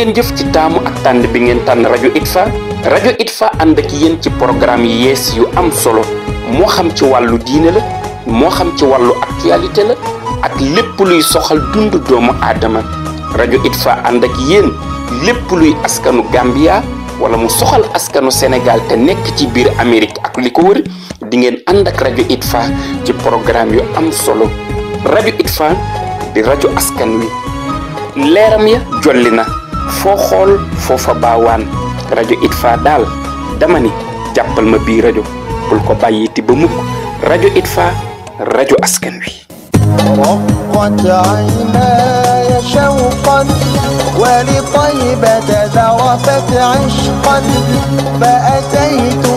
ngeen jëf ci taamu ak tànn bi ngeen tànn rajo itfa rajo itfa ànd ak yéen ci programme yees yu am solo moo xam ci wàllu diine la moo xam ci wàllu actualité la ak lépp luy soxal dund doomu aadama rajo itfa ànd ak yéen lépp luy askanu gambia wala mu soxal askanu Senegal, te nekk ci biir amérique ak li ko wër di ngeen ànd ak rajo itfa ci programme yu am solo rajo itfa di rajo askan wi leeram ya jolli na xol fo radio bawan radio itfa dal, dama ni jappal ma bi radio bul ko ti ba mukk radio itfa radio askan wi ولطيبة ذرفت عشقا فأتيت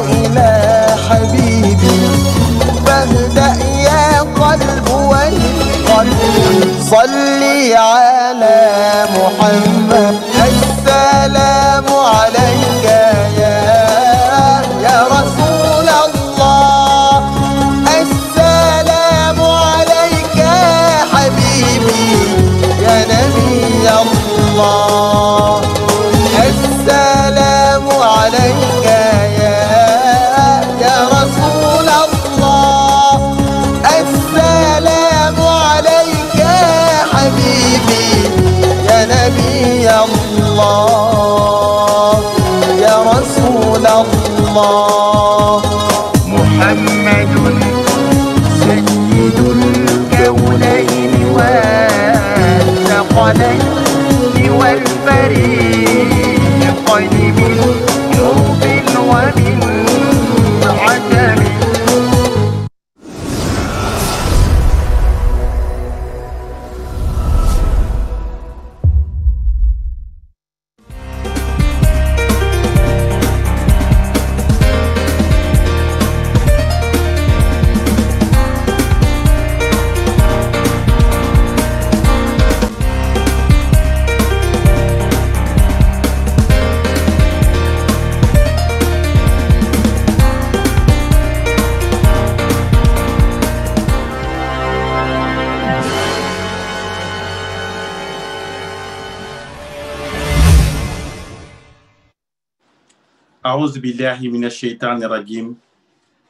صلي على محمد الله محمد سيد الكونين والثقلين والبريد أعوذ بالله من الشيطان الرجيم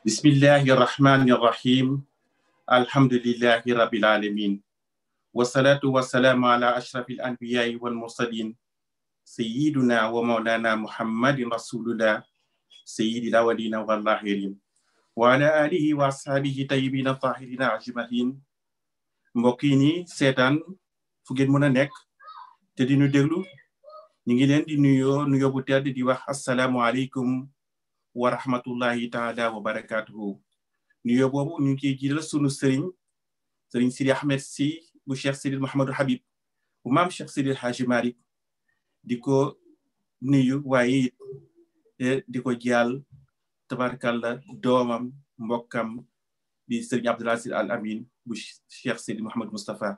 بسم الله الرحمن الرحيم الحمد لله رب العالمين والصلاة والسلام على أشرف الأنبياء والمرسلين سيدنا ومولانا محمد رسول الله سيد الأولين والآخرين وعلى آله وأصحابه طيبين الطاهرين أجمعين موكيني سيدان nii منا نك تدينو mën ñu ngi leen nuyoo nuyoo bu tedd di wax asalaamualeykum wa rahmatullahi taala wa barakaatuhu nuyoo boobu ñu ngi ciy jiital sunu Ahmed si bu Cheikh Sidi Mouhamadou Habib bu maam Cheikh Haji Malick di ko nuyu waaye it eh, di ko jaal tabarkalla doomam mbokkam di sëriñ Abdoul Aziz Al Amin bu Cheikh Sidi Mouhamadou Moustapha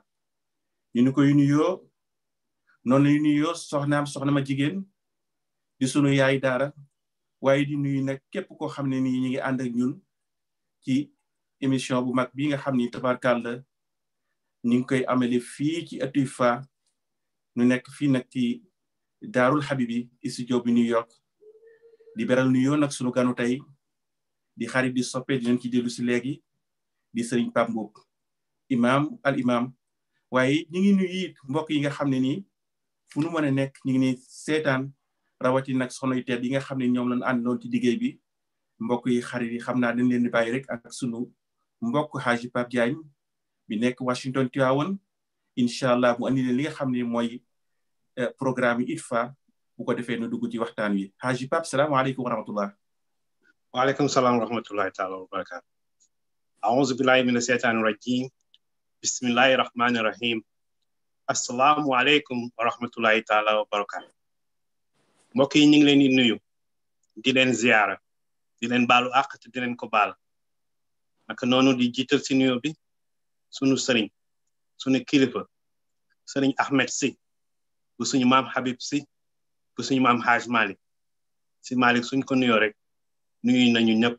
ñu ni noonu lañu nuyoo soh soxna ma jigéen di sunu yaay dara waye di nuyu nak kep ko xam ni ñi ngi and ak ñun ci émission bu mag bi nga xam ni tabarkàlla ngi koy amale fi ci ëttuy fa nu nekk fii nag ci darul habibi isu jobu New York di beral nuyo nak sunu ganu tay di xarit di di ñen ci delu ci légui di sering Pape imam al imam waye ñi ngi nuyu it mbokk yi nga xam ni fu nu mën a nekk ñu ngi ni seetaan rawati nag soxna yu tedd nga xam ne ñoom lañu àndoon ci liggéey bi mbokk yi xarit yi xam naa dañ leen di bàyyi rek ak sunu mbokk Haji Pape Diagne bi nekk Washington Tivaouane incha allah mu andi leen li nga xam ne mooy eh, programme yi fa bu ko defee nu dugg ci waxtaan wi Haji Pape salaamaaleykum wa rahmatullah salaam wa rahmatullahi taala wa barakatu aouzu billahi mina seytaani rajim bismillahi rahmaani asalaamualeykum wa rahmatullahi taala wa barakaatu mbokk yi ñu ngi leen di nuyu di leen ziyaara di leen baalu àq te di leen ko baal naka noonu di jiital si nuyu bi sunu sëriñ sunu kilifa sëriñ Ahmed si bu suñu mam Habib si bu suñu maam Haaj Malick si Malick suñ ko nuyoo rek nuyu nañu ñëpp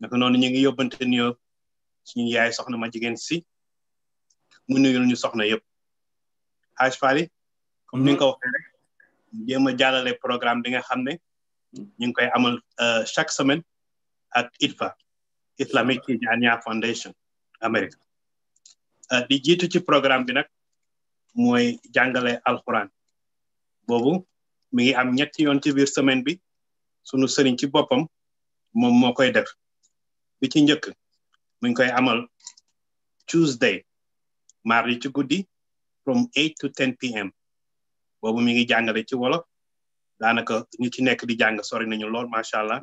naka noonu ñu ngi yóbbante nuyoo suñu yaay soxna ma jigéen si mu nuyul ñu soxna yëpp Haj Fally comme ni nga hmm. ko waxee rek jéem a jàllale programme bi nga xam ne ñu ngi koy amal euh, chaque semaine ak ITFA Islamic Tijaniya Foundation Amérique euh, di jiitu ci programme bi nag mooy jàngale alxuraan boobu mi ngi am ñetti yoon ci biir semaine bi sunu sëriñ ci boppam moom moo koy def bi ci njëkk mu ngi koy amal Tuesday mardi ci guddi from eight to ten pm boobu mi ngi jàngale ci wolof daanaka ñu ci nekk di jàng sori nañu lool macha allah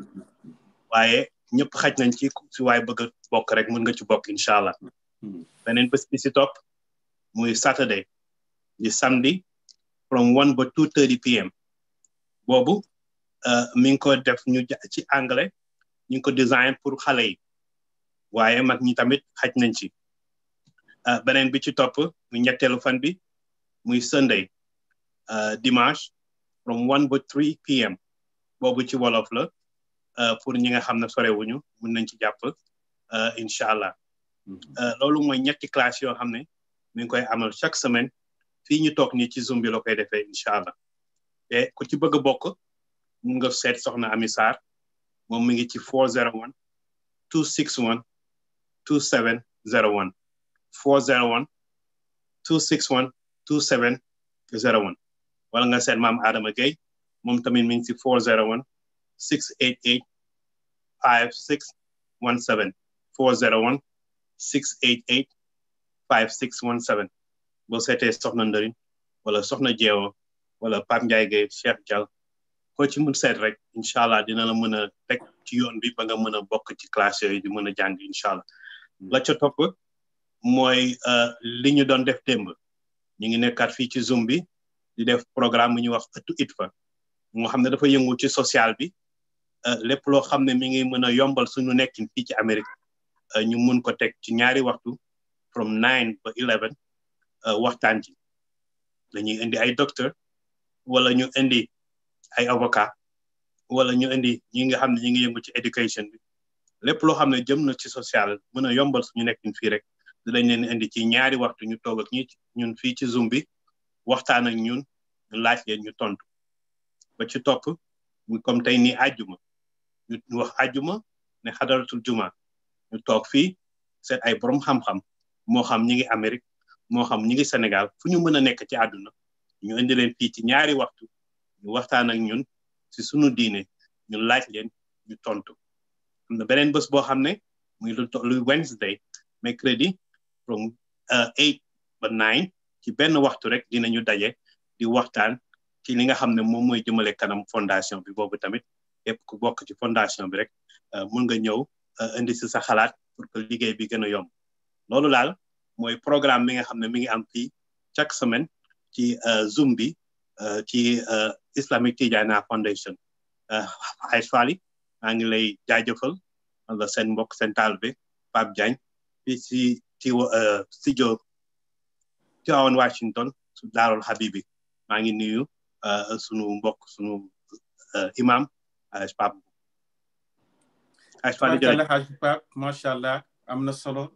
waaye ñëpp xaj nañ ci si waaye bëgg bokk rek mën nga ci bokk incha allah. beneen bés bi si top muy saturday di samedi from one ba two thirty pm boobu euh, mi ngi ko def ñu ci anglais ñu ngi ko design pour xale yi waaye mag ñi tamit xaj nañ ci. Euh, beneen bi ci topp muy ñetteelu fan bi muy sunday euh, dimanche from one ba three pm boobu ci wolof la euh, pour ñi nga xam ne sorewuñu mën nañ ci jàpp incha allah mm-hmm. loolu mooy ñetti classe yoo xam ne mi ngi koy amal chaque semaine fii ñu toog nii ci zoom bi koy defee incha allah te ku ci bëgg a bokk mu nga seet soxna Ami Sarr moom mi ngi ci 401 261 2701 401 261 2701 wala nga seet maam Adama Gueye moom tamit mi si 401 688 5617 401 688 5617 boo sete soxna Ndëriñ wala soxna Jeewo wala Pape Ndiaye Gueye Cheikh Dial koo ci mun seet rek incha allah dina la mën a teg ci yoon bi ba nga mën a bokk ci classe yooyu di mën a jàng la ca topp mooy euh, li ñu doon def démb ñu ngi nekkaat fii ci Zoom bi di def programme bu ñuy wax ëttu ITFA moo xam ne dafa yëngu ci social bi euh, lépp loo xam ne mi ngi mën a yombal suñu nekkin fii ci Amérique euh, ñu mun ko teg ci ñaari waxtu from nine ba eleven waxtaan ci dañuy indi ay docteur wala ñu indi ay avocat wala ñu indi ñi ngi xam ne ñi ngi yëngu ci éducation bi lépp loo xam ne jëm na ci social mën a yombal ñu nekkin fii rek lañ leen indi ci ñaari waxtu ñu toog ak ñi ñun fii ci Zoom bi waxtaan ak ñun ñu laaj leen ñu tontu ba ci topp mu comme tey nii àjjuma ñu wax àjjuma ne xadaratul juma ñu toog fii seet ay borom xam-xam moo xam ñi ngi Amérique moo xam ñi ngi Sénégal fu ñu mën a nekk ci àdduna ñu indi leen fii ci ñaari waxtu ñu waxtaan ak ñun si sunu diine ñu laaj leen ñu tontu na beneen bés boo xam ne muy lu Wednesday mercredi from uh, eight ba nine ci benn waxtu rek dinañu daje di waxtaan ci li nga xam ne moom mooy jëmale kanam fondation bi boobu tamit képp ku bokk ci fondation bi rek uh, mun nga ñëw uh, indi si sa xalaat pour que liggéey bi gën a yom loolu daal mooy programme mi nga xam ne mi ngi am fii chaque semaine ci zoom bi ci Islamic Tijana Foundation Hadj Fally maa ngi lay jaajëfal la seen mbokk seen taal bi Pape Diagne fii si Tiwa euh, studio Tiwaawan Washington su daarul Habibi maa ngi nuyu euh, sunu mbokk sunu euh, imam Alaaji Pape Alaaji Pape macha allah am na solo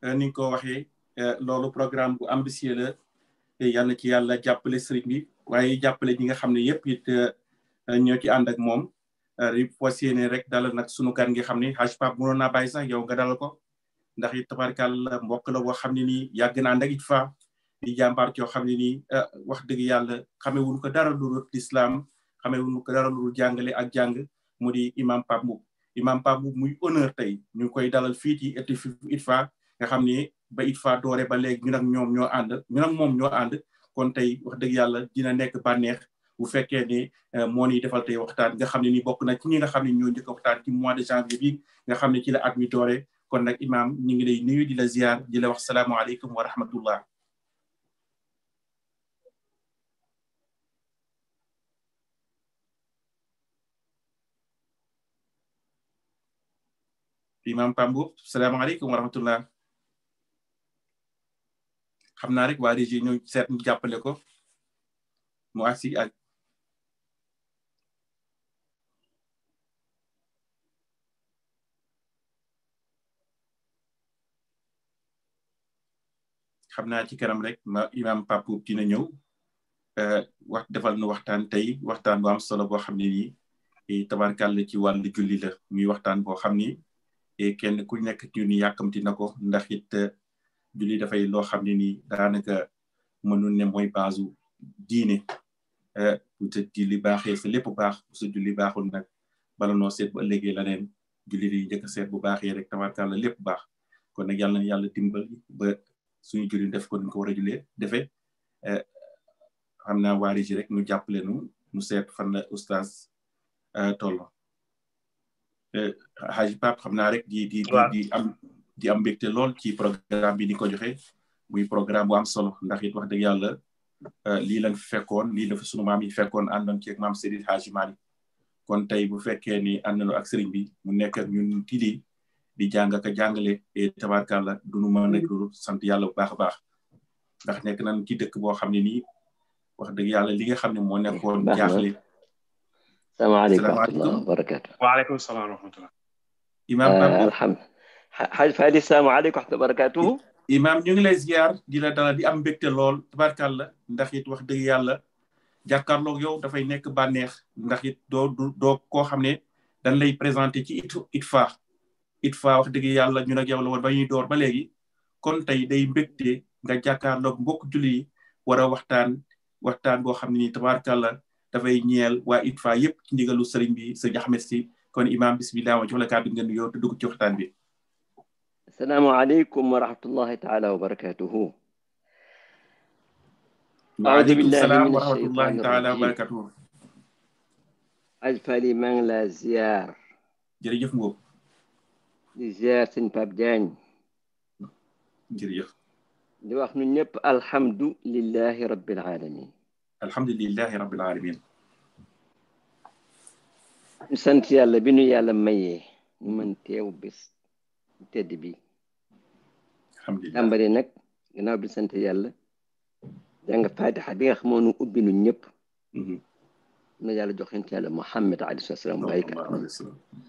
ni nga ko waxee loolu programme bu ambitieux la yal na ci yàlla jàppale sëriñ bi waaye jàppale ñi nga xam ne yëpp it ñoo ci ànd ak moom. rip fas rek dalal nag sunu gan nga xam ne Alaaji Pape mënoon naa bàyyi sax yow nga dalal ko. ndax it tabarkal mbokk la boo xam ne nii yàgg naa ndag it fa di jàmbaar coo xam ne nii eh, wax dëgg yàlla xamee wuñu ko dara lu dul lislaam xamee wuñu ko dara lu dul jàngale ak jàng mu di imam Pape Mboup imam Pape Mboup muy honneur tey ñu koy dalal fii ci fa nga xam ne ba ITFA doore ba léegi ñun ak ñoom ñoo ànd ñun ak moom ñoo ànd kon tey wax dëgg yàlla dina nekk bànneex bu fekkee ne eh, moo ni defal tey waxtaan nga xam ne ni bokk na ci ñi nga xam ne ñoo njëkk waxtaan ci mois de janvier bi nga xam ne ci la at mi doore kon nak imam ñi ngi lay nuyu di la ziar di la wax alaykum wa rahmatullah imam pambu alaykum wa rahmatullah xamna rek wa régie ñu set ñu jappale ko mu ak xam naa ci kanam rek ma imaam Pape na ñëw euh, wax defal nu waxtaan tey waxtaan bu am solo boo xam ne nii tabarkàlla ci wàllu julli la muy waxtaan boo xam ni kenn ku nekk ci ñu yàkkamti na ko ndax it euh, julli dafay loo xam ne nii daanaka mënul ne mooy baasu diine euh, bu sa julli baaxee sa lépp baax bu sa julli baaxul nag bala noo seet ba ëllëgee la neen julli di njëkk a seet bu baaxee rek tabarkàlla lépp baax kon nag suñu jëriñ def ko ni ko war a julee defee eh, xam naa waari rek ñu jàppale nu mu seet fan la oustaz eh, tollo xaaji eh, pap xam naa rek di di di am di am mbégte lool ci programme bi ni ko joxe muy programme bu am solo ndax it wax dëgg yàlla lii lañ fi fekkoon lii la fi sunu maam yi fekkoon àndoon ceeg maam Seydi Haaji Maalik kon tey bu fekkee ni àndandoo ak sëriñ bi mu nekk ak ñun tiddi di jang ak jangale e eh, tabarkàlla kan du nu meuna du mm. lu sant yàlla bu baax baax ndax nek nan ci dekk bo xamni ni wax deug yalla li nga xam ne moo wa barakatuh wa euh, alaykum waaleykum wa rahmatullah imam hadi fadi alaykum wa barakatuh imam ñu ngi lay ziar di la dal di am mbégte lol tabarkàlla kan ndax it wax dëgg yàlla jàkkaarloog yow fay nek banex ndax it do do ko xamne dan lay présenté ci itfa itfa wax deug yalla ñun ak yow la woon bañuy door ba legi kon tay day mbekté nga jàkkaarloog mbok julli wara waxtaan waxtaan bo xamni tabarakallah ni fay dafay ñeel waa itfa yépp ci ndigalu serigne bi serigne Ahmed si kon imam bismillah wa jox la ngeen yo dugg ci waxtaan bi assalamu alaykum wa rahmatullahi taala wa barakatuhu أعوذ بالله من الشيطان الرجيم لا زيار جريجف مو زيارت باب دان دوخ من نب الحمد لله رب العالمين الحمد لله رب العالمين سنت يالا بنو يالا مي من تيو بس تدبي الحمد لله نمبر نك غناو بسنت يالا دانغ فاتح بي خمون اوبي نو نيب ما يالا جوخين تيالا محمد عليه الصلاه والسلام بايك الله عليه الصلاه والسلام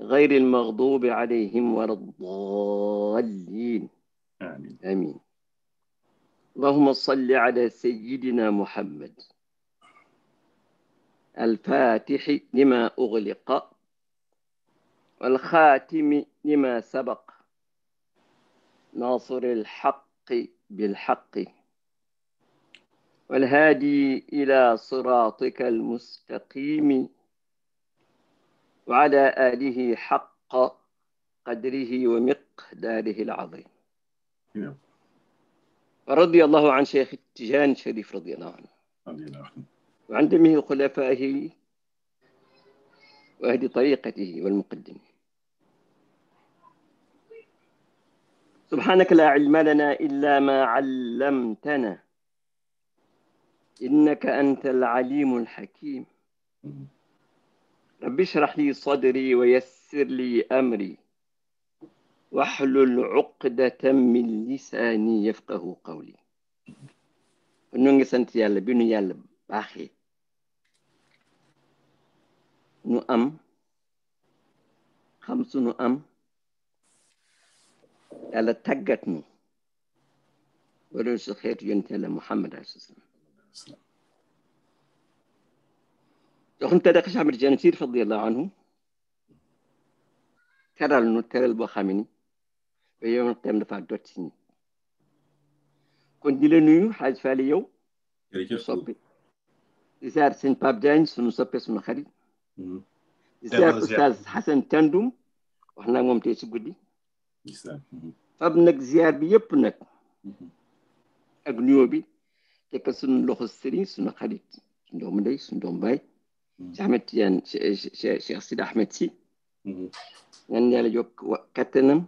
غير المغضوب عليهم ولا الضالين آمين آمين اللهم صل على سيدنا محمد الفاتح لما أغلق والخاتم لما سبق ناصر الحق بالحق والهادي إلى صراطك المستقيم وعلى آله حق قدره ومقداره العظيم نعم. رضي الله عن شيخ التجان شريف رضي الله عنه وعن دمه خلفائه وأهل طريقته والمقدمين سبحانك لا علم لنا إلا ما علمتنا إنك أنت العليم الحكيم رب اشرح لي صدري ويسر لي امري واحلل عقدة من لساني يفقه قولي نونغ سنت يالا بينو يالا باخي نو ام خمس نو ام يالا تاغاتنو ورسو خير ينتلى محمد عليه الصلاه والسلام يخن تدق شامر جانسير فضي الله عنه ترى لنو ترى البخامني بيوم القيامة فعدوت سني كنت لنو حاج فاليو صبي إزار سن باب جاين سنو صبي سنو خريب إزار أستاذ حسن تندوم وحنا مم تيسي قدي فابنك زيار بي يبنك أغنيو بي تكسن لخصرين سنو خريب سنو مدي سنو باي احمد يعني شيخ سيد احمد سي يعني يالا يوك كاتنم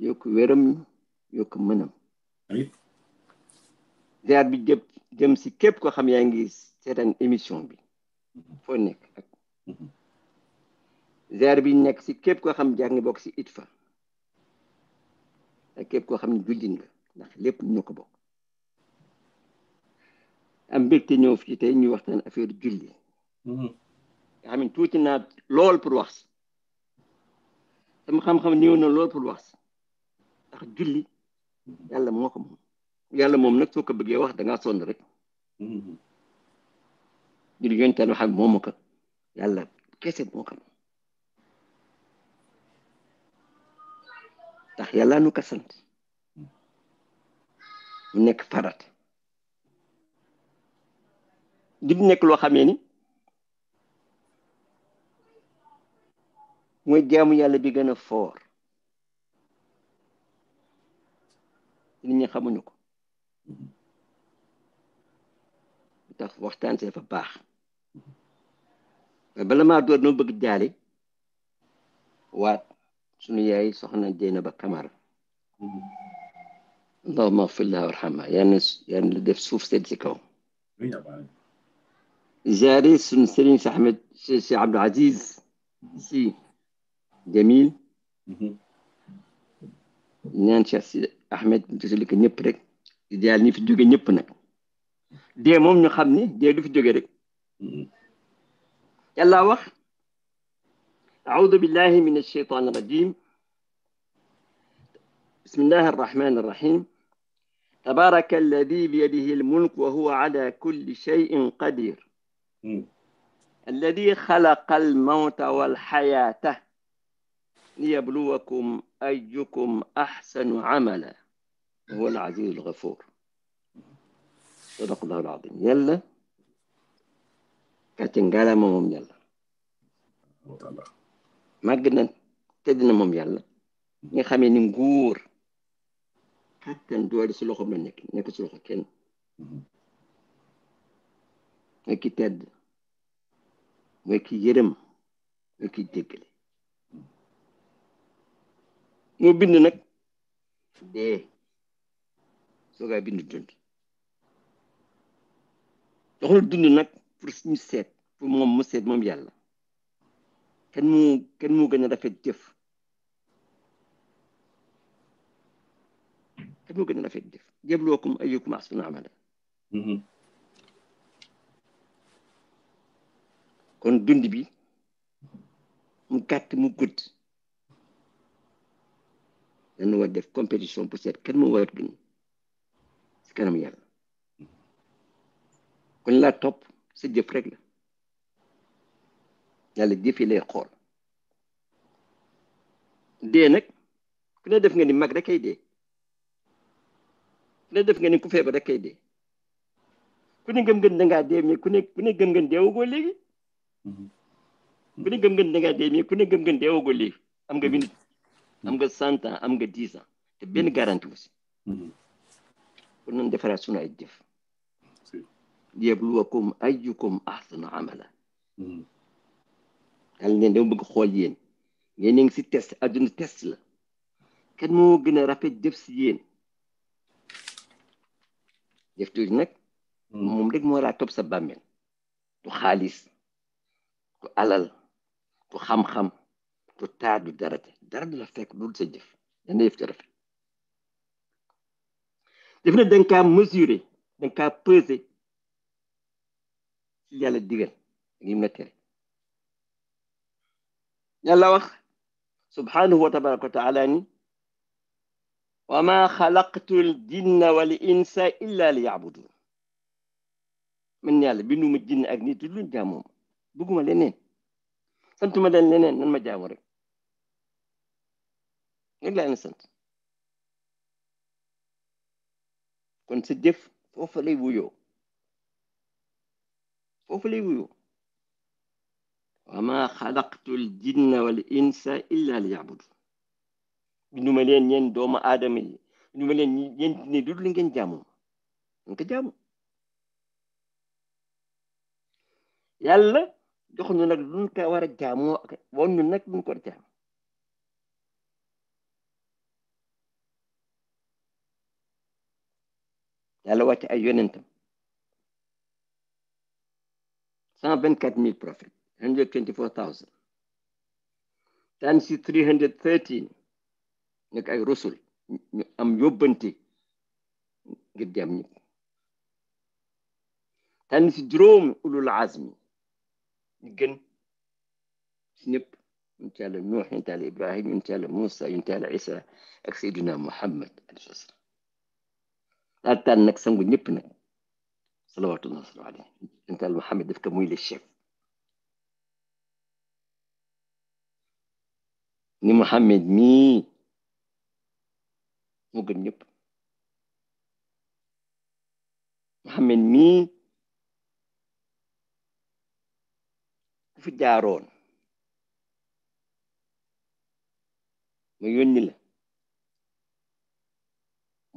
يوك ويرم يوك منم ziar bi jëpp jëm si képp koo xam yaa ngi seetaan émission bi foo nekk ak ziar bi nekk si képp koo xam jàng bokk si itfa ak képp koo xam ne jullit nga ndax lépp ñu ko bokk am mbégte ñëw fii tey ñuy waxtaan affaire julli. Mm-hmm. nga xam tuuti naa lool pour wax si. sama xam-xam néew na lool pour wax si julli yàlla moo ko moom moom nag soo ko bëggee wax da ngaa sonn rek. Mm-hmm. julli yonent wax ak moomu ko yàlla kese moo ko moom ndax nu ko sant mm-hmm. mu nekk farat. di nekk loo xamee ni mooy jaamu yàlla bi gën a foor nit ñi xamuñu ko tax waxtaan see fa baax mais bala maa door dama bëgg jaale waat sunu yaay soxna Dieynaba Kamara allahuma agfir laha warxama yàlla na yàlla na def suuf sedd si kaw جاري سمسرين سي احمد سي عبد العزيز سي جميل نان سي احمد تسلك لك نيب رك ديال ني في دوغي نيب نك دي موم ني خامني دي دو في دوغي رك يلا واخ اعوذ بالله من الشيطان الرجيم بسم الله الرحمن الرحيم تبارك الذي بيده الملك وهو على كل شيء قدير الذي خلق الموت والحياة ليبلوكم أيكم أحسن عملا هو العزيز الغفور صدق الله العظيم يلا كتنجالا مهم يلا قلنا تدنا مهم يلا ñi xamee حتى ندور سلوخ منك نكسلوخ كن ak ki tedd mooy ki yërëm mooy ki jéggale moo bind nag dee soogaa bind dund doxul dund nag pour suñu seet pour moom mu seet moom yàlla kenn mu kenn mu gën a rafet jëf mu gën a rafet jëf ayyukum ahsanu amala mm-hmm. kon dund bi mu gàtt mu gudd dañu war def compétition pour seet kan moo war a si kanam yàlla kon laa topp sa jëf rek la yàlla jëf yi lay xool dee nag ku def nga ni mag rek kay dee ku def nga ku feebar rek kay dee ku ne gëm ngeen dangaa dee mais ku ne ku ne gëm ngeen deewugoo léegi Mm-hmm. ku ne gëm ngeen da ngaa dee mais ku am nga minute mm-hmm. am nga cent am nga dix ans te benn mm-hmm. garanti aussi pour nan defaraat sunu ay jëf liyabluwakum ayyukum ahsanu amala al ne dama bëgg xool yéen yéen a ngi si test adduna test la kenn moo gën a rafet jëf si yéen jëf tuuti nag moom rek moo laa topp sa bàmmeel du xaalis alal ku xam-xam ku taadu darate dara du la fekk dul sa jëf dana yëf ca rafet def na danga kaa mesurer danga kaa peser ci yàlla digal ak na tere yàlla wax subhanahu wa tabaraka wa taala ni wama xalaqtu l jinna wal insa illa li yabudun man yàlla binduma jinn ak nit lu bëgguma leneen santuma leen leneen nan ma jaamu rek rek laa na sant kon sa jëf foofa lay wuyoo foofa lay wuyoo wa ma xalaqtu l jinna wal li yabudu binduma leen ñeen doomu aadama yi binduma leen ñeen ne dul li jaamu ma nga jaamu yàlla دخل نقل دونك ورجع مو وانو نك دونك ورجع قال وات ايون انتم سان بنت كات ميل بروفيت 124,000 تانسي 313 نك اي رسول ام يوبنتي قدام نك تانسي جروم اولو العزمي جن سنب انت على نوح انت على ابراهيم انت على موسى انت على عيسى سيدنا محمد عليه الصلاه حتى انك سنقول نبنا صلوات الله وسلامه عليه انت على محمد في تمويل الشيخ ني محمد مي moo gën ñëpp Muhammad fi jaaroon mu yónni la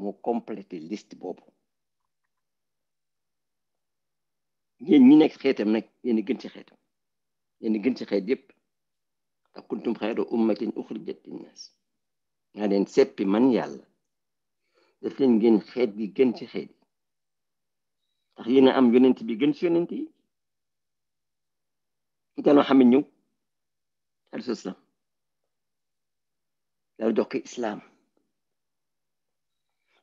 moo complété list boobu yéen ñi nekk xeetam nag yéen gën ci xeetam yéen gën ci xeet yépp ak kuntum xayra ummatin uxrijat linnaas nga leen seppi man yàlla def leen ngeen xeet bi gën ci xeet yi na am a ti yonent bi gën ci yonent yi Kita nak hamil harus Islam. Lalu dok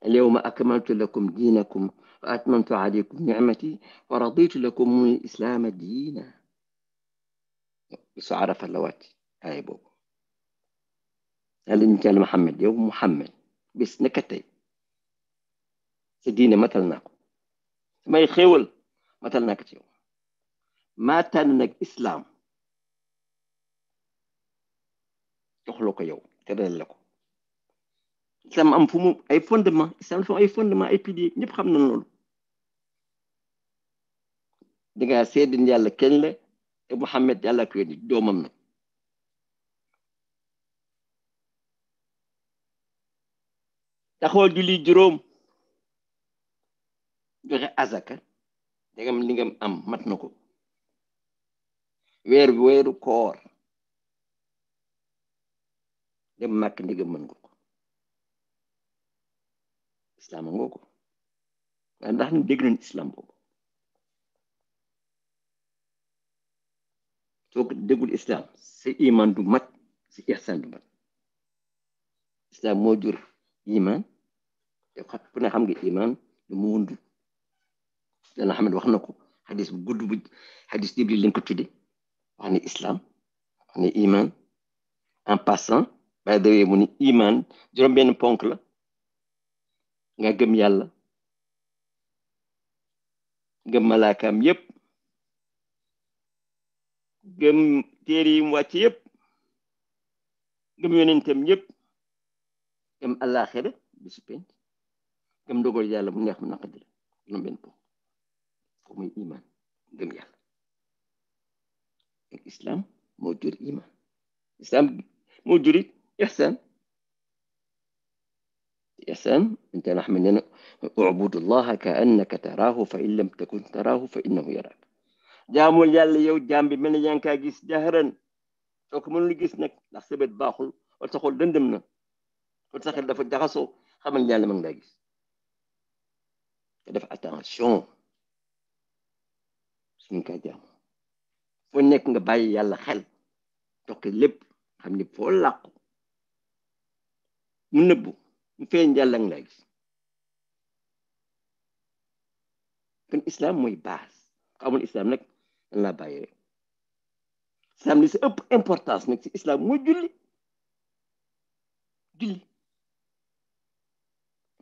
اليوم أكملت لكم دينكم وأتممت عليكم نعمتي ورضيت لكم الإسلام دينا بس عرف اللواتي هاي بوبو هل انت محمد يوم محمد بس نكتي سدينا مثلناكم ما يخول مثلناك اليوم ما تنك إسلام تخلق يو تدل لكم إسلام أم فمو أي فندما إسلام فم أي فندما أي بدي نفهم نقول دعاء سيدنا الله كنلا محمد الله كوني دومنا تخول جلي جروم جرى أزكى دعم لينعم أم ما تنقول weer weeru koor dem màkk ndigam mën nga ko islaam nga ko waaye ndax ñu dégg nañ islam boobu soo ko islam sa iman du mat sa ihsan du mat islam moo jur iman te ku ne xam nga iman lu mu wundu dana xam ne wax na ko xadis bu bu xadis jibril lañ ani islam ani iman en passant by the way iman jorom ben ponk la nga gem yalla gem malakam yep gem teri yi wacc yep gem yonentem yep gem alakhir bisipen gem penc gëm dogal yàlla mu neex mu naqadi ben ponk ko iman gem yalla الإسلام موجود إيمان الإسلام موجود إحسان إحسان أنت نحن مننا اعبد الله كأنك تراه فإن لم تكن تراه فإنه يراك jaamul yàlla yow jaam bi mel ne yaa ngi kaa gis jaxëran soo ko mënul gis nag ndax sa bët baaxul wala sa xol dëndëm na wala sa xel dafa jaxasoo xamal yàlla ma ngi laa gis nga def attention suñ kaa jaamu fu nekk nga bàyyi yàlla xel tokki lépp xam ni foo làqu mu nëbbu mu feeñ yàlla nga lay gis kon islam mooy base ku amul islam nag dan laa bàyyi rek islam li importance nag si islam mooy julli julli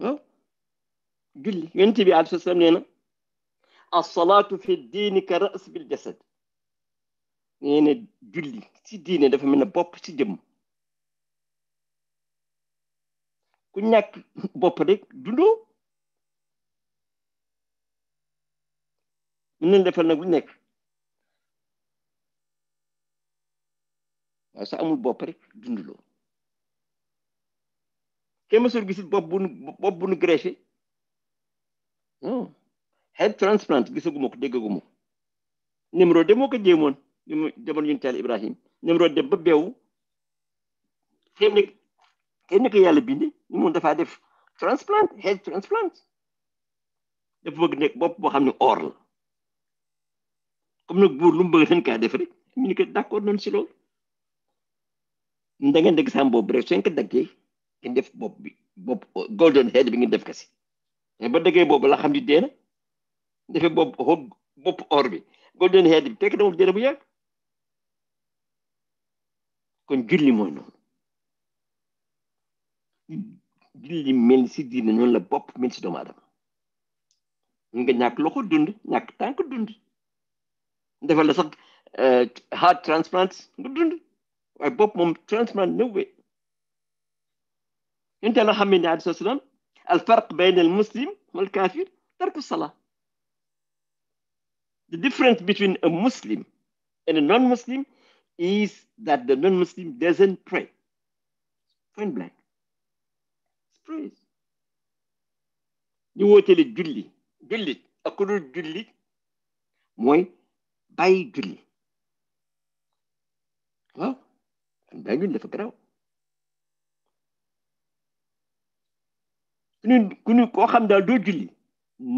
waaw julli yonent bi aleyhi salaam nee na as fi diini ka ras bil jasad nee na julli ci diine dafa mel ne bopp ci jëmm ku ñàkk bopp rek dundoo mën nañ defal nag lu nekk waaye sa amul bopp rek dunduloo kenn mësul gisit bopp bu nu bopp bu nu greffé hmm. transplant gisaguma ko déggaguma ko numéro de moo ko jéemoon ñu mu demoon ñu teel Ibrahim ñoom dem ba beewu xëy na yàlla bind ñu dafaa def transplant head transplant dafa bëgg nekk bopp boo xam ne or la comme nag buur lu mu bëgg seen kaa def rek ñu ni ko d'accord noonu si loolu da ngeen dëgg saam boobu rek seen ko daggee ngeen def bopp bi bopp golden head bi ngeen def kasi ba dëggee boobu la xam ni dee na defee bopp or bi golden head bi fekk na moom dee na bu yàgg kon julli mooy noonu julli mel si diine noonu la bopp mel si doomu aadama nga ñàkk loxo dund ñàkk tànk dund defal la sax heart transplant nga dund waaye bopp moom transplant no way انت لو حملني عليه الصلاه والسلام الفرق بين المسلم والكافر ترك الصلاه the difference between a Muslim and a non-Muslim is that the non-Muslim doesn't pray. Point blank. It's praise. ñu wóotele julli jullit ak ku dul jullit mooy bàyyi julli waaw bàyyi julli dafa garaaw ku ñu ku koo xam daal doo julli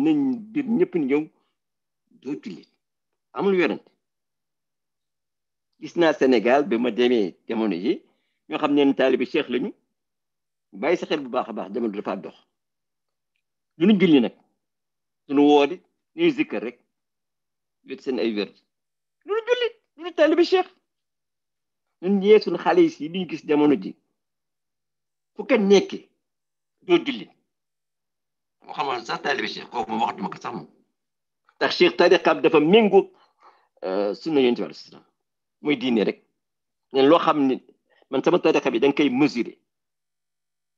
nañ ni yow doo jullit amul werante gis naa Sénégal bi ma demee jamono yi ñoo xam ne taalibi cheikh lañu bàyyi sa xel bu baax a baax jamono dafa dox ñunu julli nag suñu woodi ñuy zikkar rek wét seen ay wér ñunu julli ñunu taalibi cheikh ñun ñee suñu xale yi si duñu gis jamono ji fu kenn nekkee doo julli mu xamoon sax taalibi cheikh kooku moom waxatuma ko sax moom ndax cheikh tariqam dafa méngu euh, sunna yonent bi alayhi salaam mooy diine rek leen loo xam ni man sama tarixa bi dan nga koy mesurer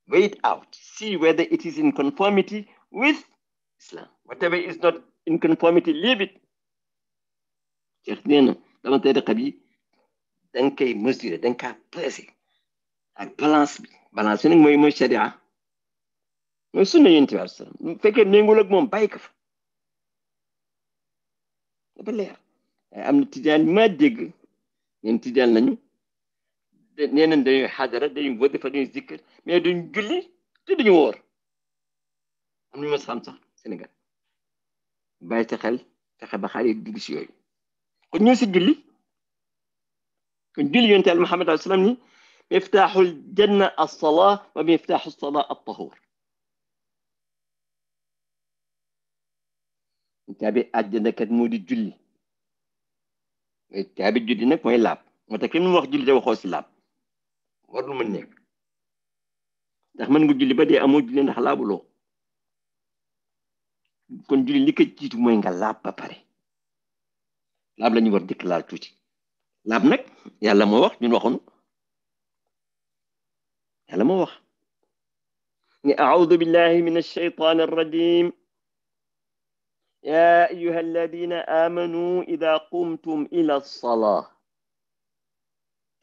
weigh it out see whether it is in conformity with Islam whatever is not in conformity leave it ceex nee na sama bi da nga koy mesurer da nga kaa peser ak balance bi balance nag mooy mooy sharia mooy sunna yonent bi aleyhi salaam fekkee méngul ak moom bàyyi ko fa dafa am na tijaan ma dégg ينتدال نيو نين ندي حاضر دي ودي فدي ذكر مي دون جولي تي دي وور ام لي ما سامتا سنغال باي تخال تخا بخالي دي سي يوي كون نيو سي جولي كون جولي ينت محمد صلى الله عليه وسلم ني مفتاح الجنة الصلاة ومفتاح الصلاة الطهور انت ابي اجنك مودي جولي التعب الجلدي نك مهي لاب متكلم من وقت جلدي وخاص لاب ورد من نك تخمن قد جلدي بدي أمو جلدي نحلاب لو كن جلدي لك جيت مهي نك لاب باري لاب لن يورد كلار توتي لاب نك يالا مو وقت من وقت يالا مو وقت أعوذ بالله من الشيطان الرجيم يا أيها الذين آمنوا إذا قمتم إلى الصلاة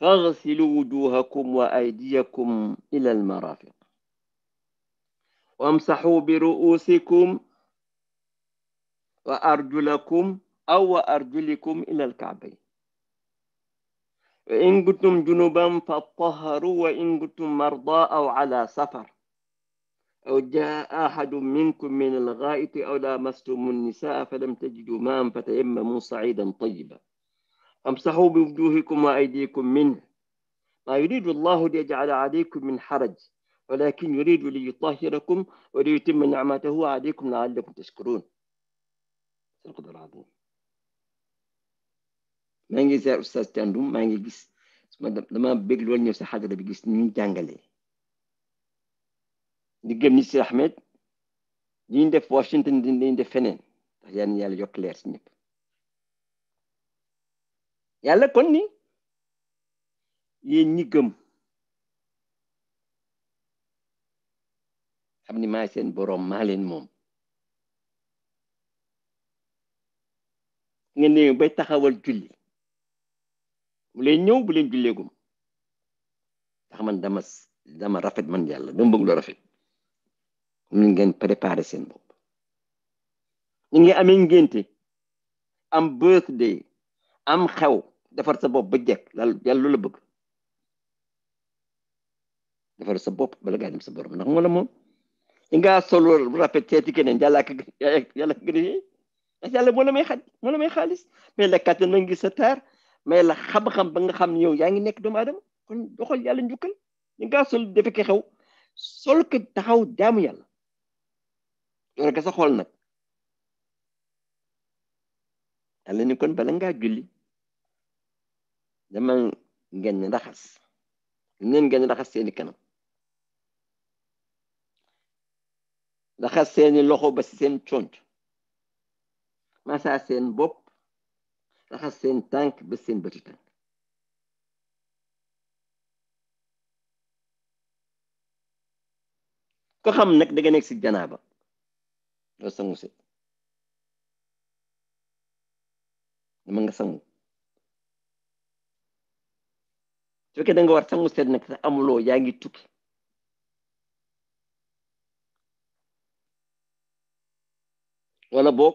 فاغسلوا وجوهكم وأيديكم إلى المرافق وامسحوا برؤوسكم وأرجلكم أو وأرجلكم إلى الكعبين وإن كنتم جنبا فاطهروا وإن كنتم مرضى أو على سفر أو جاء أحد منكم من الغائط أو لامستم النساء فلم تجدوا ماء فتيمموا صعيدا طيبا أمسحوا بوجوهكم وأيديكم منه ما يريد الله ليجعل عليكم من حرج ولكن يريد ليطهركم وليتم نعمته عليكم لعلكم تشكرون القدر العظيم ما ngi زي أستاذ تاندوم ما ngi gis dama bëgg loolu ñëw sa xaajara bi gis di gëm ni si Ahmed di ñu def Washington di ñu def feneen ndax yaa ni yàlla yokk leer si ñëpp yàlla kon ni yéen ñi gëm xam ni maa seen boroom maa moom nga néew bay taxawal julli bu leen ñëw bu leen julleegum ndax man dama rafet man yàlla dama bëgg lu rafet ñu ngeen préparé seen bopp ñu ngi amee ngénte am birthday am xew defar sa bopp ba jekk lal yàlla lu la bëgg defar sa bopp bala ngaa dem sa borom ndax moo la moom i ngaa solo rafet seeti keneen yàlla ka yàlla ka gën a ndax yàlla moo la may xaj moo la may xaalis mais la kàttan ma ngi sa taar mais la xam-xam ba nga xam ne yow yaa ngi nekk doomu aadama ko doxal yàlla njukkal i ngaa sol defe ke xew sol ko taxaw jaamu yàlla rekk sa xool nag yàlla ni kon bala ngaa julli dama ngeen raxas ngeen ngeen raxas seeni kanam raxas seeni loxo ba si seen conc masa seen bopp raxas seen tànk ba seen bëti tànk ko xam nag da nga nekk si janaaba nga sangu si dama nga sangu su fekkee da nga war sangu seet nag te amuloo yaa ngi tukki wala boog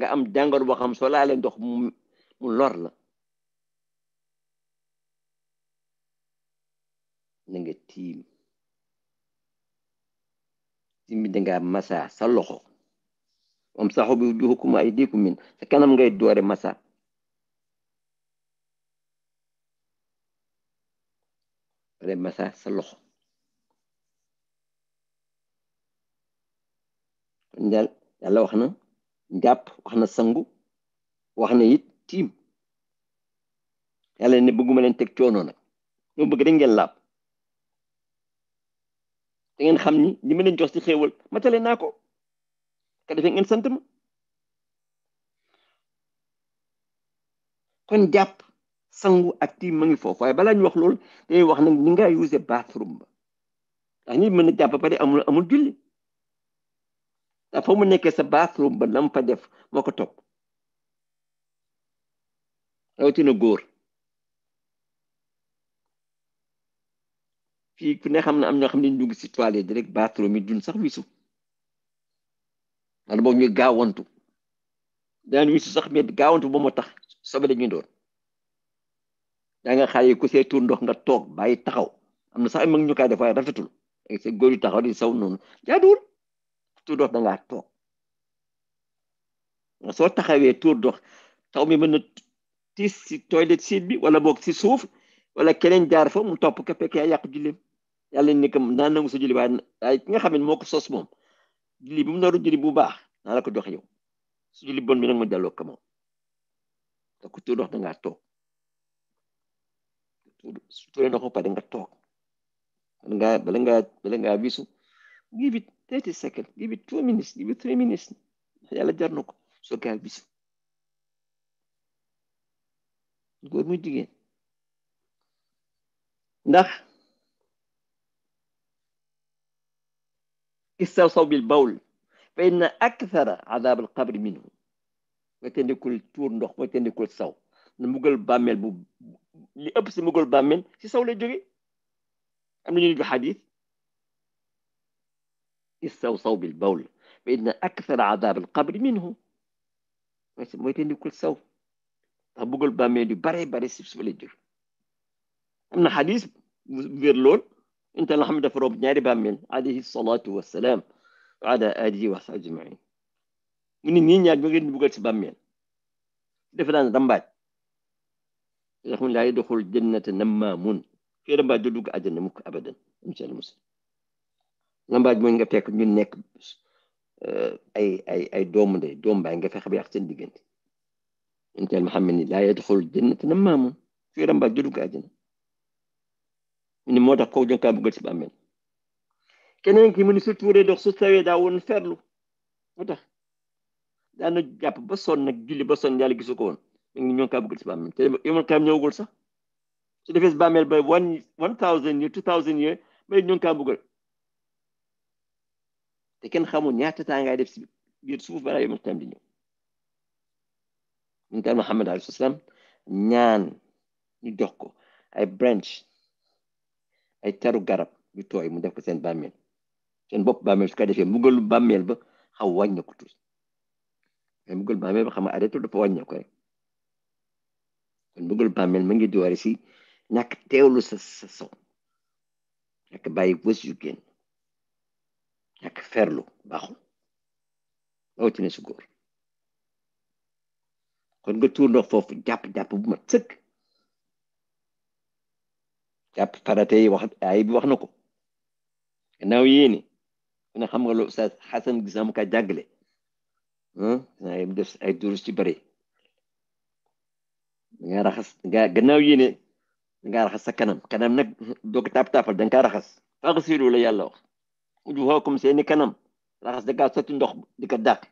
da am jàngoro boo xam soo laalee ndox mu mu lor la na nga tiim tiim bi da nga masa sa loxo wamsahu bi ay aydikum min sa kanam ngay doore masa pare masa sa loxo kon daal yàlla wax na njàpp wax na sangu wax na it tiim yàlla ne bëgguma leen teg coono nag ñoo bëgg dañ ngeen laab da ngeen xam ni li ma leen jox si xéewal matale naa ko kada defee ngeen sant ma kon japp sangu ak ti ma ngi fofu way balaa ñu wax lool day wax nak ah, ni nga use bathroom ba ndax nit mën na jàpp amul amul julli da fa mu nekkee sa bathroom ba lam fa def moko top rawti na góor fi ku ne xamna am ñoo xamni ñu ngi ci toilette rek bathroom yi duñ sax wisu wala boog ñuy gaawantu daan wisu sax mais gaawantu ba moo tax sobe la ñuy doon daa nga xaar yi ku see tuur ndox nga toog bàyyi taxaw am na sax a mag ñu koy def waaye se góor yu taxaw di saw noonu jaaduwul tuur ndox da toog soo taxawee tuur dox taw mi mën na tiis si toilette siit bi wala boog si suuf wala keneen jaar fa mu topp ka fekk yaa yàqu julleem yàlla ni ko naa nangu sa julli ay ki nga xam ne moo ko sos moom julli bi mu naru julli bu baax na la ko jox yow su julli bon bi nag ma delloo ko moom te ku tuur da nga tok su tuuree ndox pare nga tok bala ngaa bala nga bala nga bisu give it 30 seconds give it 2 minutes give it 3 minutes yàlla jar na ko soo gaa wisu góor muy jigéen ndax استوصوا بالبول فإن أكثر عذاب القبر منه متين كل تور نخ متين كل سو نمقل بامل بو لي أبس مقل بامل سي سو لجري أمني نجو حديث استوصوا بالبول فإن أكثر عذاب القبر منه متين كل سو تبقل بامل بري بري سيبس لجري أمنا حديث بيرلون انت الحمد لله رب نعرب من عليه الصلاة والسلام على آله وصحبه أجمعين من نين يا جمعين بقول سبام من دفلان دمبات يقول لا يدخل الجنة نمامون في رب دلوك أجنمك أبدا إن شاء الله مسلم نمبات من جفاك من نك آه، أي أي أي دوم ده دوم بعند جفاك بيحسن دقيت انت المحمد لا يدخل الجنة نمامون في رب دلوك أجنم ni moo tax kooku jëng kaa bëggal si bàmmeel keneen ki mu ni su tuuree dox su tawee daa woon ferlu moo tax daana jàpp ba son nag julli ba sonn yàlla gisu ko mu ngi ñoo kaa bëggal si bàmmeel te kaam ñëwagul sax su defee si bàmmeel ba one one thousand year two thousand year te kenn xamul ñaata tàngaay def si biir suuf balaa yomal kaam di ñëw ñu ngi taal Muhammad alayhi salaam ñaan ñu jox ko ay branche ay caru garab yu tooy mu def ko seen bàmmeel seen bopp bàmmeel su ko defee mbugalu bàmmeel ba xaw wàññeeku tuuti mais mbugalu bàmmeel ba xam nga arrêté dafa wàññeeku rek kon mbugalu bàmmeel ma ngi diwaari si ñàkk teewlu sa sa sow ñàkk bàyyi bës yu génn ñàkk ferlu baaxul rawatina su góor kon nga tuur ndox foofu jàpp-jàpp bu mat sëkk jàpp farata yi wax ay bi wax na ko gannaaw yéene xam nga loo Oustaz Xasan Gisam ka jàggale ay def ay durus ci bari nga raxas nga gannaaw yéene nga raxas sa kanam kanam nag doo ko taap-taapal danga kaa raxas faxsilu la yàlla wax ujuhakum seeni kanam raxas da ngaa sotti ndox di ko dàq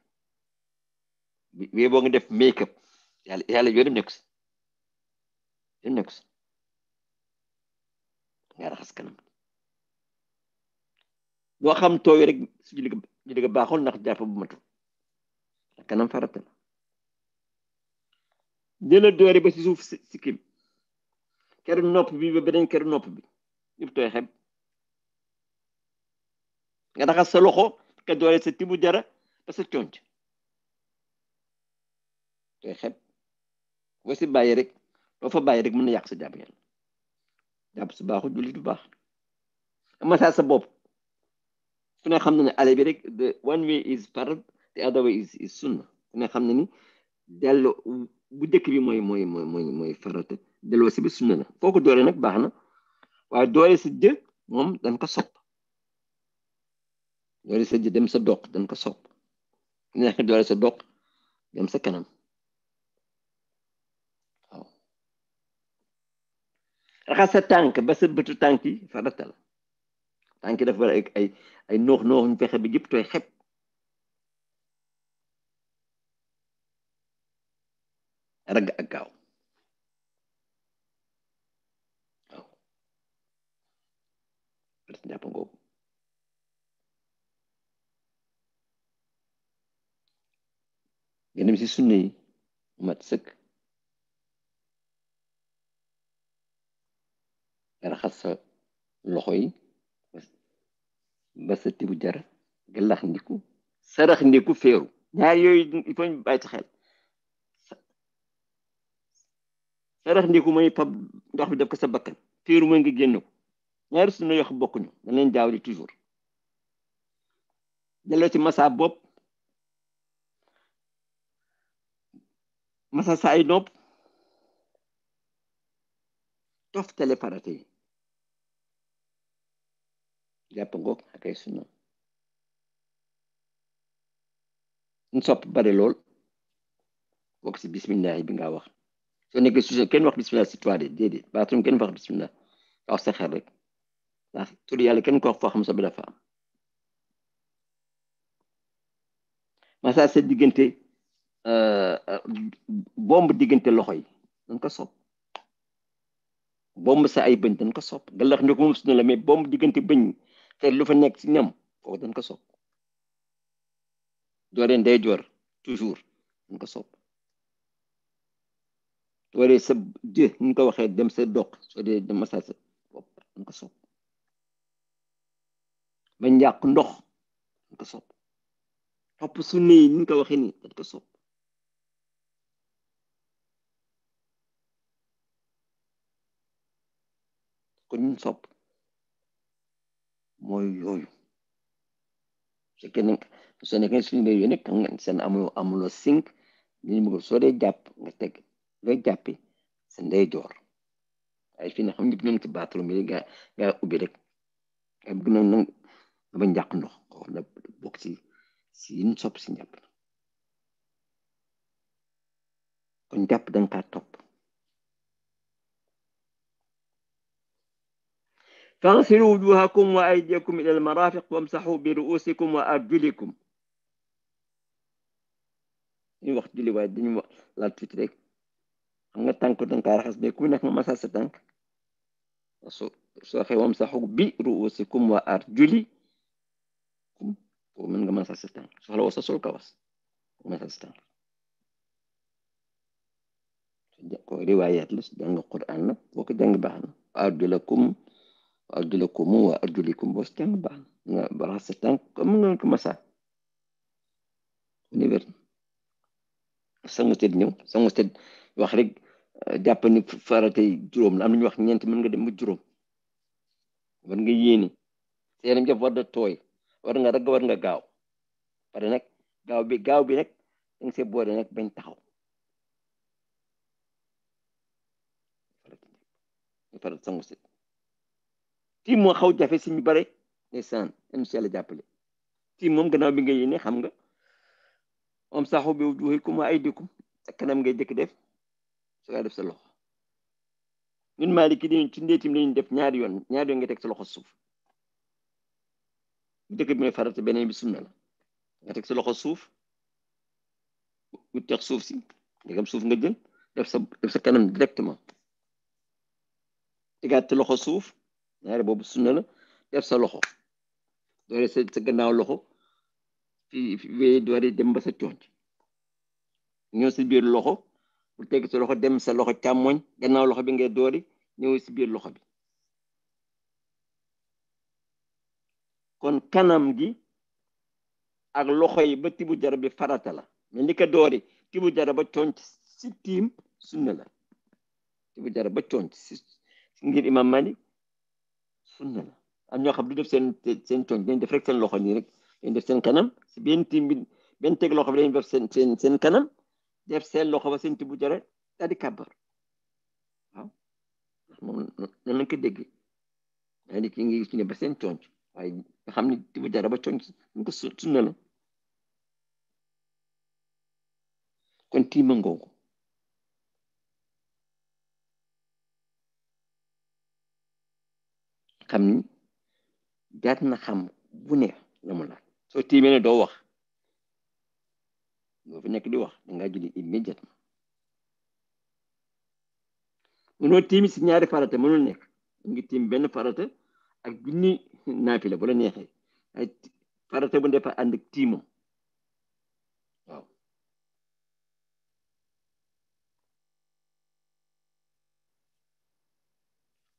boo nga def make up yàlla yàlla yoonam nekku si nga raxas kanam boo xam tooy rek su julli ga baaxul ndax jàpp bu matul kanam farata la jëla doore ba si suuf sikki bi keru nopp bi ba beneen keru nopp bi yëpp tooy xeb nga raxas sa loxo ka doore sa tibu jara ba sa conc tooy xeb boo si bàyyi rek boo fa bàyyi rek mun na yàq sa jàpp yàlla jàpp si baaxul julli du baax mata sa bopp ku ne xam na ale bi rek the one way is farab the other way is is sunna ku ne xam ni dellu bu dëkk bi mooy mooy mooy mooy mooy farata delloo bi sunna la foo ko doole nag baax na waaye doole si dañ ko sopp doole sa jë dem sa doq dañ ko sopp ne doole sa doq dem sa kanam rasa tank ba sa bëtu tànk fa ratal la dafa war ay ay ay noox noox ñu fexe bi jëpp toy xep rag ak gaaw Gendem si sunni mat sek رخص لخوي بس بس تبو جر قال لك نيكو سرخ نيكو فيرو نهار يو يكون بايت خيل سرخ نيكو ما يبا دوخ بدب كسا بكن فيرو مانجي جينو نهار سنو يخ بوكنو نلين داولي تجور جلوتي مسا بوب مسا ساي نوب توف تلي فراتي Japongo Hakeisuno. نصب باري لول وقت بسم الله بنغا واخ سو نيك سوجي كاين واخ بسم الله سي توالي ديدي باطوم كاين واخ بسم الله او سخر لك تولي على كاين كوخ خمسه بلا فهم مثلا سي ديغنتي بومب ديغنتي لوخوي دنكو صوب بومب سا اي بنت دنكو صوب قال لك نكون مسنا مي بومب ديغنتي بن te lu fa nekk ci ñam foofu dañ ko sopp doore ndey joor toujours dañ ko sopp doole sa jë ñu ko waxee dem sa doq soo dee dem masaa sa bopp dañ ko sopp ba njàq ndox dañ ko sopp topp su nii ñu ko waxee nii dañ ko sopp kon mooy yooyu su fekkee ne su ñu yooyu nekk seen amuloo amuloo sink li mu soo dee jàpp nga teg looy jàppi sa ndeyjoor ay fii nag xam nga ñoom ci bathroom yi ga ga ubbi rek ay bu noonu nag dama njàq ndox koo la bokk ci si yi ñu sopp si njàpp jàpp da nga kaa topp فاغسلوا وجوهكم وأيديكم إلى المرافق وامسحوا برؤوسكم وأرجلكم ñu wax julli waaye dañu wax laal tuuti rek xam nga tànk danga kaa raxas mais ku nekk ma masa sa tànk so soo waxee wamsahu bi ruusikum wa arjulikum boobu mën nga masa sa tànk soxla woo sa sol kawas masa sa tànk ko riwaayaat la jàng Qur'aan la boo ko jàng baax na arjulakum ardulakum wa arjulikum bos na bahasatan nggak kemasa ni wér kemasa, ted ñew sangat ted wax sedih, japp ni faratay juroom la am ñu wax ñent mën nga dem jurum ban nga yéene seen jëf war toy war nga rag war nga gaaw pare nak gaaw bi gaaw bi nak ngi se see nak bañ taxaw farat sangu timo xaw jafe si bari bare ndeysaan yàlla jàppale kii moom gannaaw bi ngay yéné xam nga om saxu bi wujuhikum wa aydikum sa kanam ngay jëkk def su nga def sa loxo ñun maaliki dañu ci ndéetim lañu def ñaar yoon ñaar yoon nga tek sa loxo suuf dëkk bi may farata benen bi sunna la nga tek sa loxo suuf wut tex suuf si ndegam suuf nga jël def sa def sa kanam directement tegaat sa loxo suuf ñaare boobu sunna la def sa loxo doole sa gannaaw loxo fi fi doole dem ba sa coonc ñëw si biir loxo bu teg sa loxo dem sa loxo càmmoñ gannaaw loxo bi ngay doori ñëw si biir loxo bi kon kanam gi ak loxo yi ba tibu jara bi farata la mais ni ko doori tibu jara ba coonc si tiim sunna la tibu jara ba si ngir imam malik sunna la am ñoo xam du def seen seen dañ def rek seen loxo nii rek def seen kanam si benn tiim bi benn teg loxo bi dañ def seen seen seen kanam def seen loxo ba seen tibu jare daal di kàbbar waaw moom noonu lañ ko déggee daa di ki ngi gis ba seen coñ waaye nga xam ne tibu jare ba coñ ñu ko sunna la kon tiima ngoogu xam ni jaar na xam bu ne la mu laaj soo tiimee ne doo wax doo fi nekk di wax danga julli immédiatement mënoo tiim si ñaari farata mënul nekk mu ngi tiim benn farata ak junni naafila bu la neexee ay farata bu ndefa ànd ak waaw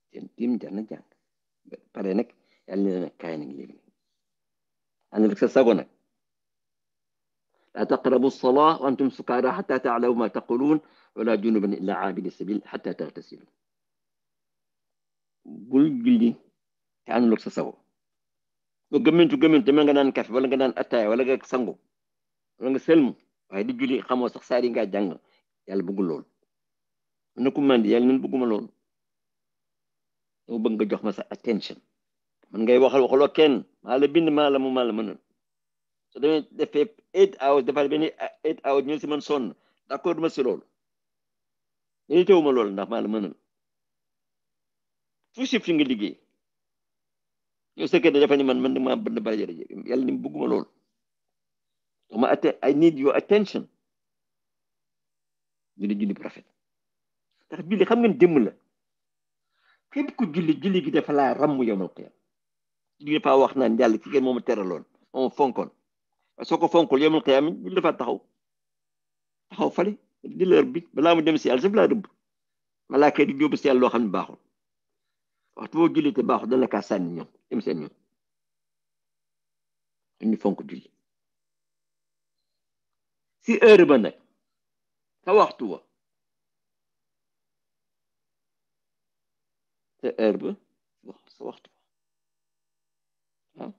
seen tiim jar na jàng pare nag yàlla nee na nag léegi ànd ak sa sago nag laa taqrabu salaa wa antum sukaara xata taalamu ma taquluun wala junuban illa aabiri sabil xata taxtasilu bul julli te àndul ak sa sago ba gëmmintu gëmmintu ma nga naan kafe wala nga naan attaaya wala nga sangu wala nga selmu waaye di julli xamoo sax saari nga jàng yàlla bëggul lool na yaa mandi yàlla neen bëgguma lool dama bëgg nga jox ma sa attention man ngay waxal waxaloo kenn maa la bind maa la mu maa la mënal so demee defee eight hours defal benn eight hours ñu si man sonn d'accord ma si loolu dañu teewuma loolu ndax maa la mënal fu shift nga liggéey ñoo sëkkee ne dafa ni man man da maa bënd bàyyi rajo yàlla ni bëgguma ma dama atte I need your attention ñu ne junni bu rafet bii li xam ngeen jëmm la képp ku julli julli gi dafa laa ràmm yowmal qiyaama julli dafa wax na yàlla ki ngeen moom teraloon moom fonkoon soo ko fonkul yowmal qiyaama ñu dafa taxaw taxaw fale di leer balaa mu dem si yàlla saf laa dëbb malaaka di jóobu si yàlla loo xam ne baaxul waxtu boo julli te baaxul dana kaa sànni si heure ba nag sa waxtu wa te heure bi wax sa waxtu waaw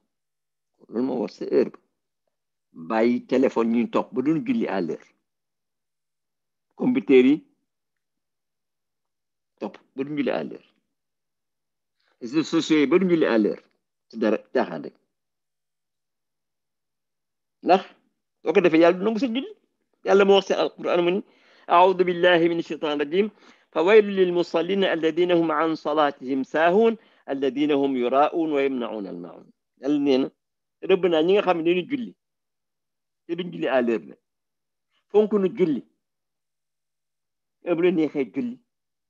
loolu moo wax sa heure bi bàyyi téléphone ñuy topp ba julli à l'heure computer yi topp julli à l'heure sociaux yi ba duñ julli à dara caaxaan rek ndax soo ko defee yàlla du nangu sa julli moo wax sa alquran mu er ni aoudu e, billahi min ashaitan rajim فويل للمصلين الذين هم عن صلاتهم ساهون الذين هم يراءون ويمنعون المعون الذين ربنا نيغا خامني ني جولي ابن جولي الير فونك ني جولي ابن ني خي جولي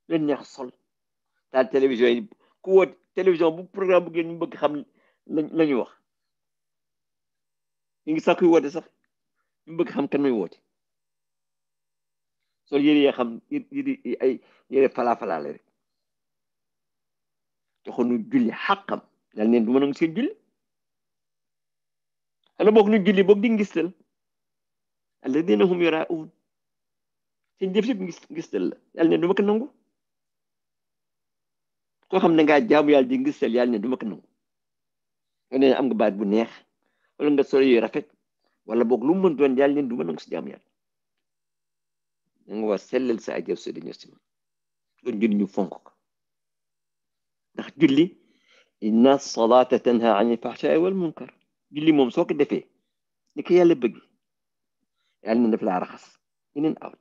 لن نحصل التلفزيون كو تلفزيون بو بروغرام بو ني بغي خام لا ني واخ ني ساكوي ودي صاح ني sol yére yi xam yére ay yére falaa-falaa la rek joxoon nu julli xàqam dal neen du ma nangu seen julli xana boog nu julli boog di ngistal alladina hum yuraun seen jëf yëpp ngistal la yàlla neen du ma ko nangu koo xam ne ngaa jaamu yàlla di ngistal yàlla neen du ma ko nangu ne am nga baat bu neex wala nga solo yu rafet wala boog lu mu mën doon yàlla neen du ma si jaamu yàlla nga war sellal sa ajab so dañoo si man kon julli ñu fonk ko ndax julli inna salaata tanha an il fahshaai wal munkar julli moom soo ko defee ni ko yàlla bëgg yàlla na def laa raxas in and out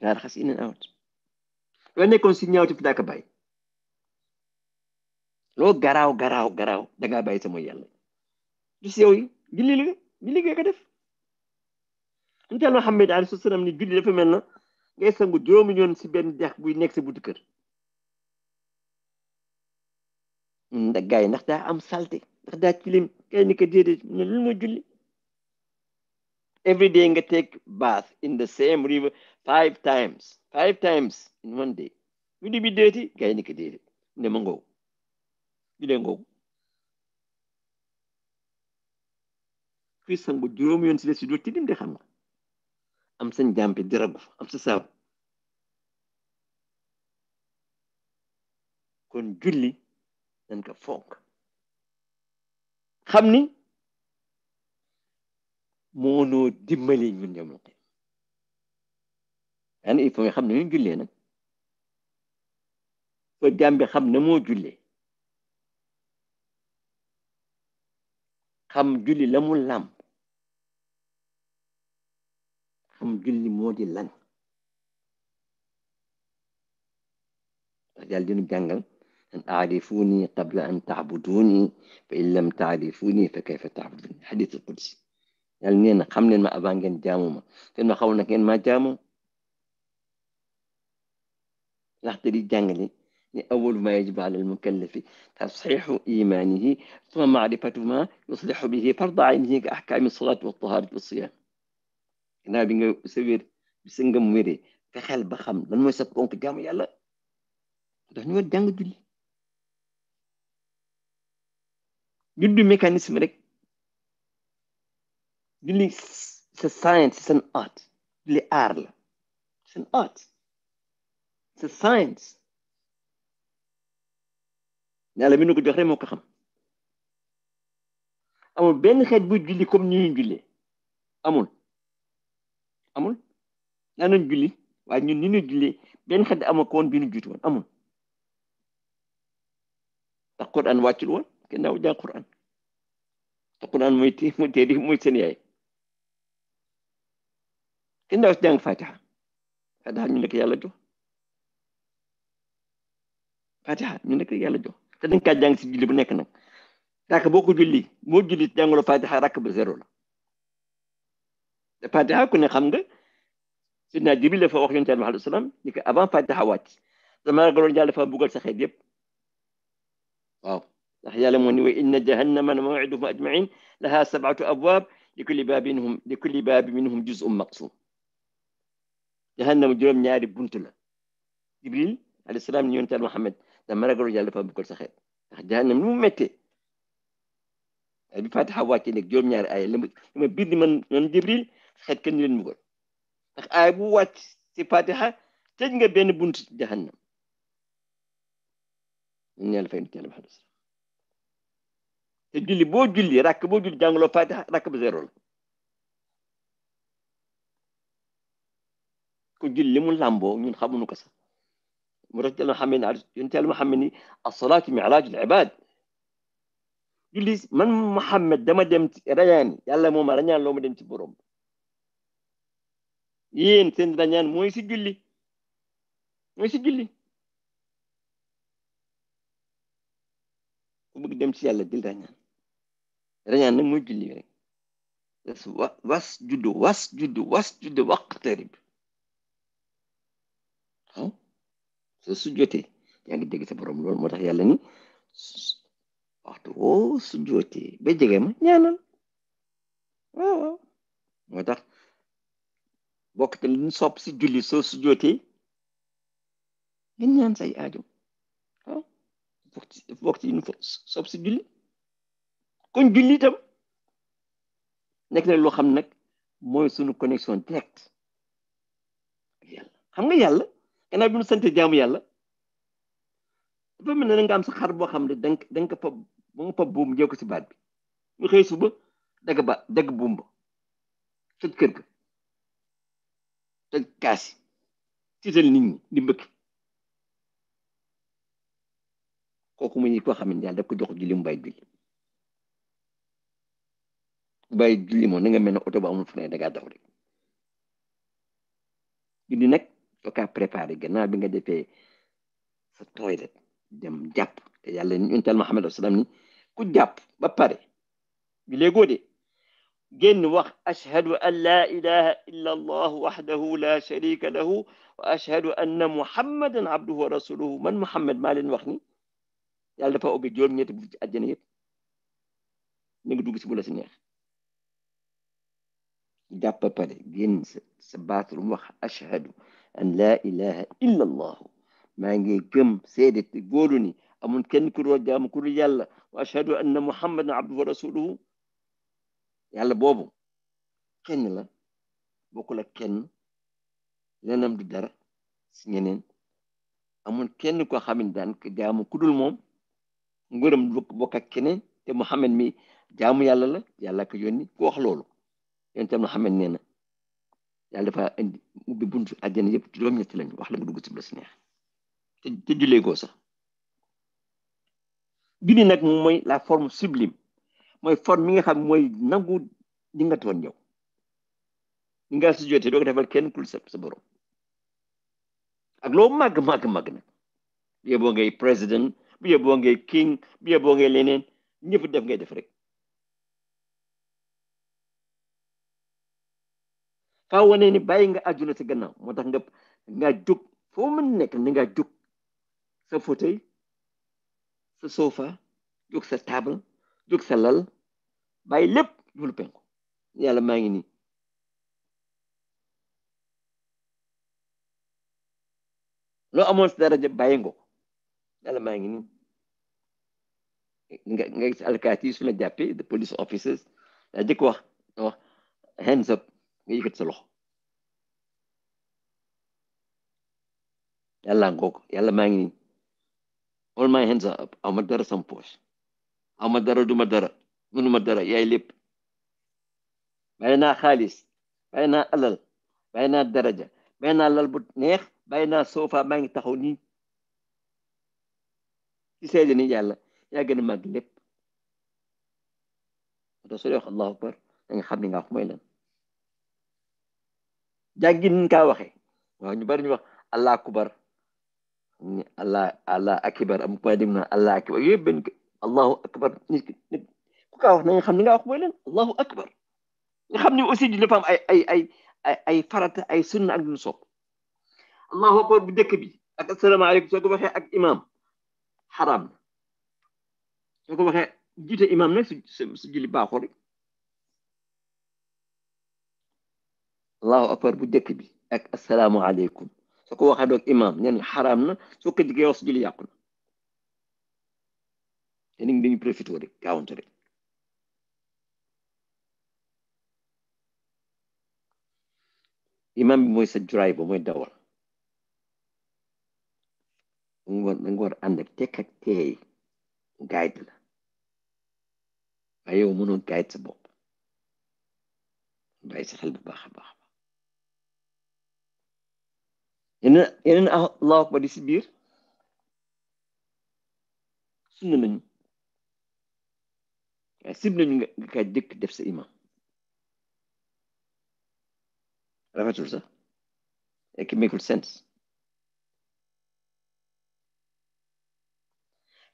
laa raxas in and out loo nekkoon si ñaaw ci daa ko bàyyi loo garaaw garaaw garaaw dangaa bàyyi sa mooy yàlla du julli la julli nga def ñu teel Muhammad alayhi salaam ni julli dafa mel na ngay sangu juróomi yoon si benn dex buy nekk si buntu kër hmm, da gars yi ndax daa am salte ndax daa tilim kay ni ko déedéet ne lu julli every day nga take bath in the same river five times five times in one day ñu di bi déeti gars ni ko déedéet ne ma ngoow julee ngoow kuy sangu juróomi yoon si des si doo de xam am sa njàmpi di am sa saabu kon julli nañ ko fonk xam ni moonoo dimbali ñun ñoom la yaani il faut nga xam ne ñu jullee nag fo jàmbi xam ne moo jullee xam julli la mu làmp comme julli moo di lan yàlla dinu jàngal an taarifuni qabla an taabuduni fa in lam taarifuni fa kayfa taabuduni xadis alqudsi yàlla nee na xam leen ma avant ngeen jaamu ma seen ma xaw na ngeen maa jaamu ndaxte di jàngale ni awal ma yajibu ala almukallafi tasheeh imanihi thumma maarifatu ma yuslihu bihi farda 'ainihi ka ahkam as-salat wa at-tahara wa as-siyam naa bi nga sa wér bi sa ngëm wéree fexeel ba xam lan mooy sa ponk jaamu yàlla ndax ñu war jàng julli juddu mécanisme rek julli sa science seen art julli art la seen art sa science yàlla mi nu ko jox rek moo benn xeet bu julli comme ñuy julli amul amul daan julli waaye ñun ni ñu benn xadd ama ko woon bi ñu jiitu woon amul Quran wàccul woon kenn daaw jàng Quran te Quran mooy té mooy téere mooy seen yaay kenn daaw si jàng Fatiha Fatiha ñu nekk yàlla jox Fatiha ñu nekk yàlla jox te dañ ka jàng si julli bu nekk nag rakk boo ko julli boo julli jàngaloo Fatiha rakk ba zéro la fatiha ku ne xam nga sidna jibril dafa wax yonent Muhammad sallam ni ko avant fatiha wàcc dama ragaloon yàlla dafa buggal sa xeet yëpp waaw ndax yàlla moo ni wa inna jahannama la maw'iduhum ajma'in laha sab'atu abwab li kulli baabin hum li kulli baabi minhum juz'un maqsum jahannama juróom ñaari bunt la jibril alayhi salaam ni yonent Muhammad dama ragaloon yàlla dafa buggal sa xeet ndax jahannam ni fatiha wàcce nag juróom ñaari aaya la ma man man jibril xet kenn leen mbugal ndax aay bu wàcc si fatiha tëj nga benn bunt jahannam ñun yàlla fay nit yàlla wax te julli boo julli rakk boo julli jàngaloo fatiha rakk ba zéro la ku julli mu làmboo ñun xamuñu ko sax mu tax yàlla xamee ne yonte yàlla Muhammad ni asalaatu miraaj al ibaad julli man Muhammad dama dem ci rayaan yàlla mooma rayaan loo ma dem ci borom yéen seen rañaan mooy si julli mooy si julli ku bëgg dem ci yàlla bil rañaan rañaan nag mooy julli rek was was judd was judd was judd waqtarib waaw soo su jotee ya ngi dégg sa borom lool moo tax yàlla ni waxtu woo su jotee ba jege ma ñaanal waaw waaw moo tax bokk te liñ sopp si julli soo su jootee nga ñaan say aajo ah bokk ci sopp si julli kon julli itam nekk na loo xam nag mooy sunu connexion direct ak xam nga yàlla gannaaw bi ñu sant jaamu yàlla dafa mel ne nga am xar boo xam ne da nga da nga fa ba nga fa buum jël si baat bi mu xëy suba dagg buum ba kër ga teg kaas tiital nit ñi di mbëkk kooku mu ñi koo xam ne yàlla daf ko jox julli mu bàyyi julli bàyyi julli moom na nga mel ne oto bu amul fu ne da ngaa julli nag soo kaa préparé gannaaw bi nga defee sa tooy rek dem jàpp te yàlla ñun tal Muhammad ni ku jàpp ba pare jullee góode جن وقت أشهد أن لا إله إلا الله وحده لا شريك له وأشهد أن محمدا عبده ورسوله من محمد مالن وخني يالا فاو بجول جوم نيت الجنة ييب نيغي دوغ سي بولا سي نيه بالي جن سبات لوم أشهد أن لا إله إلا الله ما نجي كم سيدة قولوني أمون كن كروا جام كرو يالا وأشهد أن محمد عبده ورسوله yàlla boobu kenn la bokkul ak kenn lenam du dara si ñeneen amul kenn ko xam ne daan ku jaamu kudul moom ngërëm bokk ak keneen te Muhammad mi jaamu yàlla la yàlla ko yónni ku wax loolu yéen itam Muhammad nee na yàlla dafa indi ubbi buntu àjjana yëpp juróom-ñetti lañu wax la nga dugg ci la si neex te te jullee goo sax julli nag moom mooy la forme sublim mooy forme mi nga xam mooy nangu li nga toon yow li nga si jotee doo ko defal kenn kul sa sa borom ak loo màgg màgg màgg nag bu yeboo ngay président bu yeboo ngay king bu yeboo ngay leneen ñëpp def ngay def rek faa wane ni bàyyi nga àdduna si gannaaw moo tax nga nga jóg foo mën nekk ni nga jóg sa fauteuil sa soofa jóg sa taabal duk selal bay lépp jublu penku yalla ma ngi ni lo amon si daraja bàyyi nga ko yàlla maa ngi ni nga gis su la the police officers daa jëkk wax wax hands up nga yëkkat sa loxo yalla ngoog yalla ma ngi ni all my hands up amadara sam poche ama dara duma dara mënuma dara yaay lépp bàyyi naa xaalis bay naa alal bay naa daraja bàyyi naa lal bu neex bay naa soofa maa ngi taxaw nii ci seede ni yàlla yaa gën a màgg lépp wata dee wax xam ni nga wax mooy lan ñu bari ñu wax allah akbar allah akbar am ko dem na allah akbar الله اكبر كوكا هنا نخمني قبل الله اكبر نخمني اسيد لفهم اي اي اي اي فرط اي سنه نصب الله اكبر بدك بي السلام عليكم سوكو بخي اك امام حرام سوكو بخي جيت امام نفس سجل باخوري الله اكبر بدك بي اك السلام عليكم سوكو واخا دوك امام نين يعني حرامنا سوكو ديك يوصل يقول enen mbiimi profito de gawanto de imam bi mooy sa juraay ba mooy dawal danga war ànd ak tekk ak teey guide la waaye yow mënoo guide sa bopp bàyyi sa xel bu baax a baax a baax yeneen yeneen allahu akbar di si biir sunna lañu سيبني كدك دفس إما رفعت الرزا It can make sense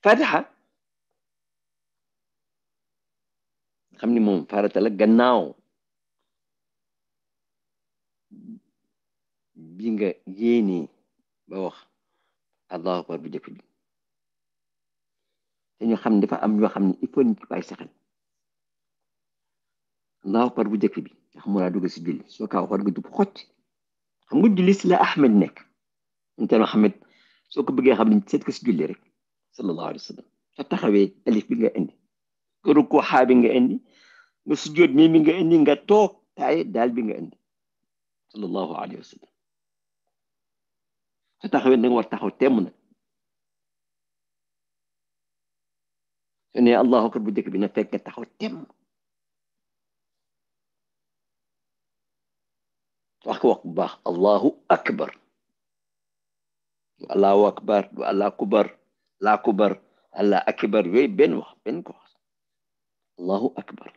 فاتحة خمني مهم فارت لك جناو بينجا ييني بوخ الله أكبر بجاكو دي تاني خمني فا أم يو خمني إفوني كباي سخن allahu akbar bu njëkk bi nga xam laa dugg si julli soo kaa waxoon nga dugg xotti xam nga julli si la Ahmed nekk nte Muhammad soo ko bëggee xam ne seet ko si julli rek sallallahu alayhi wa sallam soo taxawee alif bi nga indi nga rukkoo xaa bi nga indi nga sujjoot mii mi nga indi nga toog taaye daal bi nga indi sallallahu alayhi wa sallam soo taxawee da nga war taxaw temm nag soo nee allahu akbar bu njëkk bi na fekk nga taxaw temm Allahu Akbar, Allahu Akbar. Allahu Akbar, Allahu Akbar, Allahu Akbar, Allahu Akbar ve ben Wah, ben ko Allahu Akbar.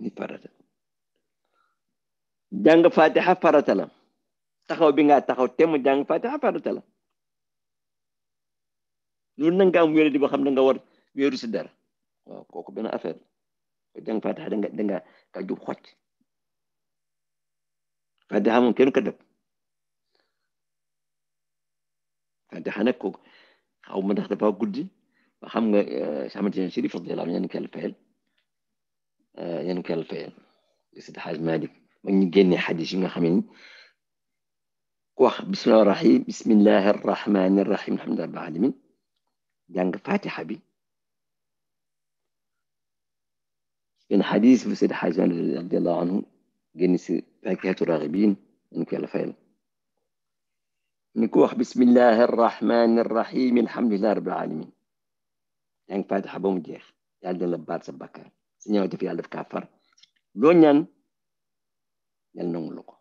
Ini farata. Jangan Fatiha farata la. Takau bi takau temu. Jangan fatihah jang Fatiha Nur la. Lu na nga di bawah xam na nga war wéru ci dara. jàng fatiha da nga da nga ka jub xocc fatiha moom kenn ko dëpp fatiha nag ko xaw ma ndax dafa guddi ba xam nga xamante ne sirif radiallahu anhu ñeen kel fayel ñeen kel fayel sid xaaj malik mag ñu génne xadis yi nga xam ne ku wax bismillahi rahim bismillahi arrahmani arrahim alhamdulilah alamin jàng fatiha bi من حديث بسيد حاجان رضي الله عنه جنس فاكهة الراغبين إنك يلا فعلا نكوح بسم الله الرحمن الرحيم الحمد لله رب العالمين yang fatiha ba mu jeex yàlla dina la baal sa bakkaar su ñëw def yàlla def kaa far loo ñaan yàlla nangu la ko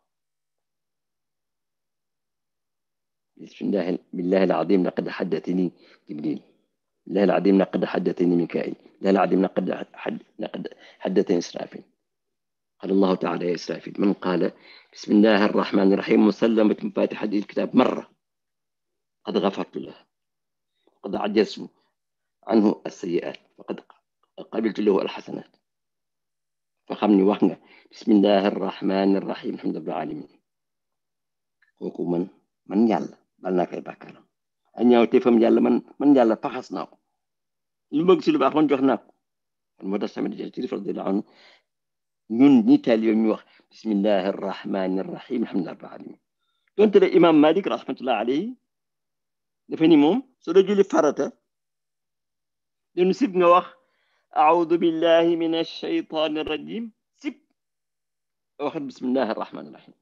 bismillahi billahi alazim laqad haddathani jibril لا العظيم نقد حدثني ميكائيل لا العظيم نقد حد نقد حدثني إسرافيل قال الله تعالى يا إسرافيل من قال بسم الله الرحمن الرحيم مسلمة مفاتيح هذه الكتاب مرة قد غفرت له قد عجزت عنه السيئات وقد قبلت له الحسنات فخمني وحنا بسم الله الرحمن الرحيم الحمد لله العالمين وكو من من يالا بلنا كي كلام أن يوتي فم يالا من من يالا فحصناه لماذا لماذا لماذا لماذا لماذا لماذا لماذا لماذا لماذا لماذا لماذا نون نتالي ونوخ بسم الله الرحمن الرحيم الحمد لله رب العالمين دونت الإمام مالك رحمة الله عليه دفني موم سرجل فرطة دون سيب نوخ أعوذ بالله من الشيطان الرجيم سيب أخذ بسم الله الرحمن الرحيم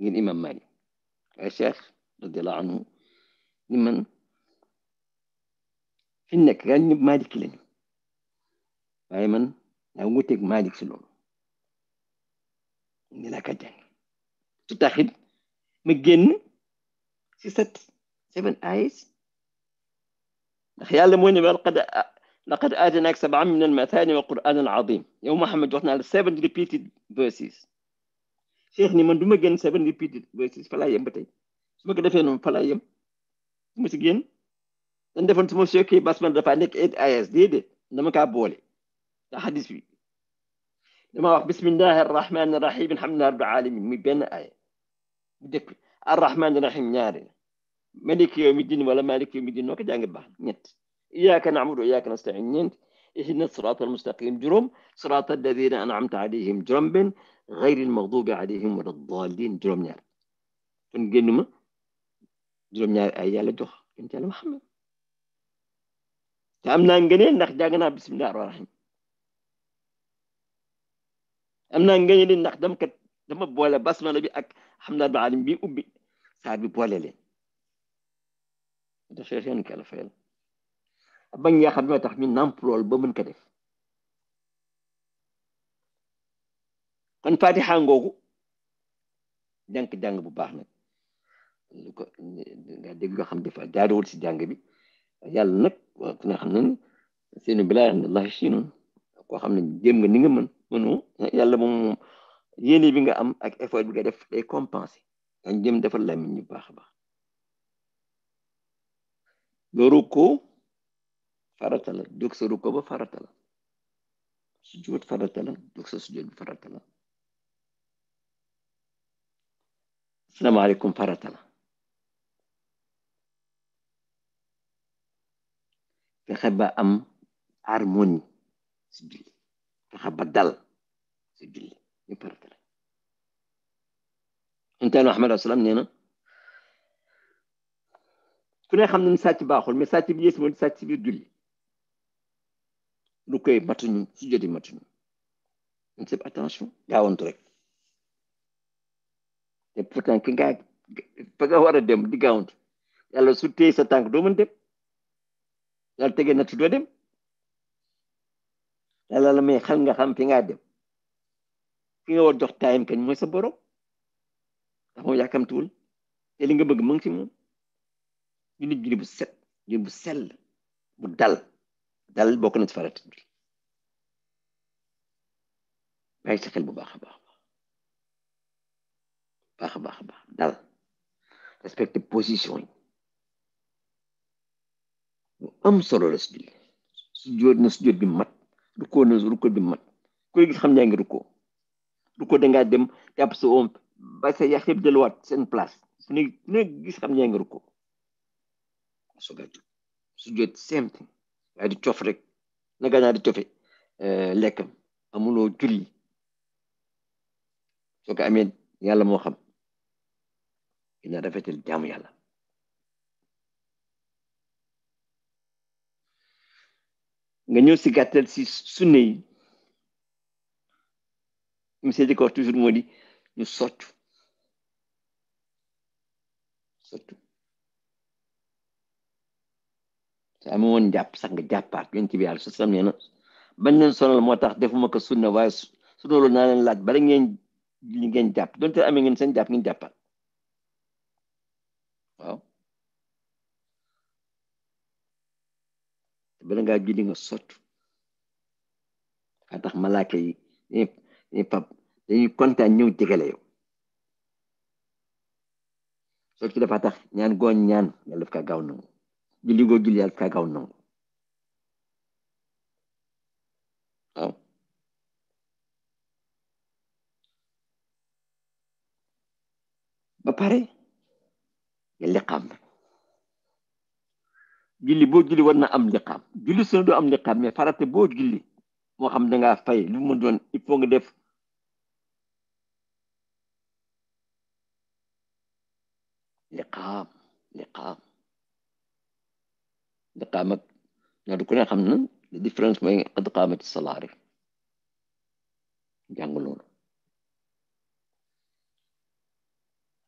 من الإمام مالك الشيخ رضي الله عنه لمن hinnek ranni malik kilani waaye man naa wuteeg malik si loolu ni laa ka jàng su taxit ma génn si set seven eyes ndax yàlla moo ne laqad laqad aatinaak sabaa min almathani wa quran alazim yow Muhammad jox naa la seven repeated verses cheikh ni man du ma génn seven repeated verses fa laa yem ba tey su ma ko defee noonu fa laa yem su ma si génn عند فنت موسيو كي بس من رفعنك إد آيس ديدي نما كابولي تحدث فيه نما بسم الله الرحمن الرحيم الحمد لله رب العالمين مي بين آية بدك الرحمن الرحيم ناري ملك يوم الدين ولا مالك يوم الدين نوك جانب بحر نت إياك نعمر وإياك نستعين إهدنا الصراط المستقيم جرم صراط الذين أنعمت عليهم جرم بن غير المغضوب عليهم ولا الضالين جرم نار تنجنم جرم نار أيا لدوخ انت محمد te am naa ngëneel ndax jàng naa bisimilah am naa ngëneel ndax dama kat dama boole basmala bi ak hamdal alim bi ubbi saar bi boole leen da seet seen kàlla fayal bañ yaa xam ne tax ñu nàmp lool ba mën ko def kon fatiha ngoogu jàng jàng bu baax nag lu ko nga dégg nga xam dafa jaaduwul si jàng bi. yàlla nag ku ne xam ne ni seenu bilaay xam ne laay siinun koo nga ni mën mënu yàlla moom moom bi nga am ak effort bi ga def day compensé ak jëm defal la ñu baax a baax loolu ko farata la ba farata la sujjóot farata la jóg sa sujjóot bi farata la salaamaaleykum farata la fexe ba am harmonie si julli fexe ba dal si julli ñu parete la intaanu ahmad asalaam nee na ku ne xam ne sàcc baaxul mais sàcc bi yées mooy sàcc si biir julli lu koy matuñu si joti matuñu ñu sëb attention gaawantu rek te pourtant ki nga fa nga war a dem di gaawantu yàlla su téye sa tànk doo mën dem yàlla tege na tuddoo dem yàlla la may xel nga xam fi ngaa dem fi nga war jox taayam kañ mooy sa borom ndax moom yàkkamtuwul te li nga bëgg mu ngi ci moom ñu nit julli bu set julli bu sell bu dal dal bokk na ci farata julli bàyyi ci xel bu baax a baax baax a baax a baax dal respecté position yi lu am solo la si na su jóot bi mat rukkoo na rukkoo bi mat koy gis xam yaa ngi rukkoo rukkoo dangaa dem jàpp sa oom ba sa yax yëpp delluwaat seen place fu ne gis xam yaa ngi rukkoo soog a jóg su jóot waaye di cof rek na gànnaaw di cofe eh, lekkam amuloo julli soo ko amee yàlla moo xam dina rafetal jaamu yàlla nga ñëw si gàttal si sunne yi monsieur di ko toujours moo di ñu sottu sottu te amu woon jàpp sax nga jàppaat yonent bi yàlla sa sam nee na bañ leen sonal moo tax defuma ko sunna waaye su loolu naa leen laaj bala ngeen li ngeen jàpp donte amee ngeen seen jàpp ngeen jàppaat bala ngaa julli nga sottu tax malaaka yi dañuy eh, eh, pap dañuy kontaan ñëw jegale yow sottu dafa tax ñaan gooñ ñaan yàlla daf kaa gaaw nangu julli goo julli yàlla daf ba pare nga liqaam julli bo julli war na am liqam julli sunu do am liqam mais farata bo julli mo xam da nga fay lu mu don il faut nga def liqam liqam liqam ak ñoo du ko ne xam na la différence mooy qad qamat salari jang lolu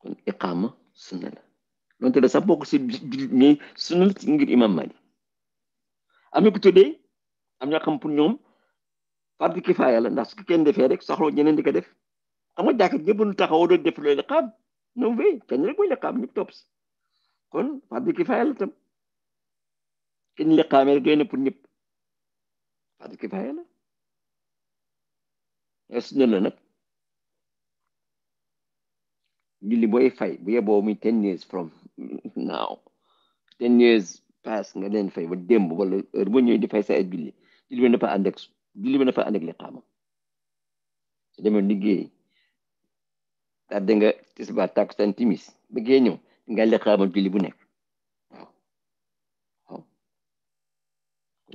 kon iqama sunna la donte da sax bokk si jullit mais sunna la ngir imam Maalik am ku tuddee am ñoo xam pour ñoom fardu kifaaya la ndax su kenn defee rek soxla ñeneen di ko def xam nga jàkk ñëpp nu taxawoo def loolu liqaam ñoom wéy kenn rek mooy liqaam ñëpp topp si kon fardu kifaaya la tam kenn liqaamee rek doy na pour ñëpp fardu kifaaya la sunna la nag julli booy fay bu yeboo muy ten years from now ten years pass nga leen fay ba démb wala heure boo ñëwee di fay sa ay julli julli bi dafa ànd ak julli bi dafa ànd ak liqaama su bu nekk waaw waaw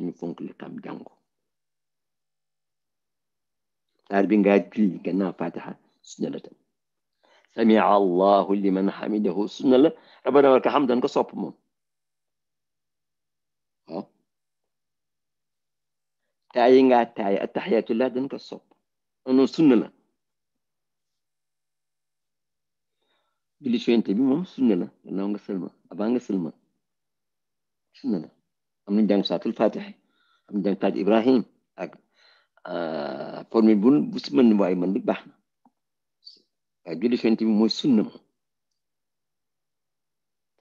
ñu fonk liqaam jàngu taar bi nga julli gannaaw faatiha sunna la tam sami allahu liman xamidahu sunna la rabbana walaka xam dañ ko sopp moom waaw taayi nga taayi attaxiyatullah dañ ko sopp noonu sunna la julli coyente bi moom sunna la gannaaw nga sëlma avant nga sëlma sunna la am nañ jàng saatul fatixe am nañ jàng taaj ibrahim ak formule bu bu si mën waaye mën bi baax na waaye julli ci yonent bi mooy sunnam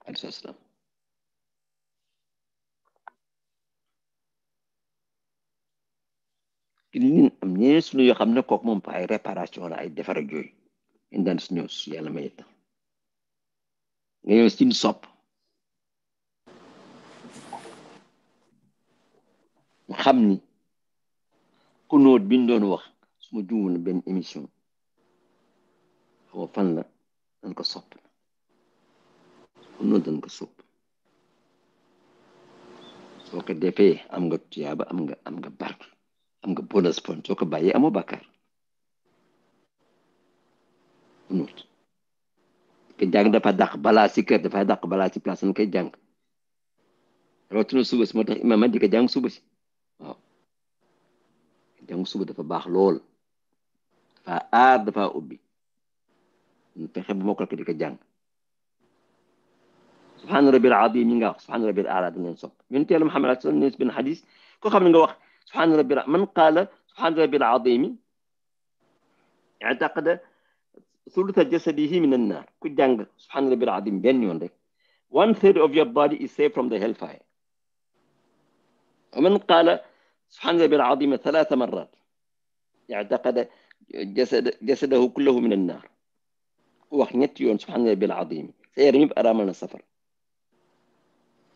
alayhi am ñeneen sunu yoo xam ne kooku moom ay réparation la ay defar ak yooyu ñu daan si ñëw su yàlla may tax nga ñëw si xam ni ku noot bi doon wax su ma juumul benn émission. wafalla dan kesop xunut dan ko soo ko defee am nga tuyaaba am nga am nga barke am nga bonus point soo baye amo bakar bàkkaar xunut ke jàng dafa dak balaa si kër dafa dàq balaa si place koy jàng rawatina suba si moo imam di ko jang suba si oh. waaw jang suba dafa baax lool dafa aar dafa ubi fexe bu mokkal ko di ko jàng subhaana rabil azim ñi nga wax subhaana rabil aala dañ leen sopp yonent yàlla Muhammad alayhi salaam benn xadis koo xam ne nga wax subhaana rabil man qaala subhaana rabil azimi i'taqada thulutha jasadihi min annaar ku jàng subhaana rabil azim benn yoon rek one third of your body is saved from the hellfire ومن قال سبحان ربي العظيم ثلاث مرات اعتقد جسد جسده كله من النار وخنيت يون سبحان ربي العظيم سيرمي بأرامنا سفر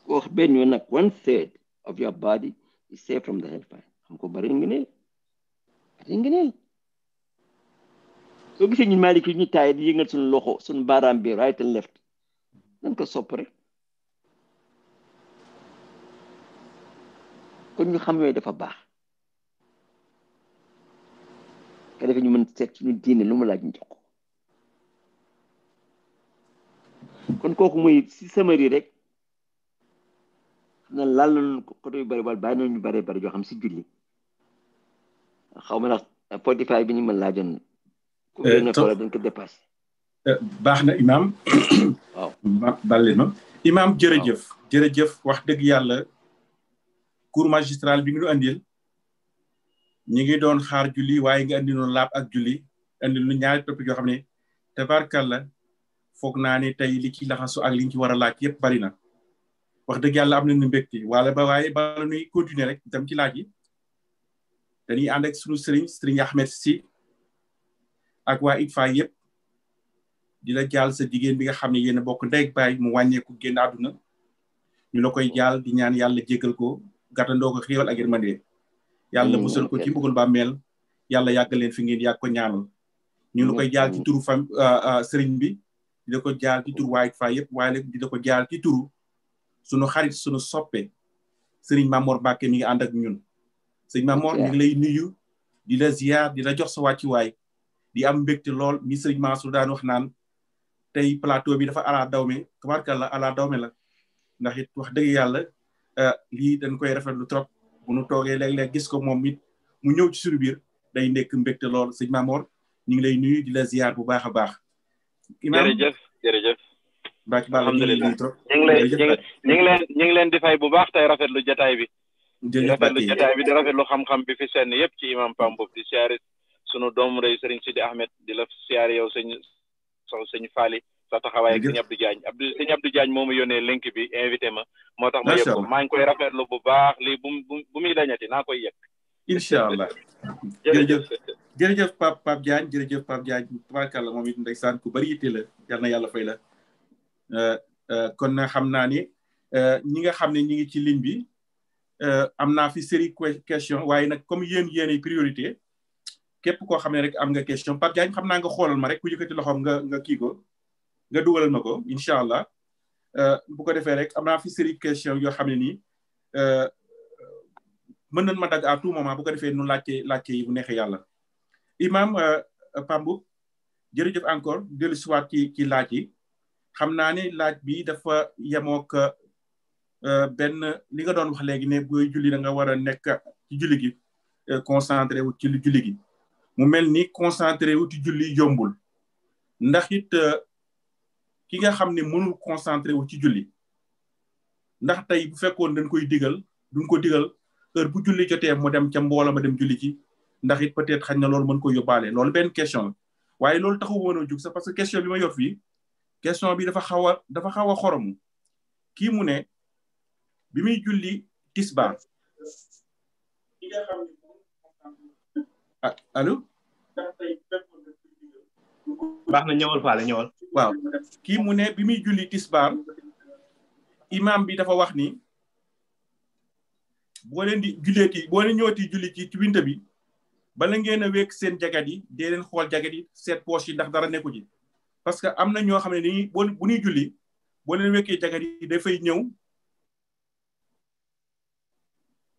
وخبرني أنك one third of your body is safe from the hellfire हमको बरेंगे bari ngëneel soo gisee ñun Malick yi ñu taay di yëngal suñu loxo suñu baaraam bi right and left nañ ko sopp rek kon ñu xam yooyu dafa baax ka defee ñu mën seet suñu diine lu mu laaj ñu jox ko kon kooku muy si samari rek xam na laal nañu côté yu bëri wala bàyyi nañu bëree bëri yoo xam si julli xaw ma na Spotify bi ñu mën laa jënd. dañ ko dépassé. Eh, baax na imaam. waaw balli na jërëjëf. jërëjëf wax dëgg yàlla cours magistral bi nga ñu andil. ñi ngi doon xaar julli waaye nga andi noonu laab ak julli andi lu ñaari topp xam ne tabarkalla fok naa ne tey li ci laxasu ak liñ ci war a laaj yépp bari na wax dëgg yàlla am nañu mbégte wala ba waaye la nuy continuer rek dem ci laaj yi dañuy ànd ak suñu sëriñ sëriñ ahmed si ak waa itfa yépp di la jaal sa jigéen bi nga xam ne yéen a bokk ndey baay mu wàññeeku génn àdduna ñu la koy jaal di ñaan yàlla jégal ko gàttandoo ko xéewal ak yërmande yàlla musal ko ci mm-hmm. mbugal mel yàlla yàgg leen fi ngeen yàgg ko ñaanal ñu la koy jaal ci mm-hmm. turu fam euh, euh, sëriñ bi di la ko jaal ci tur White Fire yëpp waaye nag di la ko jaal ci turu sunu xarit sunu soppe sëriñ Mamor Mbacke mi ngi ànd ak ñun sëriñ Mamor mi ngi nuyu di la ziar di la jox sa wàccuwaay di am mbégte lool mi sëriñ Mansour daan wax naan tey plateau bi dafa ala dawme tabarkàlla ala dawme la ndax it wax dëgg yàlla ah, lii dañ koy rafetlu trop bu nu toogee léeg-léeg gis ko moom it mu ñëw ci suñu biir day ndekk mbekte lool sëñ Mamor ñu ngi lay nuyu di la ziar bu baax a baax imaam jërëjëf jërëjëf. bàcc baax na ñu ngi leen trop ñu ngi leen ñu ngi leen ñu bu baax tey rafetlu jataay bi. jërëjëf rafetlu jataay bi di rafetlu xam-xam bi fi sen yëpp ci imam Pape Mboup di siyaare sunu doomu réew sëriñ Sidi Ahmed di la siyaare yow sëñ sox sëñ Faali sa taxawaay ak sëñ Abdou Diagne Abdou sëñ Abdou Diagne moo ma yónnee link bi invité ma moo tax ma yëg ko maa ngi koy rafetlu bu baax lii bu bu muy dañati naa koy yëg incha allah jërëjëf Pape Pape Diagne jërëjëf Pape Diagne tubaarkàlla moom it ndeysaan ku bari yitte la yal na yàlla fay la euh, euh, kon xam naa ni euh, ñi nga xam ne ñi ngi ci ligne bi am naa fi série question waaye nag comme yéen yéenay priorité képp koo xam ne rek am nga question Pape Diagne xam naa nga xoolal ma rek ku yëkkati loxoom nga nga kii ko nga dugalal ma ko incha allah bu ko defee rek am naa fi série question yoo xam ne nii mën na ma dagg a tout moment bu ko defee nu laajte laajte yi bu neexee yàlla imam euh, euh, Pambou jërëjëf encore dellu siwaat ci ki laaj yi xam naa ne laaj bi dafa yemook euh, benn li nga doon wax léegi ne booy julli da nga war a nekk ci julli gi wu ci juli gi mu mel ni concentré wu ci julli yombul ndax it ki nga xam ne mënul concentré wu ci juli ndax tey bu fekkoon dañ koy digal duñ ko digal heure bu julli jotee mu dem ca mbooloo ma dem julli ci ndax it peut-être xañ na loolu mën ko yóbbaale loolu benn question la waaye loolu taxu woon a jug sax parce que question bi ma yor fii question bi dafa xaw a dafa xaw a xoromu kii mu ne bi muy julli tisbar ah, allo baax na ñëwal faale ñëwal waaw kii mu ne bi muy julli tisbar imam bi dafa wax ni boo leen di julleeti boo leen ñëwati julli ci ci bi bala ngeen a wékk seen jagat yi dee xool jagat yi seet poche yi ndax dara nekku ji parce que am na ñoo xam ne ni boo bu ñuy julli boo leen wekkee jagat yi dafay ñëw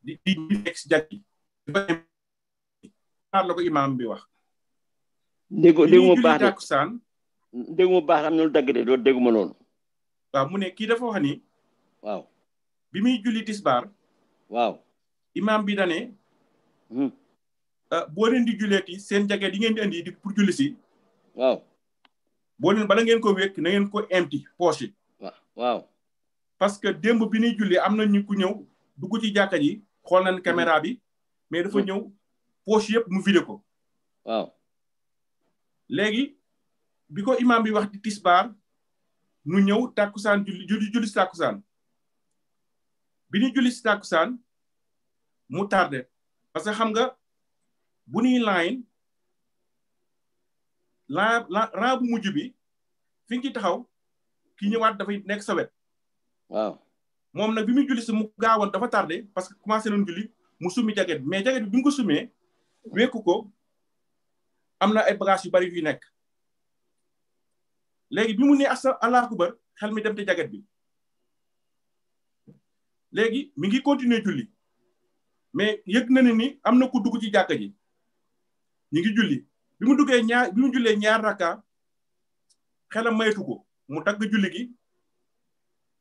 di di fekk si jagat yi la bi wax déggu déggu ma baax tàkkusaan déggu ma baax am na lu dagg de loolu déggu ma loolu waaw mu ne kii dafa wax waaw bi muy julli tisbaar waaw imaam bi dane hmm. Euh, boo leen di julleeti seen jaket yi ngeen di indi di pour julli si. waaw. boo leen bala ngeen ko wékk na ngeen ko empty poche yi. waaw. parce que démb bi ñuy julli am na ñu ku ñëw dugg ci jàkka ji xool nañ caméra bi mais dafa hmm. ñëw poche yëpp mu vidé ko. waaw. léegi bi ko imaam bi wax di tisbaar nu ñëw tàkkusaan juli julli julli si tàkkusaan bi ñuy julli si tàkkusaan mu tardé parce que xam bu ñuy line laa la raa bu mujj bi fi nga ci taxaw ki ñëwaat dafay nekk sawet wet waaw moom nag bi muy julli si mu gaawoon dafa tardé parce que commencé nañ julli mu summi jaget bi mais jaget bi bi mu ko summee wekku ko am na ay bagages yu bari yuy nekk léegi bi mu ne asa Allaahu akbar xel mi dem te jaget bi léegi mi ngi continuer julli mais yëg na ne ni am na ku dugg ci jàkka ji ñu ngi julli bi mu duggee ñaar bi mu jullee ñaar rakka xelam maytu ko mu dagg julli gi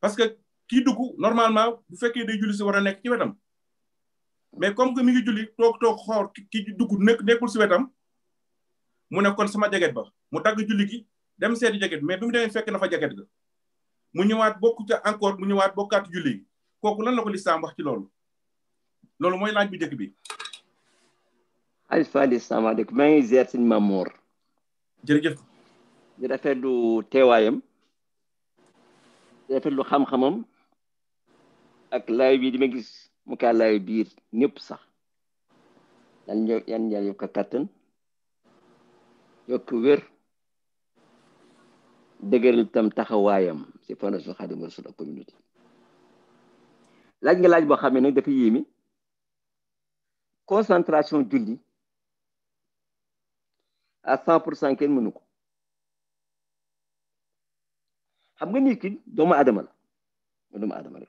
parce que kii dugg normalement bu fekkee day julli si war a nekk ci wetam mais comme que mi ngi julli toog toog xool kii dugg nekk nekkul si wetam mu nekkoon kon sama jeget ba mu dagg julli gi dem seeti jeget mais bi mu demee fekk na fa jaget ga mu ñëwaat bokk ca encore mu ñëwaat bokkaat julli gi kooku lan la ko lislaam wax ci loolu loolu mooy laaj bi njëkk bi الف علي السلام عليكم معي زيارة المامور جرجف دير افيرلو تيوايم دير افيرلو خام خمم اك لاي بي ديما غيس موكا لاي بير نيب صح yan yan yàlla yokk kàttan yokk wér dëgëral tam taxawaayam si fondation Xaadimu Rasuul ak communauté laaj nga laaj boo xam ne nag dafa yéemi concentration julli à 100% kenn mënu ko xam nga nit ki doomu aadama la ma doomu aadama la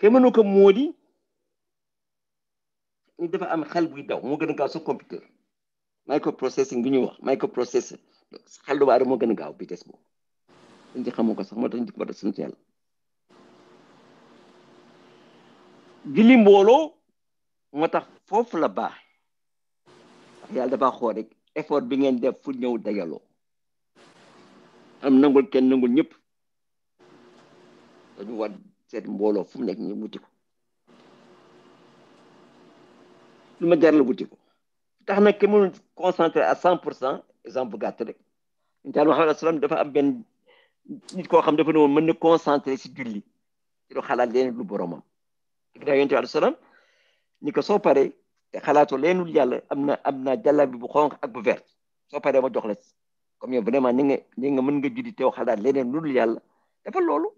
kenn mënu ko moo di ñu dafa am xel buy daw moo gën a gaaw sa computer microprocessing bi ñuy wax microprocessing xel doomu aadama moo gën a gaaw vitesse boobu dañ ci xamoo ko sax moo tax ñu ko sant yàlla julli mbooloo moo tax foofu la baax yàlla dafa xool rek effort bi ngeen def fu ñëw dajaloo am nangul kenn nangul ñëpp dañu war seet mbooloo fu mu nekk ñu wuti ko lu ma jaral wuti tax nag ke mënul concentré à cent pour cent exemple gàtt rek daal Muhammad alayhi dafa am benn nit koo xam dafa ne woon mën na concentré si julli ci lu xalaat leen lu boromam. dégg naa yonent bi ni ko soo paree te xalaatoo leenul yàlla am na am na bu xonq ak bu vert soo paree ma jox la ci comme yow vraiment ni nga ni nga mën nga julli teew xalaat leneen ludul yàlla dafa loolu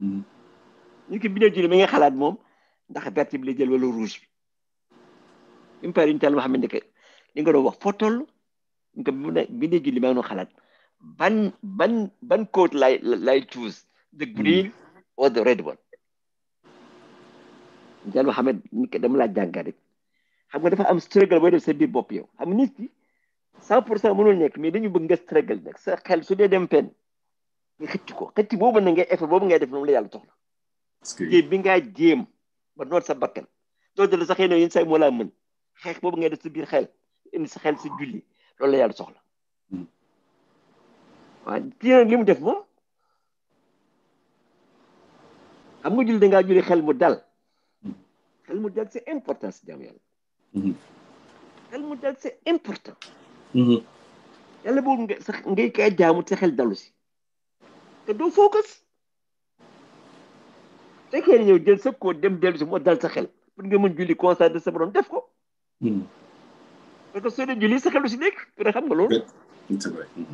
ñu mm-hmm. ki bi ne julli mi nga xalaat moom ndax vert bi la jël wala rouge bi mu pare ñu tal ma xam ne li nga doon wax foo toll ñu ko bi ne julli maa ngi xalaat ban ban ban coat lay lay choose the green mm-hmm. or the red one jàll ma xam ne dama laa jàngat xam nga dafa am struggle booy def sa bir bopp yow xam nit ki 100% pour cent mënul nekk mais dañu bëgg nga struggle nag sa xel su dee dem pen nga xëcc ko xëcc boobu na ngay effort boobu ngay def moom la yàlla soxla jéem bi ngaa jéem ba noot sa bakkan doote la sa xëy na yéen say moo laa mën xeex boobu ngay def sa biir xel indi sa xel sa julli loolu la yàlla soxla hmm. waaw kii nag li mu def moom xam nga julli da ngaa julli xel mu dal xel hmm. mu dal c'est importance jaam yàlla Mhm. xel mu dal c'est important. Mhm. yàlla boobu nga sax ngay kay jaamu te xel dalu si. te doo focus. fekkee ñëw jël sa ko dem dellu moo dal sa xel pour nga mën julli concentré sa borom def ko. Mhm. parce que soo dee julli sa xel du si nekk xam nga loolu.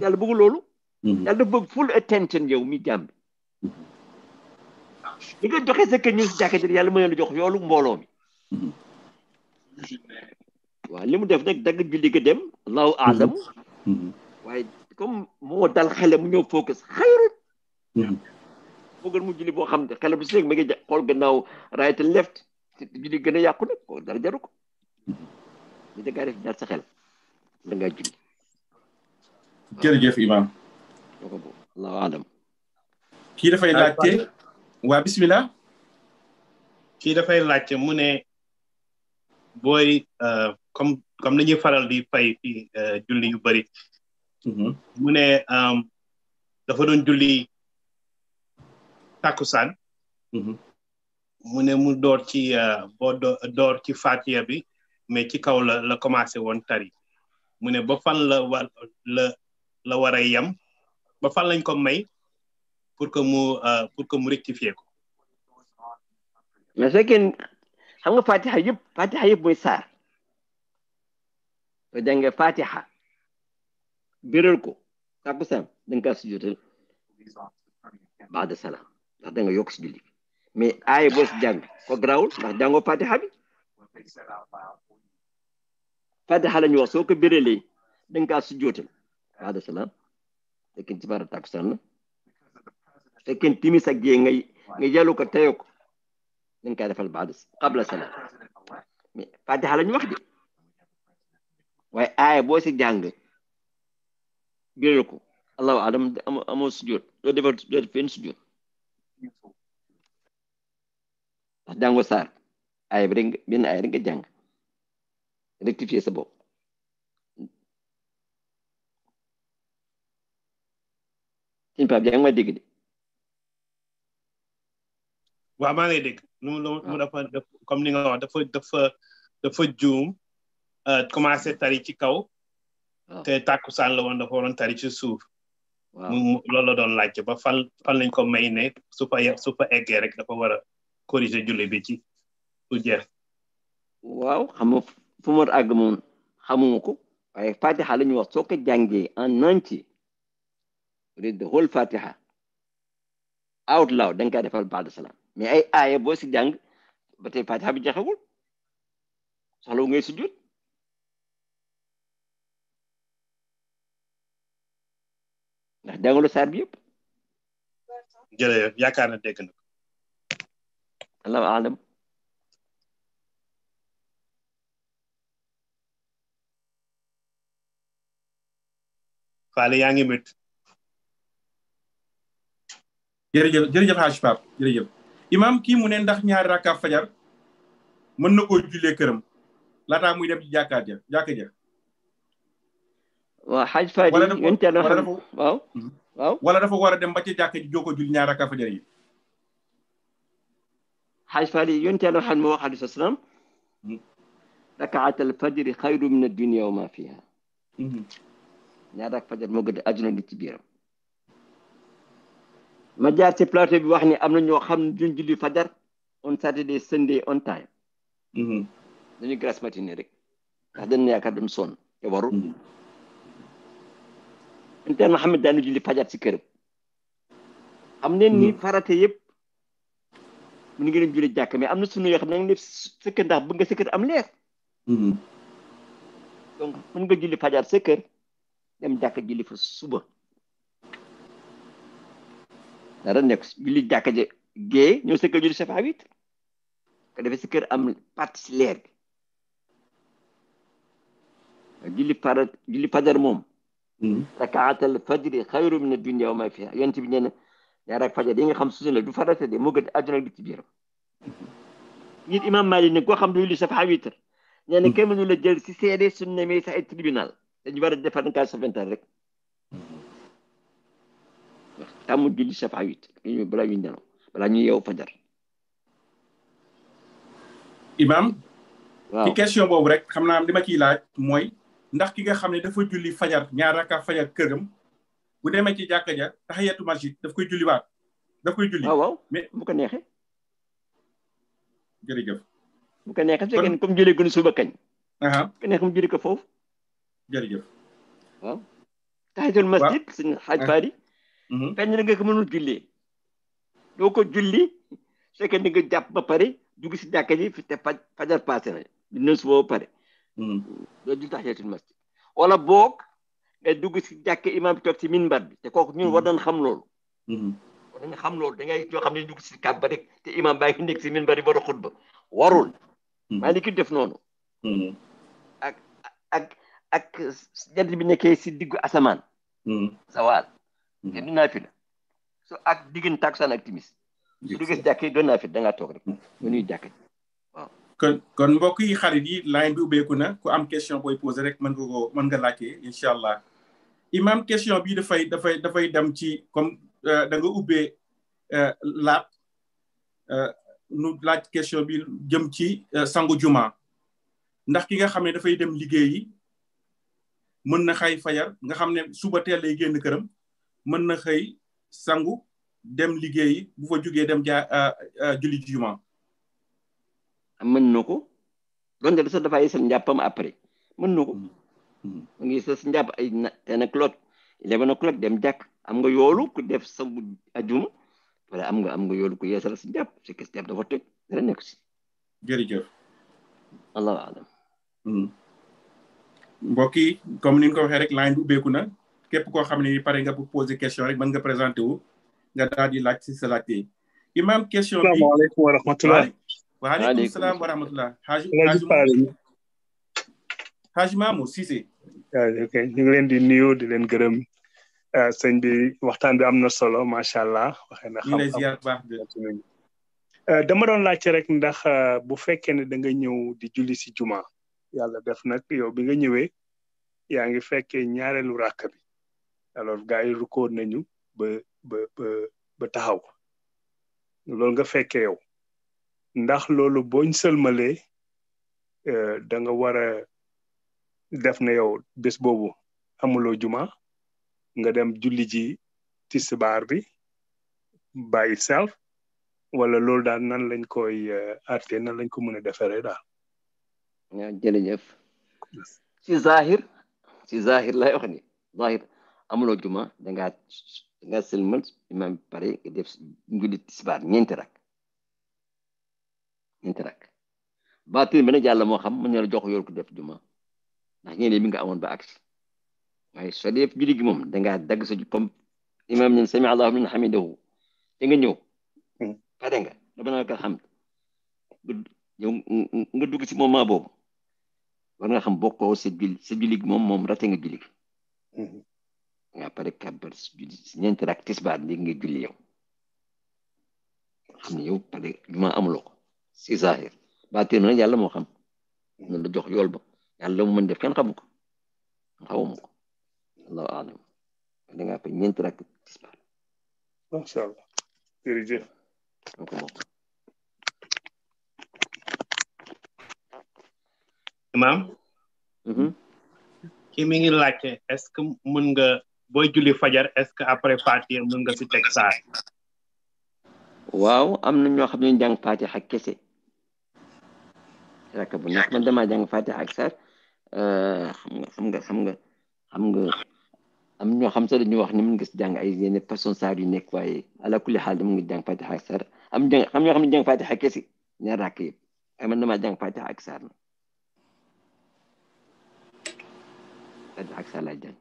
yàlla bëgg loolu. yàlla dafa bëgg full attention yow mi jàmbi. li nga joxe sa kër ñu si jàkkee yàlla mën la jox yoolu mbooloo mi. واللي مو دافنك دق جلي قدم الله أعلم وايدكم مو دال خلا منو فوكس خير فوق المجلي يكون هناك خلا بسليك مجد قول قناو رايت اللفت جلي قنا يأكل قول دار جاروك إذا قارف دار سخل لنقا جلي يكون هناك إمام الله أعلم كيف فايلاتي وبسم الله كيف فايلاتي مني booy euh, comme comme ni ñuy faral di fay fi euh, julli yu bëri. Mm-hmm. mu ne um, dafa doon julli takkusaan. Mm-hmm. mu ne mu door ci euh, boo door ci fatiya bi mais ci kaw la la commencé woon tari mu ne ba fan la war la war a yem ba fan lañ ko may pour que mu pour que mu rectifier ko. mais xam nga fatiha yëpp fatiha yëpp mooy saar nga jàngee fatiha biral ko tàkku sam da nga kaa sujjootal baada salaam ndax da nga yokk si julli mais aaya boo si jàng ko grawul ndax jàngoo fatiha bi fatiha la ñu wax soo ko biralee da nga kaa sujjootal baada salaam fekkin ci baara tàkku sam la fekkin timis ak jee ngay nga yàllu ko tayoo ko dañ koy defal baadu qabla salaam fatiha lañu wax de waaye aaya boo si jàng biral ko allahu alam amoo sujud doo defal doo def fenn sujud ndax jàngo saar bi rek benn aaya rek nga jàng rectifier sa bopp sin pap jàng ma dégg de ngi lay mu ah. mu dafa comme ni nga wax dafa dafa dafa juum euh, commencé tari ci kaw ah. te tàkkusaan la woon dafa waroon tari ci suuf mu loolu la doon laajte ba fal fal nañ ko may ne su fa su fa rek dafa war a corriger julli bi ci su jeex waaw xam ko waaye fatiha la ñu wax soo ko jàngee en entier read the whole fatiha out loud da nga salaam mais ay aaya boo si jàng ba tey fatiha bi jaxewul soxlawu ngay sujjud ndax jàngalu saar bi yëpp jërëjëf yaakaar na dégg na ko allahu alam faale yaa ngi mét jërëjëf jërëjëf Haji imam ki mu ne ndax ñaar rakka fajar mën na ko koo kërëm la ta muy dem ci jàkkaat ja jàkka ja wa haj fajar yonte la xam waw waw wala dafa wara dem ba ci jàkka ji joko julli ñaar rakka fajar yi xaj faji yonte la xam moo wax alisa salaam rakaat alfajri xayru min addunia wa ma fiha ñaari rak fajar moo gën a ci biiram ma jaar ci plateau bi wax ni am na ñoo xam ne duñ julli fajar on Saturday Sunday on time. Mm-hmm. dañuy grasse matinée rek ndax dañ yaakaar dem sonn te waru. inter mm-hmm. Mohamed daan julli fajar ci këram. am neen ni mm-hmm. farate yëpp mu ngi leen julli jàkk mais am na sunu yoo xam ne da ndax bëgg nga sa kër am leer. donc mën nga julli fajar sa kër dem jàkk julli fa suba. dara nekk julli jàkka je gée ñëw sa kër julli safa wit ka defee sa kër am parti si leer bi julli fara julli fajar moom rakaatal fajri xayru min ad-dunya wa ma fiha yonent bi nee na ñaar ak di yi nga xam suñu la du farata de moo gën àdduna ak li ci biiram nit imam Malik ne koo xam ne julli safa witr nee na kenn mënu la jël si seere suñu nemee sax ay tribunal dañu war a defar nkaa sa vingt rek tàmm julli safa huit balaa ñuy nelaw balaa ñuy yeewu fajar imam waaw ci question boobu rek xam na naa li ma ciy laaj mooy ndax ki nga xam ne dafa julli fajar ñaar raka fajar këram bu demee ci jàkka ja taxiyatu masjid daf koy julli waat daf koy julli waaw waaw mais bu ko neexee jërëjëf bu ko neexee su fekkee comme julli gën suba kañ bu ko mu julli ko foofu jërëjëf waaw taxiyatul masjid suñ xaaj faari fenn nga ko mënul julli doo ko julli c'est que nga jàpp ba pare dugg si jàkka ji te fajar passé na dina suba ba pare loolu du tax yeetul masjid wala bok nga dugg si jàkka imam bi toog minbar bi te kooku ñun war nañ xam loolu war nga xam loolu da ngay dugg rek te imam baa ngi nekk si minbar bi warul maa ngi def noonu ak ak ak jant bi nekkee si diggu asamaan mm-hmm. te mhm. du naafila so ak diggante takkusaan ak timis su du gis jàkke doon naafila da toog rek nga nuy kon kon mbokk yi xarit yi line bi ubbeeku na ku am question booy posé rek mën nga mën nga laajtee incha allah imam question bii dafay dafay dafay dem ci comme euh, danga nga ubbee euh, laab euh, nu laaj question bi jëm ci sangu juma ndax ki nga xam ne dafay dem liggéeyi mën na xay fayar nga xam ne suba teel lay génn këram mën na xëy sangu dem liggéeyi bu fa jugee dem jaa euh, euh, julli juma. mën na ko donte de sax dafa ay seen njàppam après mën na ko. Hmm. Hmm. mu ngi sas njàpp ay na ten o'clock eleven dem jàkk am nga yoolu ku def sangu ajuma wala am nga am nga yoolu ku yeesal si njàpp si kese njàpp dafa tëj dara nekk si. jërëjëf. allahu alam. Hmm. mbokk yi comme ni nga ko waxee rek line bi ubbeeku na képp koo xam ne pare nga bu poser question rek mën nga présenté wu nga daal di laaj si sa laajte imam question bi salaamaaleykum wa rahmatulah. waaleykum salaam wa rahmatulah. Haji Haji Mamou ñu ngi leen di nuyu di leen gërëm ah, sëñ bi waxtaan bi am na solo macha allah. waxee na ah, dama doon laajte rek ndax ah, bu fekkee ne da nga ñëw di julli si juma. yàlla def nag yow bi nga ñëwee yaa ngi fekkee ñaareelu rakk alors gars yi record nañu ba ba ba taxaw loolu nga fekkee yow ndax loolu booñ sëlmalee euh, da nga war a def ne yow bés boobu amuloo juma nga dem julli ji tisbaar bi by itself wala loolu daal nan lañ koy euh, àtte nan lañ ko mën a defaree daal. ci zahir ci zahir lay wax zahir. amuloo juma dangaa dangaa sëlmal imaam bi pare nga def njulli tisbaar ñeenti rak ñeenti rak baatin bi nag yàlla moo xam mën na la jox yool ko def juma ndax ñeene mi nga amoon ba agsi waaye soo def julli gi moom dangaa dagg sa comme imaam ñen sami allahu liman hamidahu te nga ñëw hmm. nga rabbana lakal hamd yow nga dugg ci moment boobu war nga xam bokkoo sa julli sa moom moom rate nga julli nga pare kàbbar si julli si ñeenti rak tisbaar léegi nga julli yow xam ne yow pare ma amuloo ko si zahir baatin nag yàlla moo xam na la jox yool ba yàlla mu mën def kenn xamu ko xawuma ko da ngaa pare ñeenti rak tisbaar macha allah jërëjëf moo ko bokk imam mhm. ki mi ngi laajte est-ce que mën nga boy julli fajar est ce que après fatir mën nga ci tek saar waaw am na ñoo xam ne jàng ak kese rek bu nekk man dama jàng fatir ak saar euh, xam nga xam nga xam nga xam nga am ñoo xam sa dañu wax ni mën nga ci jàng ay yenn façon saar yu nekk waaye ala kulli xaal dama nga jàng fatir ak saar am jàng xam ñoo xam ne jàng ak kese ñaar rakk yëpp ay man dama jàng fatir ak saar na ak saar jàng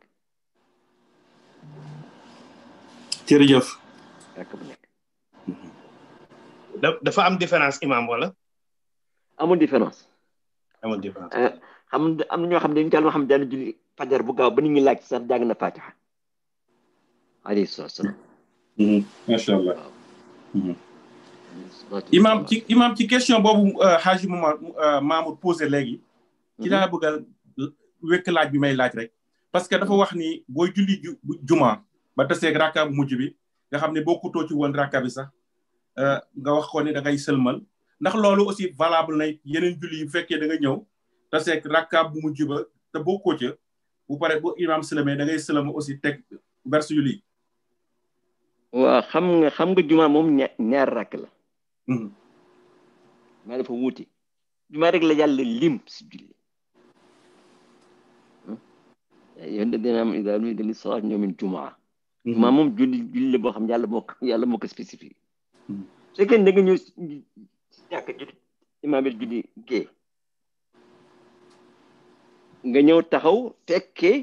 jërëjëf. dafa am différence imam wala. amul différence. amul différence. Euh, xam am na ñoo xam ne dañu daal ma xam daanu julli fajar bu gaaw ba nit ñi laaj sax jàng na Fatiha. alayhi salaam. Mhm, macha mhm. imam ci imam ci question boobu euh, Haji euh, Mamoud posé léegi. ci mhm. laa bëgg a wékk laaj bi may laaj rek. parce que dafa wax ni booy julli ju juma ba taseeg rakka bu mujj bi nga xam ne bokkutoo ci woon rakka bi sax euh, nga wax ko ne da ngay sëlmal ndax loolu aussi valable na yeneen julli yu fekkee da nga ñëw taseeg rakka bu mujj ba te bokkoo ca bu pare bu imaam sëlmee da ngay sëlma aussi teg vers yu lii waaw xam nga xam juma moom ñaar rakk la. Mm-hmm. maa dafa wuute juma rek la yàlla lim si julli. yonent dina am idaa nuudiya mhm. jumaa moom julli julli la boo xam yàlla moo ko yàlla moo ko spécifié mhm. su nga ñëw jàkk julli bi julli nga ñëw taxaw fekkee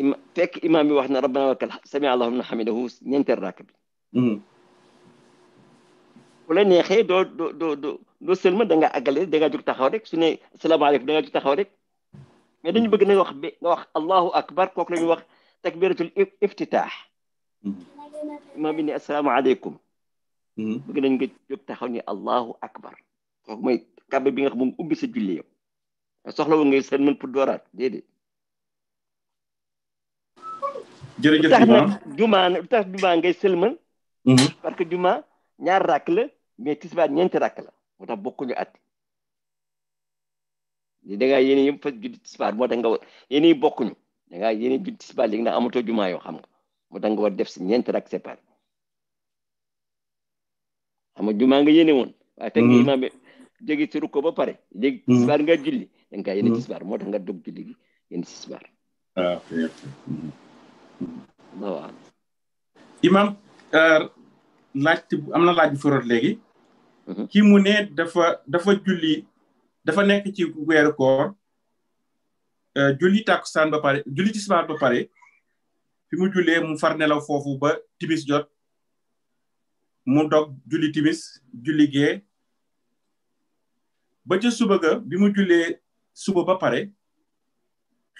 ima fekk imaam bi wax na rabbana wa lakal sami allahu liman hamidahu ñeenteel rakk bi bu mhm. doo doo doo doo doo seulement da nga àggale da nga jóg taxaw rek su ne salaamaaleykum nga jóg taxaw rek mais dañu bëgg nañ wax bi nga wax akbar kooku la ñuy wax takbiratul iftitaax mm-hmm. imaam bi ne asalaamaaleykum mm-hmm. bëgg nañ nga jóg taxaw ni allahu akbar kooku mooy kàbb bi nga xam moom ubbi soxla wu ngay seen mën pour dooraat déedéet jërëjëf tax nag ngay sëlmal mm-hmm. parce que juma ñaar rakk la mais tisbaar ñeenti rakk la moo da nga yene yim fa julli tisbar moo tax nga yene yéene yi bokkuñu da ngaa yéene julli tisbaar léegi nag amatoo juma yo xam nga moo tax nga war def si ñeenti rak séparé xam juma nga yene won waaye te nga imam bi jóge si rukko ba pare léegi tisbar nga julli da nga yene tisbar moo nga dog julli gi yene tisbar ah ok ok hmm. imam eh, laaj am amna laaj fu rot legi ki hmm. mu ne dafa dafa julli dafa nekk ci weeru koor euh, julli tàkkusaan ba pare julli tisbaar ba pare mu jullee mu far nelaw foofu ba timis jot mu dog juli tibis julli gee ba ca suba ga bi mu jullee suba ba pare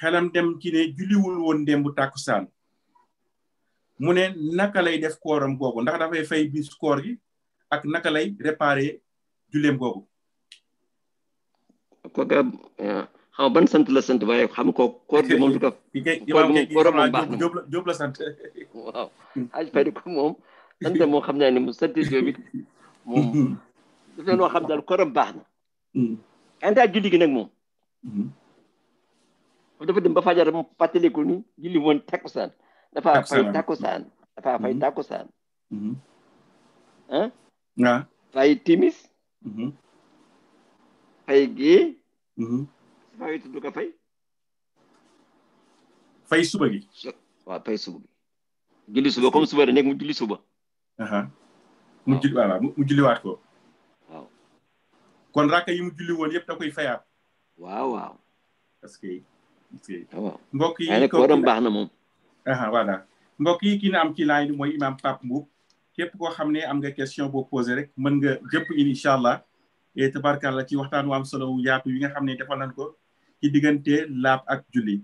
xelam dem ci ne julliwul woon démb tàkkusaan mu ne naka lay def kooram googu ndax dafay fay bis koor gi ak naka lay réparer julleem googu kooka eh, xaw ban sant la sant waaye xam ko ko koor moom kooram moom baax na Jóob la sant waaw aj fay ko moom sant moo xam naa ne mu sant Jóob it moom daf leen xam daal kooram baax na kantaa mm. julli gi nag mm-hmm. moom dafa dem ba fajar mu fàttaliku ni julli woon takkusaan dafa fay takkusaan dafa fay mm-hmm. takkusaan mm-hmm. ah fay timis pay gi mm-hmm. fay suba gi waaw fay suba gi julli suba comme suba da nekk mu julli suba mu julli waaw mu julliwaat ko waaw kon rakka yi mu julli woon yëpp da koy fayaat waaw waaw parce que ah, waaw mbokk yi nag waram baax na moom voilà yi kii am ci laaj bi mooy imam Pape Mboup képp koo xam ne am nga question boo posé rek mën nga jëpp in incha allah la ci waxtaan wu am solo wu yaatu yi nga xam ne defal nañ ko ci diggante laab ak julli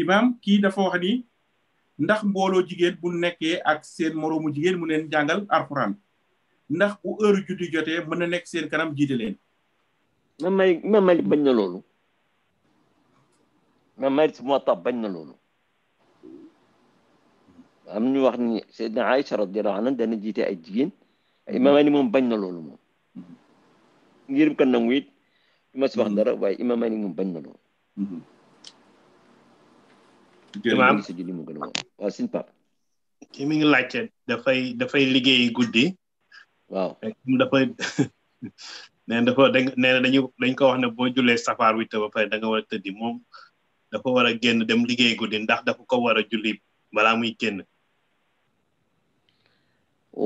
imaam kii dafa wax ni ndax mbooloo jigéen bu nekkee ak seen moroomu jigéen mu leen jàngal alxuraan ndax bu heure julli jotee mën na nekk seen kanam jiite leen ma may ma may bañ na loolu ma may si bañ na loolu am ñu wax ni Seydina Aïcha radiyallahu anha dana jiite ay jigéen ay ma may ni moom bañ na loolu moom ngir ko nangu it du ma si wax mm-hmm. dara waaye imaam Maalik moom bañ na lool. imaam mu gën a waaw waaw sin ki mi ngi laajte dafay dafay liggéey guddi. waaw dafa nee dafa dañu dañ ko wax ne boo julee safaar wi te ba pare da war a tëddi moom dafa war a génn dem liggéey guddi ndax dafa ko war a juli balaa muy génn.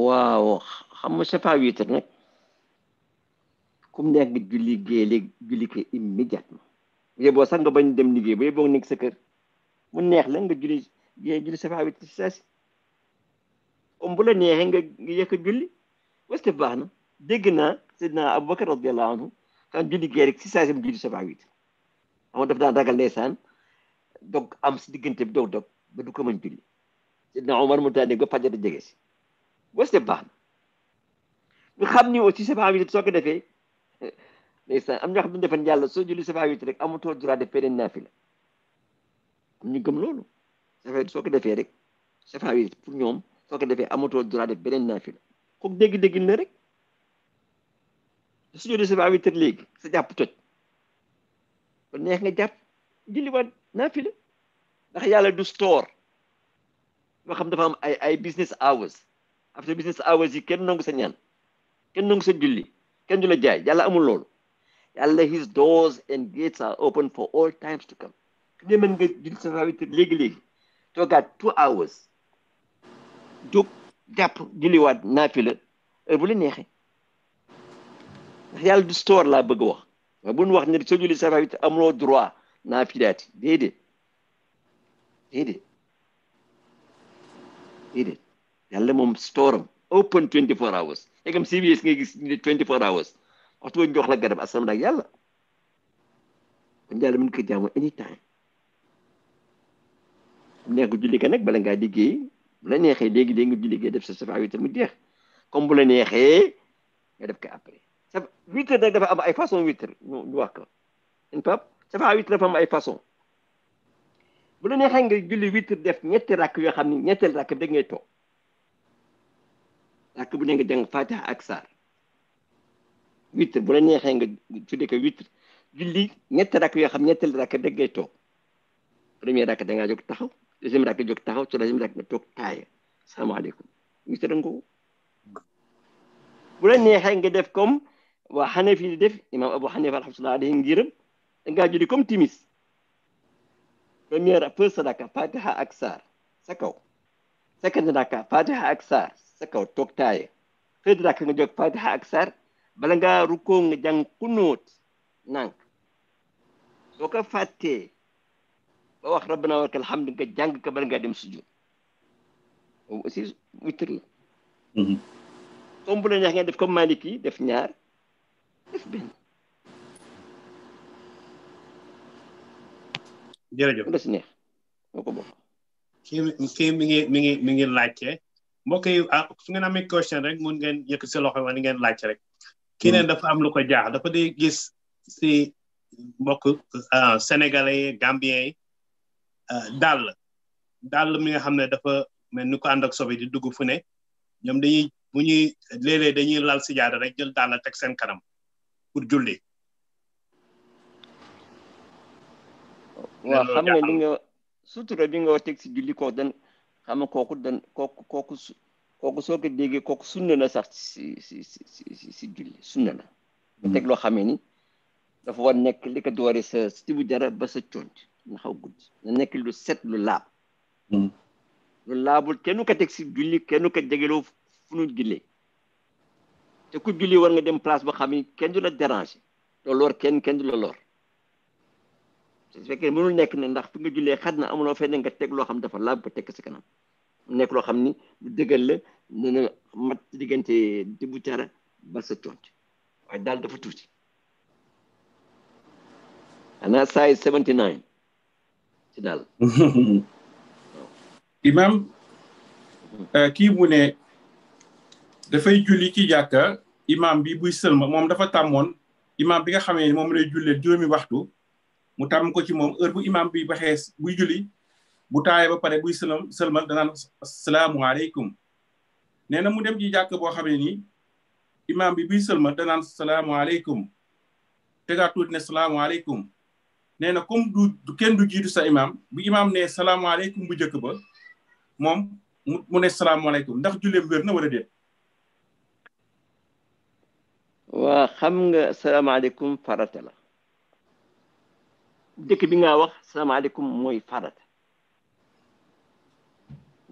waaw xam nga safaar wi te ku mu nekk julli géey léegi julli ko immédiatement yooyu boo nga bañ dem liggéey ba yóbboo nekk sa kër mu neex la nga julli géey julli safaa wit si saa si om bu la neexee nga yëkk baax na dégg naa sidna Abubakar radiyallahu anhu kan julli géey rek si saa si mu julli safaa wit xam daf daan ragal ndeysaan dog am si diggante bi dog dog ba du ko mën julli sidna Omar mu daane ba pajata jege si weste baax na ñu xam ni aussi safaa wit soo ko defee ndeysaan am ñoo xam ne defen yàlla soo julli safaa witti rek amutoo droit de beneen naafila am ñu gëm loolu soo ko defee rek safaa witti pour ñoom soo ko defee amutoo droit de beneen naafila kook dégg-déggin la rek su julli safaa witti léegi sa jàpp toj ba neex nga jàpp julliwaat naafila ndax yàlla du store loo xam dafa am ay ay business hours after business hours yi kenn nongu sa ñaan kenn nangu sa julli kenn du la jaay yàlla amul loolu yàlla his doors and gates are open for all times to come ne mën nga jël sa rawit léegi-léegi toogaat two hours jóg jàpp julliwaat naafila bu la neexee ndax yàlla du store la bëgg wax mais bu ñu wax ne soo julli sa rawit amuloo droit naafilaati déedéet déedéet déedéet yàlla moom store open 24 hours egam CBS ngay gis ni 24 hours waxtu bu jox la garab asalaam daal yàlla kon yàlla mën ko jaamu anytime neex nga julli ka nag bala ngaa liggéey bu la neexee léegi léegi nga julli nga def sa safa huit heures mu jeex comme bu la neexee nga def ko après safa huit heures dafa am ay façon huit heures ñu ñu wax ko une pap safa huit heures am ay façon bu la neexee nga julli huit def ñetti rakk da ngay ak bu ne jang jàng fatiha ak saar witre bu la neexee nga tuddee ko witr. julli ñetti rak yo xam ñettali rak rek to. premier rak da nga jog taxaw deuxième rak jog taxaw troisième rakk nga toog taaya salaamaaleykum witre nga bu la neexee nga def comme wa hanafi def imam abu hanifa alhamdulilah alayhi ngiram da ngaa julli comme timis premier first raka fatiha ak saar sa kaw second raka fatiha ak sa kaw toog taay xëy na nga jóg fatiha ak sar bala ngaa rukkoo nga jàng kunuut nank soo ko fàttee ba wax rabbana walakal hamd nga jàng ko bala ngaa dem sujud boobu oh, aussi mhm. la neex nga def comme Maliki def ñaar def benn jërëjëf la si neex moo ko bokk kii mi ngi mi ngi laajte eh. mbokk yi ah su ngeen amee question rek mun ngeen yëkk si loxo wala ngeen laaj rek. kii neen dafa am lu ko jaax dafa di gis si mbokk ah, sénégalais yi gambien yi ah, dàll mi nga xam ne dafa mel ni ko ànd ak sobe di dugg fu ne ñoom dañuy bu ñuy léeg dañuy lal si jaada rek jël dàll teg seen kanam pour julli. waaw xam nga li nga sutura bi si julli xam nga kooku dan kooku kooku kooku soo ko déggee kooku sunna la sax si si si si si julli sunna la loo xamee ni dafa war nekk li ko doore sa tibu jara ba sa conc na xaw guddi na nekk lu set lu laab hmm. lu laabul kenn ko teg si julli kenn ko jegeloo fu nu jullee te ku julli war nga dem place boo xam ni kenn du la déranger te lor kenn kenn du la lor su fekkee mënul nekk ne ndax fi nga jullee xat na amuloo fenn nga teg loo xam dafa laab ba tekk si kanam nekk loo xam ni dëggal la dana mat diggante dibu cara ba sa coonc waaye daal dafa tuuti ana saay seventy nine ci daal imam euh, kii mu ne dafay julli ci jàkka imam bi buy sëlma moom dafa tàmmoon imam bi nga xamee moom lay jullee juróomi waxtu mu tàmm ko ci moom heure bu imam bi waxee buy juli bu taayee ba pare buy sëlam sëlmal danaan asalaamualeykum nee na mu dem ci jàkk boo xam ne nii imam bi buy sëlmal danaan salaamualeykum tegaat tuuti ne salaamualeykum nee na comme du kenn du jiitu sa imam bu imam ne salaamualeykum bu njëkk ba moom mu ne salaamualeykum ndax julleem wér na wala déet waa xam nga salaamaaleykum farata la dëkk bi nga wax salaamaaleykum mooy farata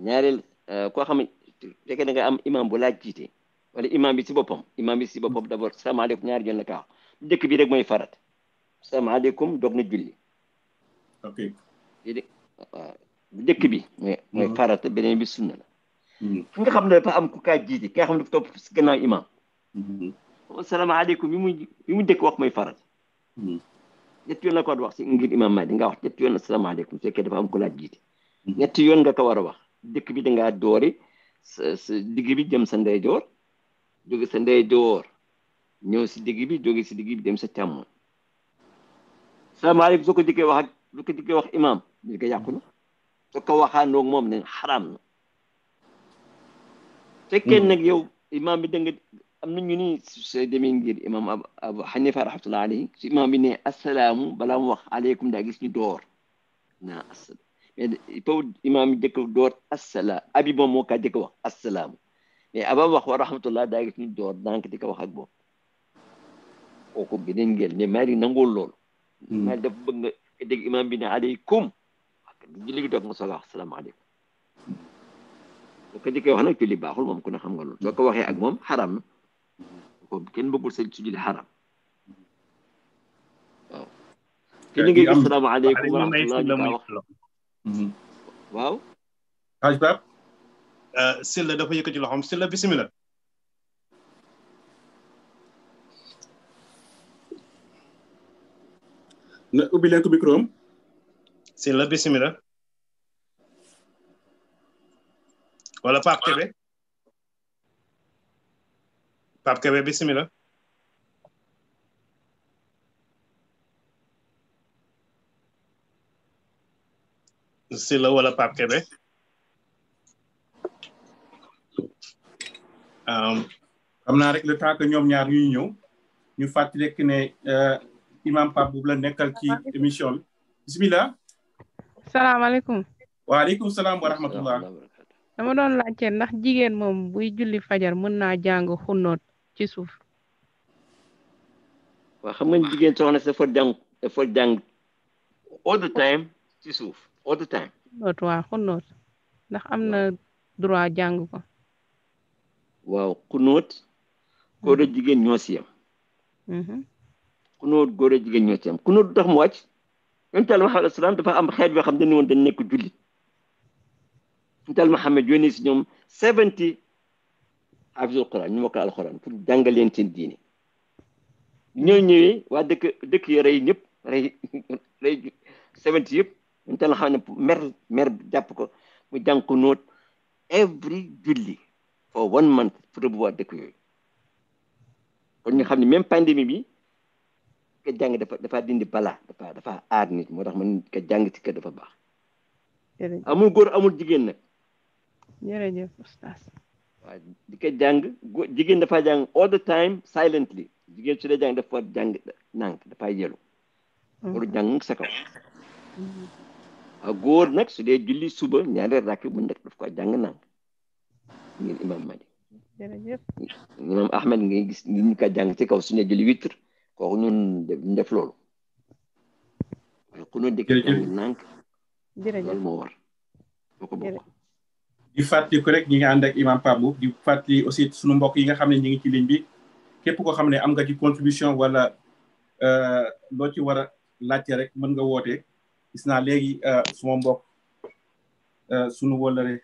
ñaareel euh, koo xam fekkee da nga am imam bu laaj jiite wala imam bi si boppam imam bi si boppam d'abord salaamaaleykum ñaari yoon la ka dëkk bi rek mooy farata salaamaaleykum doog na julli ok dëkk bi mooy mooy mm-hmm. farata beneen bi sunna la mm-hmm. nga xam ne dafa am ku kaa jiite ki xam ne dafa topp si gannaaw imam mm-hmm. salaamaaleykum yi mu yi mu dëkk wax mooy farata ñetti yoon la ko war a wax si ngir imam Mahdi nga wax ñetti yoon asalaamaaleykum su fekkee dafa am ko laaj jiite yoon nga ko war a wax dëkk bi dangaa doori sa sa digg bi jëm sa ndeyjoor jóge sa ndeyjoor ñëw si digg bi jóge si digg bi dem sa càmmoñ salaamaaleykum soo ko dikkee wax ak soo ko dikkee wax imam li ko yàqu moom ne xaraam mm. bi da am na ñu ni sooy abu xanifa rahmatullah alayhi su imam bi ne asalaamu balaa mu wax aleykum daa gis ñu door naa asalaam mais il faut imam bi abi moom moo kaa jëkk wax asalaamu wa rahmatullah daa gis ñu door donc di ko wax ak bopp kooku beneen ngeen mais maa ngi nanguwul loolu hmm. maa ngi dafa imam bi ne aleykum ak julli gi wax asalaamaaleykum soo wax nag julli baaxul ku ne ak moom kon kenn bëggul sañ su julli xaram waaw te ni nga gis salaamaaleykum wa rahmatulah wax waaw xaaj Pape euh, Sylla dafa yëkkati loxoom Sylla na ubbi leen ko micro am Sylla wala Pape Kébé Pape Kébé bisimilah. Sylla wala Pape Kébé. Um, xam na rek le temps ñaar ñuy ñëw ñu fàttali rek ne euh, imam Pape boobu la nekkal ci émission bi bisimilah. salaamaaleykum. waaleykum salaam wa rahmatullah. dama doon laajte ndax jigéen moom buy julli fajar mën naa jàng xunnoot ci suuf waaw xam nga jigéen soxna si dafa jàng dafa jàng all the time ci suuf all the time xulnoot waaw ndax am na droit jàng waaw xunóot góor a mm-hmm. jigéen ñoo si yem mm-hmm. xunóot góor jigéen ñoo si yem xunóot du tax mu wàcc yonent Yàlla Muhammad salaam dafa am xeet yoo xam ne ni woon dañ nekk julli yonent Yàlla Muhammad yónni si ñoom seventy hafizul quran ñu mokkal alquran pour jàngal leen seen diine waa dëkk dëkk yi rey ñëpp rey rey yëpp ñu tan xam mer mer ko mu jàng ko noot every julli for one month pour rebu waa dëkk yooyu kon ñu xam ne même pandémie bi ke jàng dafa dafa dindi balaa dafa dafa aar nit moo tax man ka jàng ci ka dafa baax amul góor amul jigéen nag jërëjëf waaw jang jigen dafa jang all the time silently jigéen su jang dafa jang nank dafa yelo pour mm-hmm. jang sa kaw a mm-hmm. góor nag su day julli suba ñaari rakk bu nek daf ko jàng nànk ngir imam mali jërëjëf imam ahmed ngay gis ñu ka jang ci kaw su ne julli witr ko ñun def lolu ku ñu dëkk nank jere loolu mo war boko boko di fàttali ko rek ñi nga ànd ak imam Pape Mboup di fàttali aussi suñu mbokk yi nga xam ne ñi ngi ci ligne bi képp koo xam ne am nga ci contribution wala euh, loo ci war a laajte rek mën nga woote gis naa léegi euh, suma mbokk euh, sunu wóllare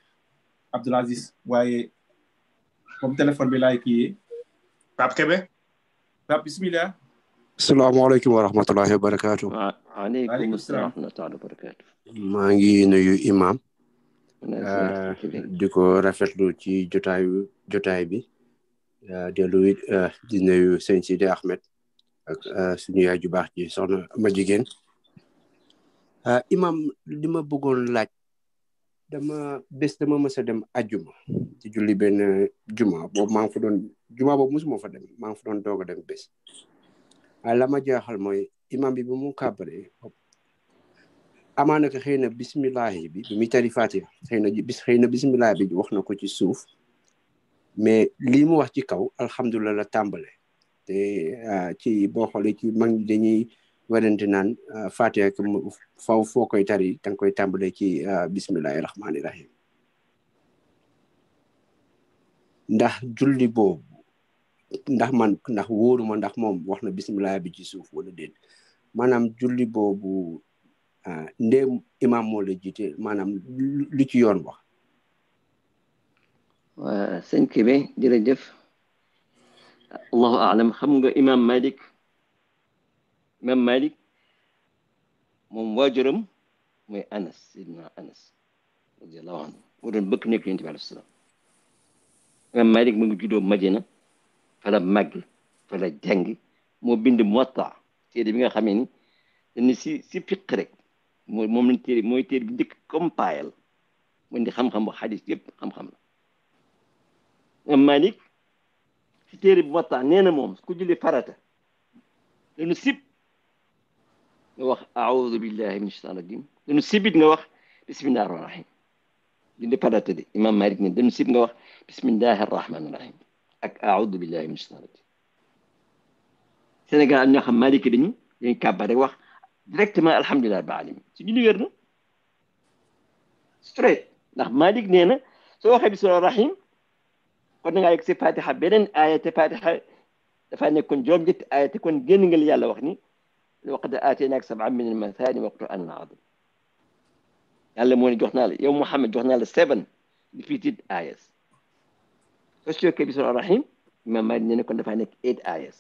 Abdoul Aziz waaye comme téléphone bi laay kii Pape Kébé Pape bismillah wa rahmatullahi salaam wa rahmatullahi wa barakaatu maa ngi nuyu imam Euh, diko ko rafetlu ci jotaayu jotaay bi euh, dellu it euh, di nuyu Ahmed ak suñu yaay ju baax ji soxna ma jigéen imam li ma bëggoon laaj dama bés dama mës dem ajjuma juli julli benn juma boobu maa ngi fa doon juma boobu mosuma fa dem maa ngi fa doon doog a dem bés la ma jaaxal imam bi bu mu kàbbaree amaana ko xëy na bisimilahi bi bi muy tari Fatiha xëy na bis bi wax na ko ci suuf mais lii wax ci kaw alhamdulilah la tàmbale te ah, ci boo xoolee ci mag ñi dañuy werante naan ah, Fatiha que faw foo koy tari danga koy tàmbale ci ah, bisimilahi rahmaani rahim ndax julli boobu ndax man ndax wóoruma ndax moom wax na bisimilah bi ci suuf wala déet maanaam julli boobu Ah, ndéem imaam moo la jiite maanaam lu ci yoon wax. waa sëñ Kébé jërëjëf allahu alam xam nga imaam Malik imaam Malik moom waajuram mooy Anas sidna Anas radiallahu anhu moo doon bëkk nekk yonent bi alayhi salaam imaam Malik mu ngi juddoo Madina fa la màgg fa la bind Muwatta téere bi nga xamee ni si si rek moom lañ téere mooy téere bi njëkk compile mu indi xam-xam bu xadis yëpp xam-xam la Malik ci téere bi moo tax nee na moom ku julli farata dañu sib nga wax aoudu billahi min shaitan rajim dañu sibit nga wax bismillahi rahmani rahim julli farata de imam Malik ne dañu sib nga wax bismillahi rahmani rahim ak aoudu billahi min shaitan rajim Sénégal am ñoo xam Malik dañu dañu kàbba rek wax directement alhamdulillah rabbil alamin ci julli wér straight ndax Malik neena so waxe waxee bismillah rahim kon da nga yek ci fatiha benen ayati fatiha dafa nekkoon juróom ñetti aaya te kon génn nga yàlla wax ni waqad aataynaaka sab'an min al-mathani wa qur'an al azim yàlla mo ni jox naa la yow muhammad jox naa la seven repeated ayas so ci yokkee bismillah rahim ma ma nee na kon dafa nek eight ayas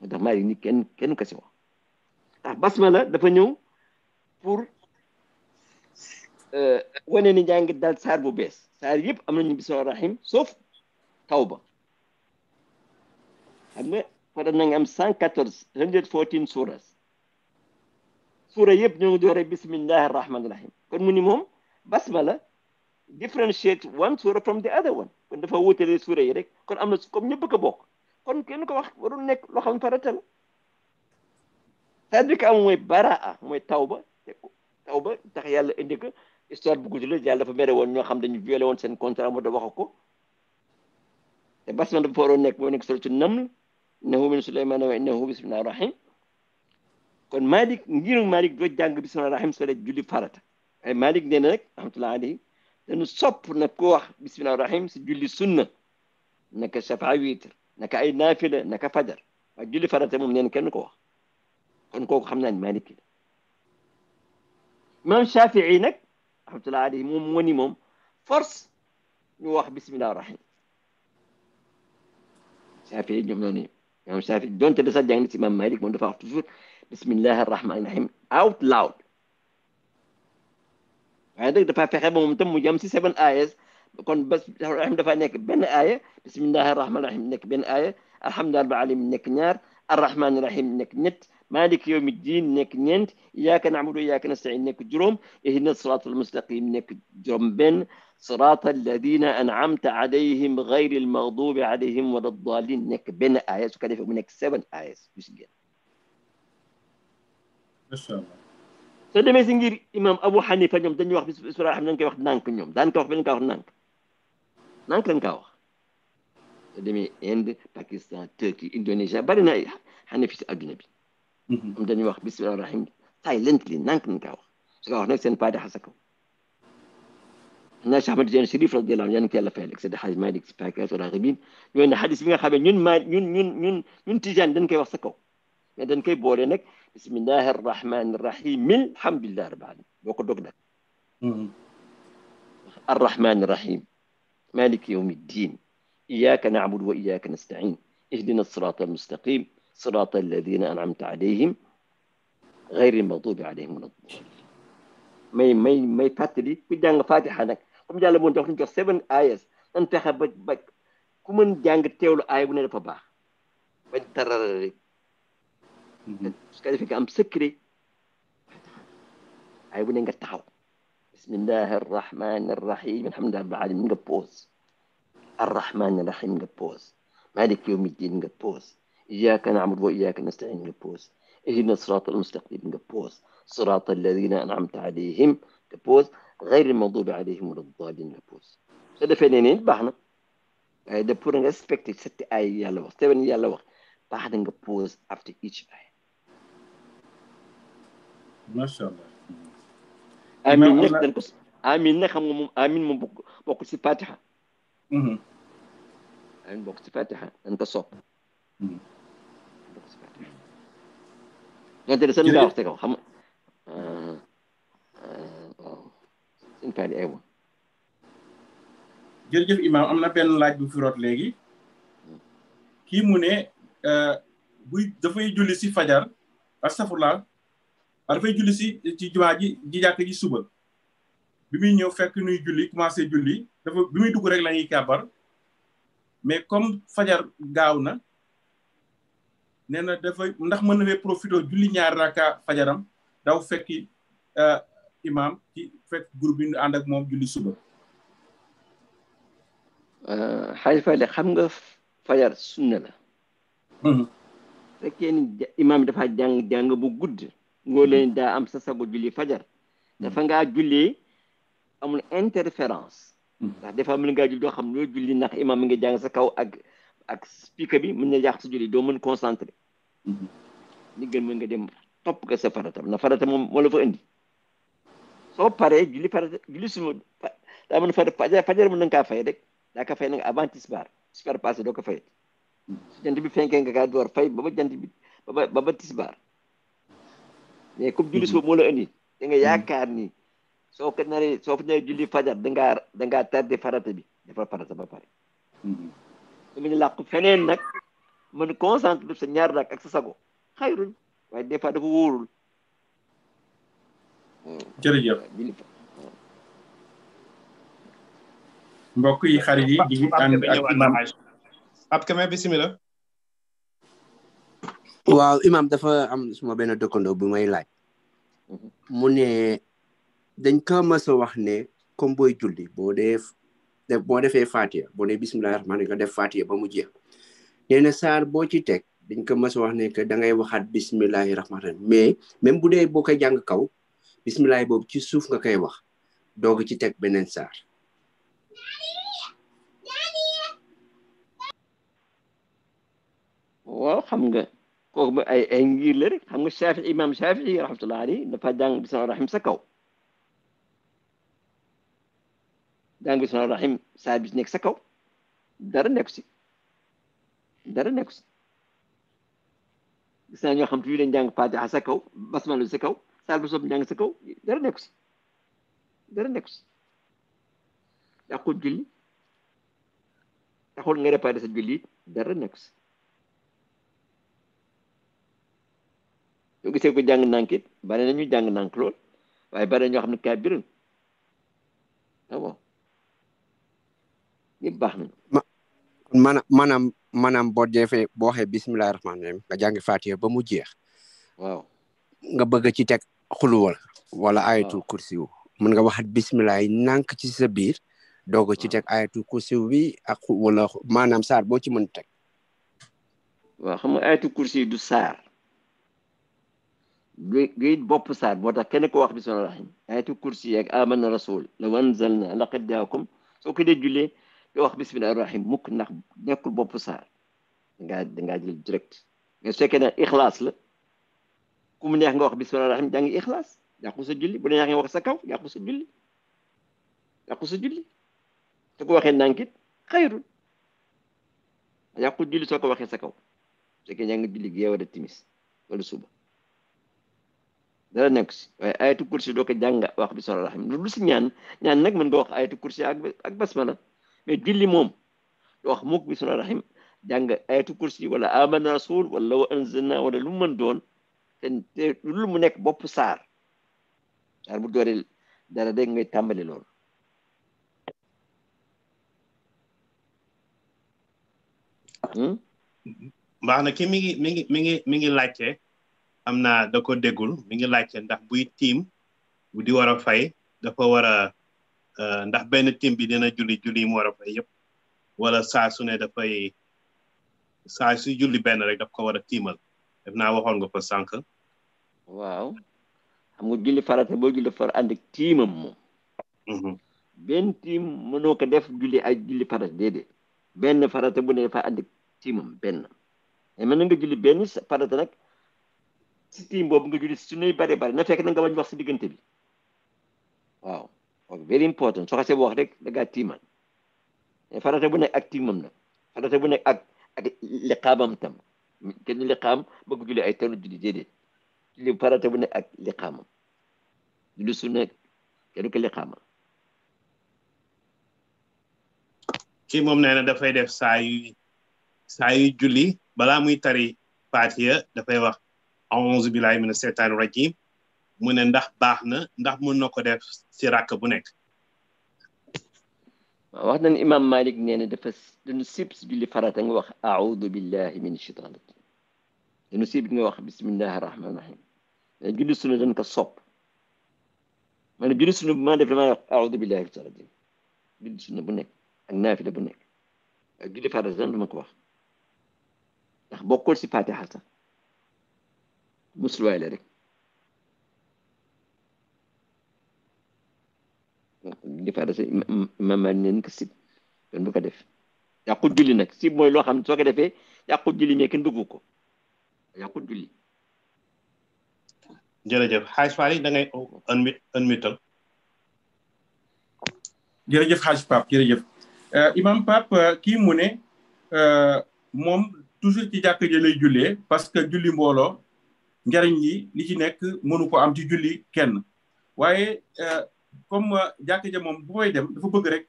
ndax tax Malik ni ken ken ko ci wax ndax ah, basmala dafa ñëw pour euh, wane ni jaa ngi dal saar bu bees saar yëpp am nañu bismillahi rahim sauf tawba xam nga fara na nga am cent quatorze hundred fourteen suras yëpp ñoo ngi doore bismillahi rahmani rahim kon mu ni moom basmala differentiate one suura from the other one kon dafa wutale suura yi rek kon am na comme ñëpp ko bokk kon kenn ko wax warul nekk loo xam farata c'est-à-dire que am mooy baraa mooy tawba te tawba tax yàlla indi ko histoire bu gudd la yàlla dafa mere woon ñoo xam dañu violé woon seen contrat moo a wax ko te basma dafa waroon nekk moo nekk suratu naml innahu min sulaymana wa innahu bismillah rahim kon Malik ngiru Malik doo jàng bismillah rahim soo dee julli farata ay Malik nee na nag rahmatullah alayhi dañu sopp nag ko wax bismillah rahim si julli sunna naka shafa witre naka ay naafila naka fajar waaye julli farata moom neen kenn ko wax حنقوق حمدان مالك كده امام الشافعي نك رحمه الله عليه موم وني موم فرص نواخ بسم الله الرحمن شافعي جملوني امام الشافعي دونت بسجع يعني امام مالك من دفع بسم الله الرحمن الرحيم اوت لاود هذاك دفع في خيبه ممتم جامسي 7 ايز كون بس الرحمن دفع نك بين ايه بسم الله الرحمن الرحيم نك بين ايه الحمد لله رب العالمين نك نار الرحمن الرحيم نك نت مالك يوم الدين نك ننت إياك نعبد وإياك نستعين نك جروم إهن الصراط المستقيم نك جروم بن صراط الذين أنعمت عليهم غير المغضوب عليهم ولا الضالين نك بن آيس وكذا في منك سبع آيس ما شاء الله سيدي ما يسنجير إمام أبو حنيفة يوم دنيا وقت بسرعة حمدنك وقت نانك يوم دانك وقت بنك نانك نانك نانك وقت demi Inde, Pakistan, Turquie, Indonesia, bari na hanefi ci dañuy wax bismillahi rahim silently nank nañ kaa wax su ko wax nag seen paade xasako naa si Ahmad Tijaan Chérif radiyallahu anhu yaa ngi ko yàlla fayal ak Seydi Hadj Malick Sy Pakay Raghibine ñooy ne xadis bi nga xamee ñun maa ñun ñun ñun ñun Tijan, dañ koy wax sa kaw mais dañ koy boole nag bismillahi arrahmani rahim alhamdulillahi rabbil alamin boo ko dog nag arrahmani rahim maliki yawmiddin. ddin iyyaka na'budu wa iyyaka nasta'in ihdina as-sirata al-mustaqim صراط الذين انعمت عليهم غير المغضوب عليهم ولا مي مي مي فاتلي في جانغ فاتحه نك كوم جالا مون دوخ نجو 7 ايس انت خاب با كومن جانغ تيولو اي بو نيفا با بن ترر سكاي فيك ام سكري اي بو نينغا تاو بسم الله الرحمن الرحيم الحمد لله رب العالمين نجو بوز الرحمن الرحيم نجو بوز مالك يوم الدين نجو بوز إياك نعبد وإياك نستعين جبوز اهدنا الصراط المستقيم جبوز صراط الذين أنعمت عليهم جبوز غير المغضوب عليهم ولا الضالين جبوز هذا فين بحنا هذا بورن ريسبكت ست أي يلا وقت تبني يلا وقت بعد جبوز after each آي ما شاء الله آمين نخدر قص آمين نخم آمين من بقص فاتحة آمين بقص فاتحة أنت صوب Ngante seen nga wax te am na benn laaj bu fi léegi kii mu ne euh, buy dafay julli si fajar astafurlaa dafay julli si ci jumaa ji ji suba bi muy ñëw fekk nuy julli commencé julli dafa bi muy dugg rek la ñuy kàbbar mais comme fajar gaaw na nee na dafay ndax mën nawee profito julli ñaar raka fajaram daw fekki euh, imam ki fekk groupe bi ñu ànd ak moom julli suba xaaj euh, fayde xam nga fajar sunna la mhm. fekkee ni imam da dafa jàng jàng bu gudd ngoo mhm. leen daa am sa sago julli fajar mhm. dafa ngaa julli amul interférence ndax dafa mën ngaa julli doo xam loo julli ndax imam nga jàng sa kaw ak ak speaker bi mën na yàq sa julli doo mën concentré mhm. ni gën mën nga dem topp ka sa farata na farata moom moo la fa indi soo paree julli farata julli suma daa mën farata fajar fajar mën nga dek. fay rek daa ka fay nag avant tisbar super passé doo ko fay su mhm. jant bi fenkee nga kaa door fay ba ba jant bi ba ba tisbar ba tisbaar mais comme julli suma mhm. moo la indi da nga yaakaar ni soo ko soo julli fajar da nga da nga tardé farata bi dafa farata ba pare mi ngi làqu nag man concentré sa ñaar nag ak sa sago xayrul waaye des fois dafa wóorul. jërëjëf mbokk yi xarit yi di ànd ak imam ab kame bisimilah. imam dafa am suma benn dëkkandoo bu may laaj. Mhm. mu ne dañ ko mës wax ne comme booy julli boo dee def boo defee fatiha boo ne bisimilahi rahmaani nga def fatiha ba mu jeex nee na saar boo ci teg dañ ko mas wax ne que da ngay waxaat bisimilahi rahmaani rahim mais même bu dee boo koy jàng kaw bisimilahi boobu ci suuf nga koy wax doog ci teg beneen saar waaw xam nga kooku ba ay ay ngir la rek xam nga Shaafi imaam Shaafi rahmatullahi alayhi dafa jàng bisimilahi rahim sa kaw daa ngi bismillahi rahim saar bi nekk sa kaw dara nekku si dara nekku si gis naa ñoo xam te fii dañ jàng Fatiha sa kaw basmala bi sa kaw saar bu soob jàng sa kaw dara nekku si dara nekku si dàqul julli taxul nga réparé sa julli dara nekku si soo gisee ko jàng nànkit bare na ñu jàng nànk lool waaye bare ñoo xam ne kaa birin yëpp baax na. ma maanaam maanaam boo defee boo waxee bisimilah rahmaani rahiim nga jàng Fatiha ba mu jeex. waaw nga bëgg ci teg xuluwal. wala ayatul kursi mën nga waxat bisimilah yi nànk ci sa biir. doog ci teg ayatul kursi bi ak wala maanaam saar boo ci mën teg. waaw xam nga ayatul kursi du saar. gayit bopp saar boo tax kenn ko wax bisimilah ayatul kursi yeeg amana rasul law anzalna laqad jaakum soo ko dee nga wax bismillahi rahim mukk nak nekul bop saar nga nga jël direct nga su na ikhlas la kum neex nga wax bismillahi rahim ikhlas ixlaas yàqu sa julli bu neex nga wax sa kaw yàqu sa julli yàqu sa julli te ko waxe nankit xayrul yàqu julli soo ko waxee sa kaw su nga nga julli gi da timis wala suba dara nek si ayatu kursi do ko jang wax bismillahi rahim lu si ñaan ñaan nak man do wax ayatu kursi ak ak basmala mais julli moom wax mukk bismillah rahim jàng ayatu kursi wala amana rasul wala wa anzalna wala lu mu mën doon lu mu nekk bopp saar saar dara dégg ngay tàmbali loolu hmm? baax na ki mi ngi mi mi ngi mi ngi laajte am na da ko déggul mi ngi laajte ndax buy tiim bu di war a fay dafa war a Eh, ndax benn tim bi dina julli julli mu war a fay yëpp wala saa su ne dafay saa su julli benn rek daf ko war a tiimal def naa waxoon nga fa sànq waaw xam nga julli farata boo julli far ànd ak tiimam mu mhm. benn tiim mënoo ko def julli ay julli farata dede, benn farata bu ne dafa ànd ak tiimam benn mais mën nga julli benn farata nag si tiim boobu nga julli su nuy bare bare na fekk na nga wañ wax si diggante bi waaw ok very important soo xasee wax rek da ngaa tiimal farata bu ne ak tiimam na farata bu ne ak ak liqaamam tam kenn liqaam bëgg julli ay tanu julli déedéet julli farata bu ne ak liqaamam julli su nekk kenn ko liqaamal kii moom ne na dafay def saa yi saa yu julli balaa muy tari faatiya dafay wax a a'uuzu billahi mina shaytaani rajiim mu ne ndax baax na ndax mun na ko def si ràkk bu nekk waaw wax nañ imam malik nee na dafa si julli farata nga wax aoudu billahi min shaytan rajim dañu sib nga wax bismillahi rahmani rahim mais julli sunu ma ne julli sunu bu ma def damay wax aoudu billahi min shaytan rajim bu nekk ak naafila bu nekk ak julli farata dan dama ko wax ndax bokkul si fatiha sax musluwaay la rek di farata imam Maalik nee nañ ko sib doon ko def yàqu julli nag sib mooy loo xam ne soo ko defee yàqu julli mais kenn bëggu ko yàqu julli jërëjëf xaaj Faal da ngay ënmi oh. ënmital jërëjëf xaaj euh, imam Pape euh, kii mu ne euh, moom toujours ci jàkk ji lay jullee parce que julli mbooloo njariñ yi li ci nekk mënu ko am ci julli kenn waaye comme euh, jàkka ja moom bu koy dem dafa bëgg rek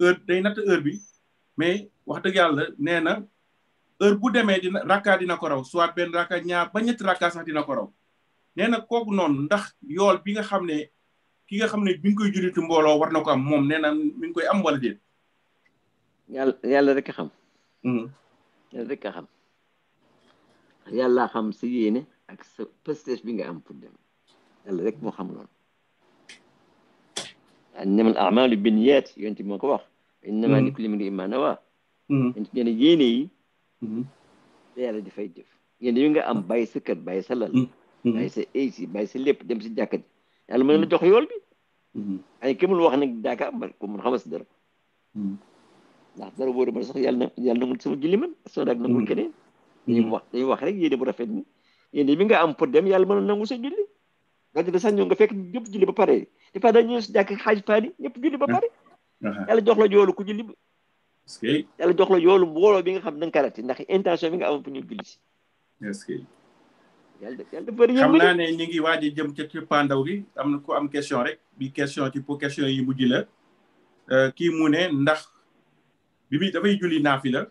heure day natt heure bi mais wax dëgg yàlla nee na heure bu demee dina rakka dina ko raw soit benn rakka ñaar ba ñetti rakka sax dina ko raw nee na kooku noonu ndax yool bi nga xam ne ki nga xam ne bi nga koy jullitu mbooloo war na ko am moom nee na mi ngi koy am wala déet. yàlla yàlla rek a xam. Mm-hmm. yàlla rek a xam. yàlla xam si yéene ak sa prestige bi nga am pour dem yàlla rek moo xam loolu. innama al amalu binniyat yonent bi moo ko wax innama li kulli imri'in ma nawa yonent nee na yéene yi da yàlla dafay jëf yéene yi nga am bàyyi sa kër bàyyi sa lal bàyyi sa eysi bàyyi sa lépp dem si jàkka ji yàlla mën na jox yool bi ay kémul wax nag daaka man ko mun xama si dara ndax dara wóoru ma sax yàlla na yàlla nangul sama julli man soo daag nangul keneen dañuy wax dañuy wax rek yéene bu rafet ni yéene bi nga am pour dem yàlla mën na nangu sa julli nga dina sax ñëw nga fekk ñëpp julli ba pare des fois dañuy jàkk xaaj faani ñëpp julli ba pare yàlla jox la yoolu ku julli est-ce que yàlla jox la yoolu mbooloo bi nga xam danga karati ndax intention bi nga am pour ñu julli si est-ce que yàlla yàlla bëri xam naa ne ñu ngi waaj a jëm ca cëppaandaw gi am na ku am question rek bi question ci pour question yi mujj la euh, kii mu ne ndax bi bi dafay julli naafi la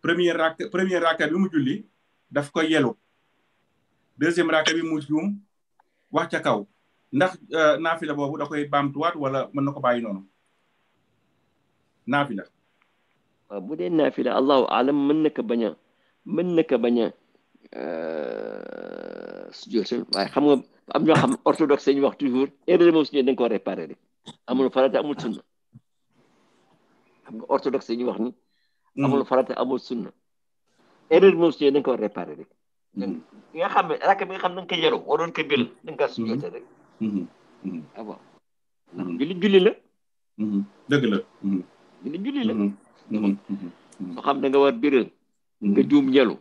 premier rak premier raka bi mu julli daf ko yelu deuxième raka bi mu juum wax ca kaw ndax euh, naafila boobu da koy baamtuwaat wala mën na ko bàyyi noonu naafila waaw bu dee naafila allahu alam mën na ko bañ a mën bañ a euh, sujjóotal waaye xam nga am ñoo xam orthodoxe ñu wax toujours erreur moom suñu dañ ko réparé rek amul farata amul sunna xam nga orthodoxe ñu wax ni hmm. amul farata amul sunna erreur moom suñu dañ ko réparé rek dégg nga xam ne rakk bi da nga koy waroon ko bil mm-hmm. da nga kaa sujjóote rek. Mm-hmm. Mm-hmm. ah bon. julli julli la. dëgg la. xam da nga war biral nga juum ñelu.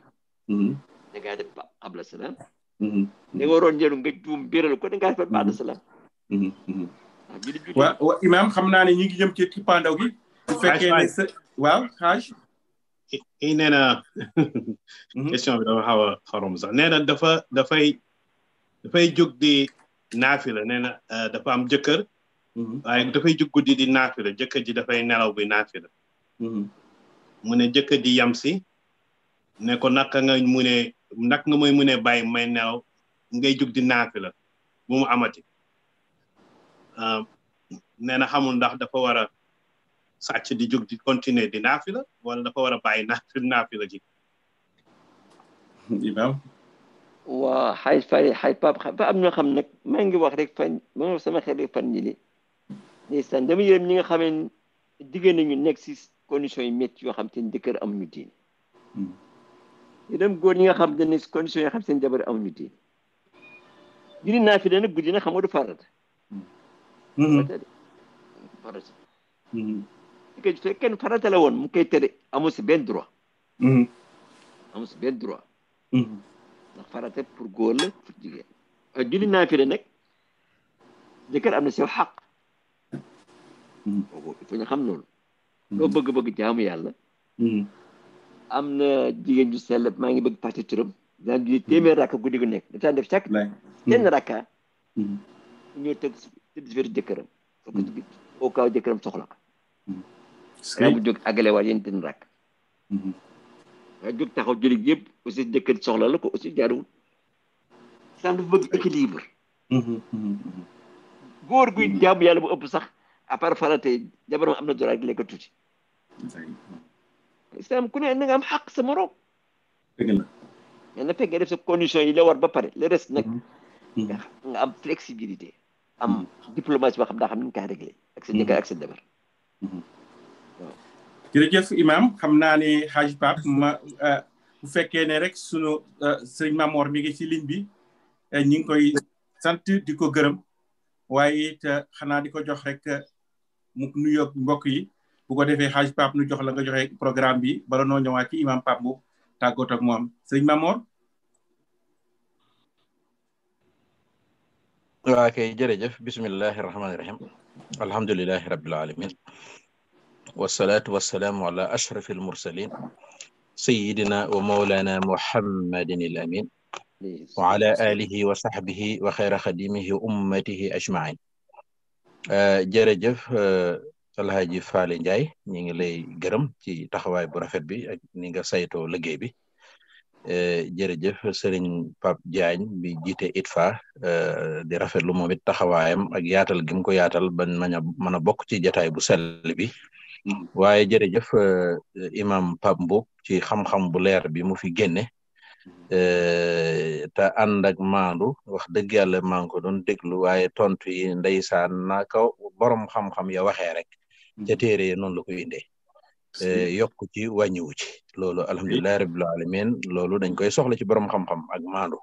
da ngaa def ba abla salaam. da nga waroon ñelu nga juum biral ko da ngaa def abla salaam. waaw waaw imaam xam naa ne ñu ngi jëm ci ci gi. bu ne sa waaw xaaj. kii nee na mhm. question bi dafa xaw a sax nee na dafa dafay dafay jóg di naafila nee na euh, dafa am jëkkër mhm. waaye dafay jóg guddi di naafila jëkkër ji dafay nelaw bi naafila mhm. mu ne jëkkër ji yam si ne ko naka nga mu nak nga may mu ne bàyyi may nelaw ngay jóg di naafila bu mu amati euh, nee na xamul ndax dafa war sàcc di jóg di continuer di naafila wala dafa war a bàyyi naafi naafila ji imaam waa xay fay xay pap am ñoo xam nag maa ngi wax rek fan ma ngi sama xel rek fan ñi ni ndeysaan dama yërëm ñi nga xamee diggéen nañu nekk si conditions yi métti yoo xam seen jëkkër amuñu diine hmm. yërëm góor ñi nga xam ne si conditions yoo xam seen jabar amuñu diine dini naafila nag guddi nag xam nga du farata hmm. Hmm. fekkee fekkee farata la woon mu koy tere amu si benn droit. amu si benn droit. ndax farata pour góor la pour jigéen. julli naafila nag jëkkër am na si yow xaq. il xam loolu. loo bëgg-bëgg jaamu yàlla. am na jigéen ju sell maa ngi bëgg pàcc turam. daan julli téeméer rakka guddi gu nekk dafa def chaque. benn rakka. ñëw tëdd si tëdd si wetu jëkkëram. fokk au daa mu jóg àggale waa yéen ten rakk mhm. waaye jóg taxaw jëli yëpp aussi jëkkër soxla la ko aussi jaaruwul islam dafa bëgg équilibre mhm, mhm, góor guy jaamu yàlla bu ëpp sax à part farate jabaram am na dora gi lekk tuuti islam ku ne na nga am xaq sa morom dëgg la mais na fekkee def sa condition yi la war ba pare le reste nag nga am flexibilité am diplomatie boo xam daa xam ni ñu kaa réglé ak sa jëkkër ak sa jabar jërëjëf imam xam naa ne haj pap ma euh, bu fekkee ne rek sunu euh, sëriñ Mamor mi ngi ci ligne bi euh, ñi ngi koy sant di ko gërëm waaye it xanaa di ko jox rek mu nuyoo mbokk yi bu ko defee haj pap nu jox la nga joxe programme bi bala noo ñëwaat ci imam pap bu tàggoot ak moom sëriñ Mamor waa kay jërëjëf bismillahi rahmaani rahim والصلاة والسلام على أشرف المرسلين سيدنا ومولانا محمد الأمين وعلى آله وصحبه وخير خديمه أمته أجمعين آه، جرجف الحاج آه، فالي جاي نيغي لي گرم تي تخواي بو بي نيغا سايتو لگي آه، جرجف سيرن باب جاي بي جيتي ادفا دي رافيت لو موميت تخوايام اك ياتال گيم كو بن مانا بوك جتاي بو سل waaye jërëjëf euh, imam Pape Mboup ci xam-xam bu leer bi mu fi génne mm-hmm. euh, te ànd ak maandu wax dëgg yàlla maa ngi ko doon déglu waaye tontu yi ndeysaan naa ko borom xam-xam ya waxee rek mm-hmm. ca téere noonu la ko indee euh, yokk ci wàññiwu ci loolu alhamdulilahi rabbil alamin loolu dañ koy soxla ci borom xam-xam ak maandu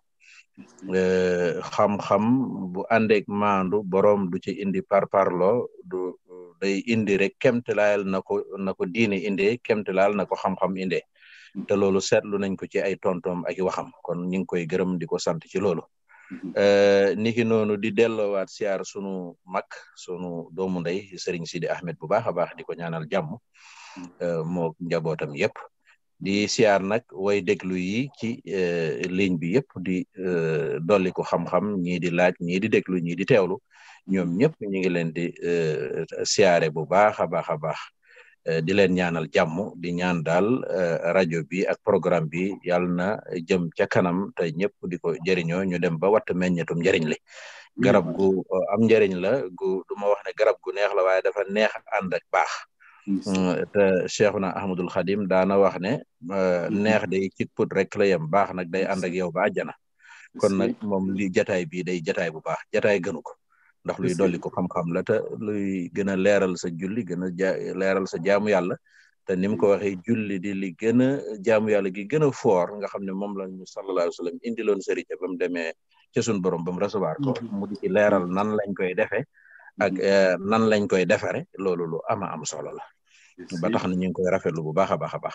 xam-xam bu àndeek maandu borom du ci indi parparloo du day indi rek kemtilaayal na ko na ko diine indee kemtilaayal na ko xam-xam indee mm-hmm. te loolu seetlu nañ ko ci ay tontom ak waxam kon ñu ngi koy gërëm di ko sant ci loolu mm-hmm. eh, niki noonu di delloowaat siyaar sunu mag sunu doomu ndey Serigne Sidi Ahmed bu baax a baax di ko ñaanal jàmm mm-hmm. eh, mook njabootam yépp di siyaar nag woy déglu yi ci euh, ligne bi yëpp di euh, dolli ko xam-xam ñii di laaj ñii di déglu ñii di teewlu ñoom ñëpp ñu ngi leen di euh, siyaare bu baax a baax a baax di leen ñaanal jàmm di ñaan daal rajo bi ak programme bi yàlla na jëm ca kanam te ñëpp di ko jëriñoo ñu dem ba watt meññetum njëriñ li garab gu am njëriñ la gu du ma wax garab gu neex la waaye dafa neex ànd ak baax Euh, te Cheikhuna Ahmadul Xadim daana wax ne euh, mhm. neex de ci put rek la yem baax nag day ànd ak yow ba àjjana kon nag moom li jataay bii day jataay bu baax jataay gënu ko ndax luy dolli ko xam-xam la te luy gën a leeral sa julli gën a ja leeral sa jaamu yàlla te ni mu ko mm. waxee julli di li gën a jaamu yàlla gi gën a foor nga xam ne moom la ñu sallallahu alayhi wa sallam indiloon sëriñ ba mu demee ca suñu borom ba mu recevoir ko mm-hmm. mu di leeral mm-hmm. nan lañ koy defee ak mm-hmm. euh, nan lañ koy defare loolu lu ama am solo la ba tax ñu ngi koy rafetlu bu baax a baax a baax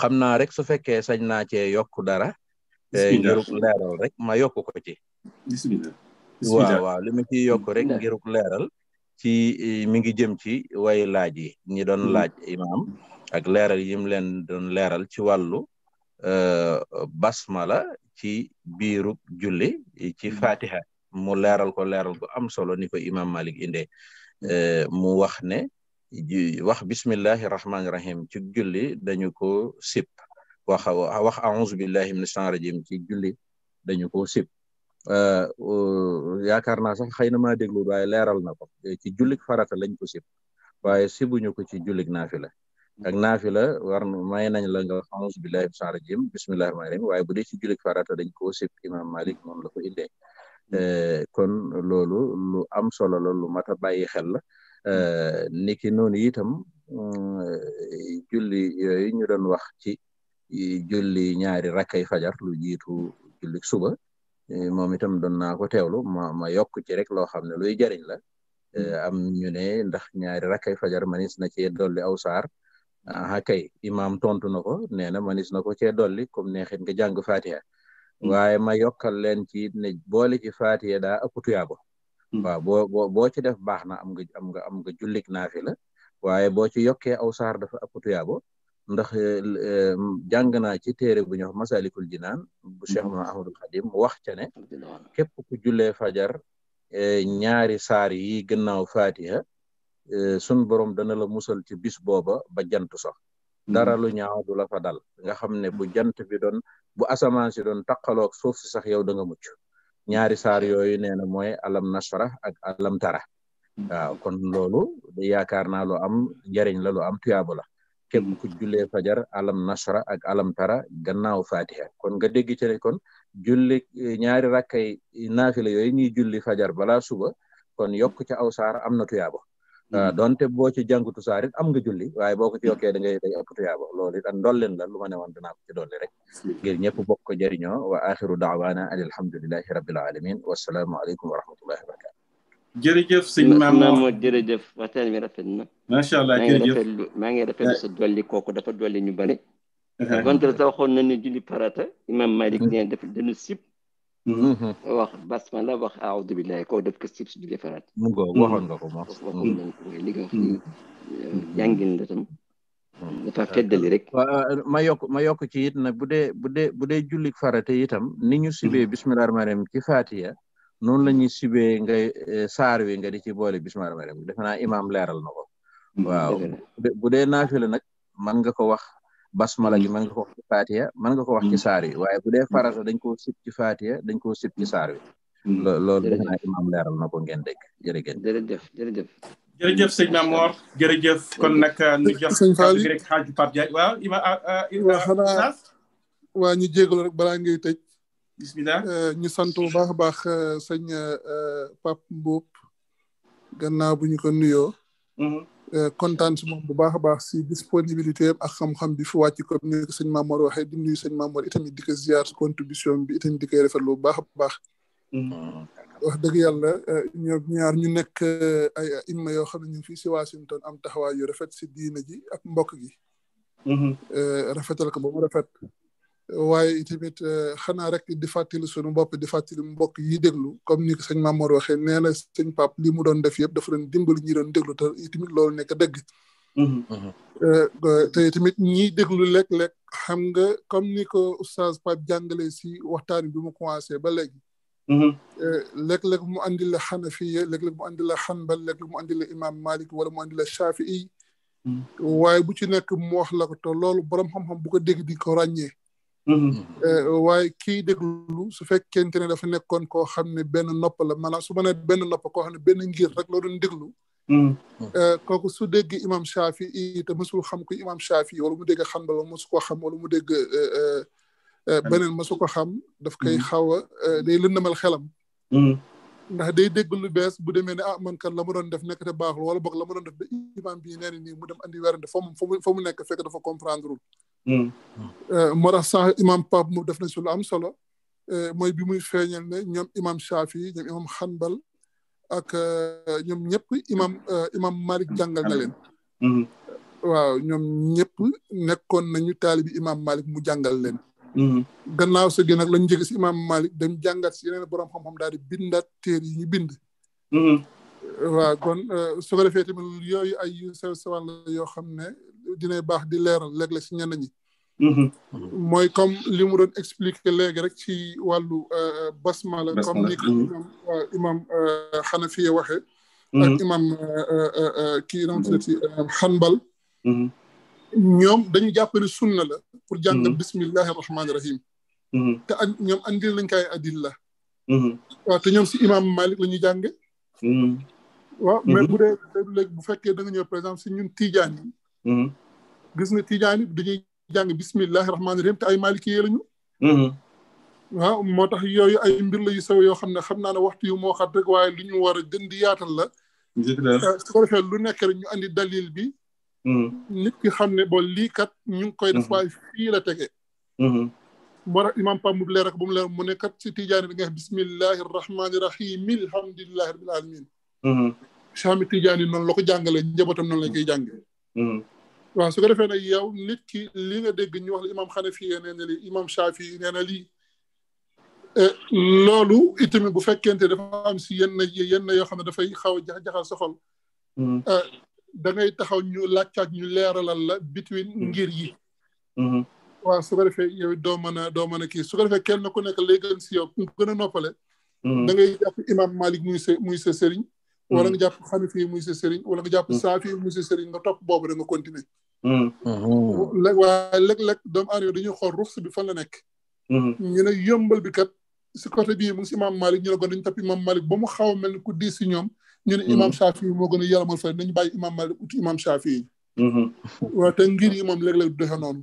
xam naa rek su fekkee sañ naa cee yokk dara eh, ngiruk leeral rek ma yokk ko ci bismillah waaw waaw li ma ciy yokk rek ngiruk leeral ci eh, mi ngi jëm ci way laaj yi ñi doon mm. laaj imaam ak leeral yim leen doon leeral ci wàllu eh, basmala ci biirub julli ci mm. fatiha mu leeral ko leeral ko am solo ni ko imaam malik indee mu wax ne wax bismillahi rahmaani rahim ci julli dañu ko sip wax wax a'uuzu billahi min shaytaani rajim ci julli dañu ko sip euh, euh, yaakaar naa sax xëy na maa déglu waaye leeral na ko ci jullik farata lañ ko sip waaye sibuñu ko ci jullik naafila ak naafila war may nañ la nga wax a'uuzu billahi min shaytaani rajim bismillahi rahmaani rahim waaye bu dee ci jullik farata dañ ko sip imaam Malik moom la ko indee hmm. euh, kon loolu lu am solo la lu mat bàyyi xel la Euh, niki noonu itam mm, julli yooyu ñu doon wax ci julli ñaari rakkay fajar lu jiitu julli suba e, moom itam doon naa ko teewlu ma ma yokk ci rek loo xam ne luy jariñ la e, hmm. am ñu ne ndax ñaari rakkay fajar manis na cee dolli aw saar i imaam tontu na ko nee na manis na ko cee dolli comme neexit nga jàng fatiha hmm. waaye ma yokkal leen ci ne boole ci fatiha daa ëpp tuyaabo Hmm. waaw boo boo boo ci def baax na am nga am nga am nga jullik naafi la waaye boo ci yokkee aw saar dafa ëpp tuyaabo ndax eh, eh, jàng naa ci téere bu ñuy wax masalikul jinaan bu cheikh hmm. ma ahmadul xadim wax ca ne képp ku jullee fajar e ñaari saar yi gannaaw fatiha sun borom dana la musal ci bis booba ba jant sax hmm. dara lu ñaaw fa dal nga xam ne bu jant bi doon bu asamaan si doon taqaloog suuf si sax yow da nga mucc ñaari saar yooyu nee na mooy alam nasara ak alam tara waaw kon loolu yaakaar naa lo am njariñ la lu am tuyaaba la képp ku jullee fajar alam nasara ak alam tara gannaaw fatiha kon nga dégg ci kon julli ñaari rakkay naafila yooyu ñuy julli fajar balaa suba kon yokk ca aw saar am na tuyabo Ah, mm-hmm. donte boo ci jàngutu saar it am nga julli waaye boo ko ci yokkee da ngay day ëpp tuyaaba loolu it ak ndolleen la lu ma ne woon dinaa ko ci dolli rek ngir ñëpp bokk ko jëriñoo wa axiru daawaana an alhamdulilahi rabbil alamin wasalaamu aleykum wa rahmatullahi wa barakatu jërëjëf sëñ maam Mahmoud jërëjëf waxtaan bi rafet na macha allah jërëjëf maa ngi rafetlu sa dolli kooku dafa dolli ñu bëri gonte sax waxoon na ne julli parata imam malik ne daf dañu sip wax basmala wax aawdu billahi koo def ko sib si jóge mu ngoog waxoon nga ko moom waxoon nañ ko li rek ma yokk ma yokk ci it na bu dee bu dee dee jullik farate itam ni ñu sibee bismillah rahmaani rahim ci fatiya noonu la ñuy sibee nga saar wi nga di ci boole bismillah rahmaani rahim defe naa imaam leeral na ko waaw bu dee man nga ko wax mala gi mën nga ko wax ci faatiya mën nga ko wax ci hmm. saar yi waaye bu dee farata hmm. dañ koo sib ci dañ koo sib ci saar wi hmm. loolu defe naa imaam leeral ko ngeen dégg jërëgén jërëjëf jërëjëf jërëjëf sëñ Mamor jërëjëf kon nag ñu uh, jox kàddu gi rek xaaju Pape Diagne waaw ima uh, uh, xanaa waa ñu jégalu rek balaa ngay tëj bismillah ñu sant bu baax a baax sëñ Pape Mboup gannaaw bu ñu ko nuyoo mm-hmm. Euh, kontaan si moom bu baax a baax si disponibilité am ak xam-xam bi fi wàcc comme ni ko sëñ Mamour waxee di nuyu sëñ Mamour itamit di ko ziar contribution bi itamit di koy rafetlu bu baax a baax. Mm-hmm. wax dëgg yàlla euh, ñoom ñaar ñu nekk euh, ay imma yoo xam ne ñu fii si Washington am taxawaay yu rafet si diina ji ak mbokk gi. Mm-hmm. rafetal ko ba mu rafet. waaye tamit eh, xanaa rek di fàttali sunu bopp di fàttali mbokk yi déglu comme ni ko sëñ Mamour waxee nee na sëñ Pape li mu doon def yëpp dafa doon dimbali ñi doon déglu te tamit loolu nekk dëgg. Mm-hmm. Eh, te tamit ñiy déglu léeg-léeg xam nga comme ni ko oustaz jàngale si waxtaan bi mu commencé ba léegi. Mm-hmm. Eh, léeg-léeg mu andi la xanafiya léeg-léeg mu andi la xanbal léeg mu andi la imam Malik wala mu andi la Shafii mm-hmm. waaye bu ci nekk mu wax la ko te loolu borom xam-xam bu ko dégg di ko ràññee. Mm-hmm. Eh, waaye kii déglu su fekkente ne dafa nekkoon koo xam ne benn nopp la maanaam su ma benn nopp koo xam ne benn ngir rek la doon déglu. Mm-hmm. Eh, kooku su dégg imam Shafii te mosul xam ko imam Shafii wala mu dégg Hanbal wala mosu ko xam wala mu dégg eh, beneen mosu ko xam. daf koy mm-hmm. xaw a day lëndamal xelam. ndax day dégg lu bees bu demee ne ah man kan la ma doon def nekk te wala boog la ma doon def ba imam bii nee na mu dem andi werante fa mu fa mu nekk fekk dafa comprendre lul. Hmm. Eh, moo tax sax imam Pape mu def na ci lu am solo eh, mooy bi muy feeñal ne ñoom imam Shafi ñoom imam Hanbal ak eh, ñoom ñëpp imam imam Malik jàngal na leen. Hmm. waaw ñoom ñëpp nekkoon nañu taalibi imam Malik mu jàngal leen. Hmm. gannaaw sa nag lañu jóge si imam Malik dem jàngat si yeneen borom xam-xam daal di bindaat téer yi ñu bind. waaw kon su ko defee tamit yoo xam ne dinay baax di leeral léeg-léeg si ñenn mm-hmm. mooy comme li mu doon expliquer léegi rek ci wàllu euh, basmala comme ni ko imam imam xanafiya euh, waxee. Mm-hmm. ak imam euh, kii nam tuddati xanbal. Mm-hmm. ñoom dañu jàpp ne sunna la. pour jàngal bismillahi rahmaani te ak ñoom andil lañ kay adilla waaw te ñoom si imam malik la ñuy jànge waaw mais bu dee léegi bu fekkee da nga ñëw par exemple si ñun tiijaan gis nga bi dañuy jàng bismillah rahman rahim te ay malikiye lañu waaw moo tax yooyu ay mbir la yu sew yoo xam ne xam naa ne waxtu yu moo xat rek waaye lu ñu war a gën yaatal la su ko defee lu nekk rek ñu andi dalil bi nit ki xam ne bon lii kat ñu ngi koy def waay fii la tege moo tax imam pam mu leer ak bu mu leer mu ne kat si tijaani da nga wax bismillahi rahmaani rahim alhamdulillahi rabbil alamin Cheikh Ahmed Tidiane noonu la ko jàngale njabotam noonu la koy jàngee waaw su ko defee nag yow nit ki li nga dégg ñu wax la imam xanafi nee na lii imam shafi nee na lii loolu itamit bu fekkente dafa am si yenn yenn yoo xam ne dafay xaw a jax-jaxal soxol da ngay taxaw ñu laajtaat ñu leeralal la between ngir yi waaw su ko defee yow doo mën a doo mën a kii su ko defee kenn ku nekk lay gën si yow ku gën a noppale da ngay jàpp imam malik muy sa muy sa sëriñ wala nga jàpp xanafi muy sa sëriñ wala nga jàpp saafi muy sa sëriñ nga topp boobu da nga continuer léeg waaye léeg-léeg doomu aadama dañuy xool rufs bi fan la nekk ñu ne yëmbal bi kat si côté bii mu ngi si imam malik ñu ne ko dañu topp imam malik ba mu xaw a mel ni ku diis si ñoom ñu ne imam saafi yi moo gën a yalamal fa nañu bàyyi imam malik uti imam saafi yi waaw te ngir yi moom léeg-léeg du doxe noonu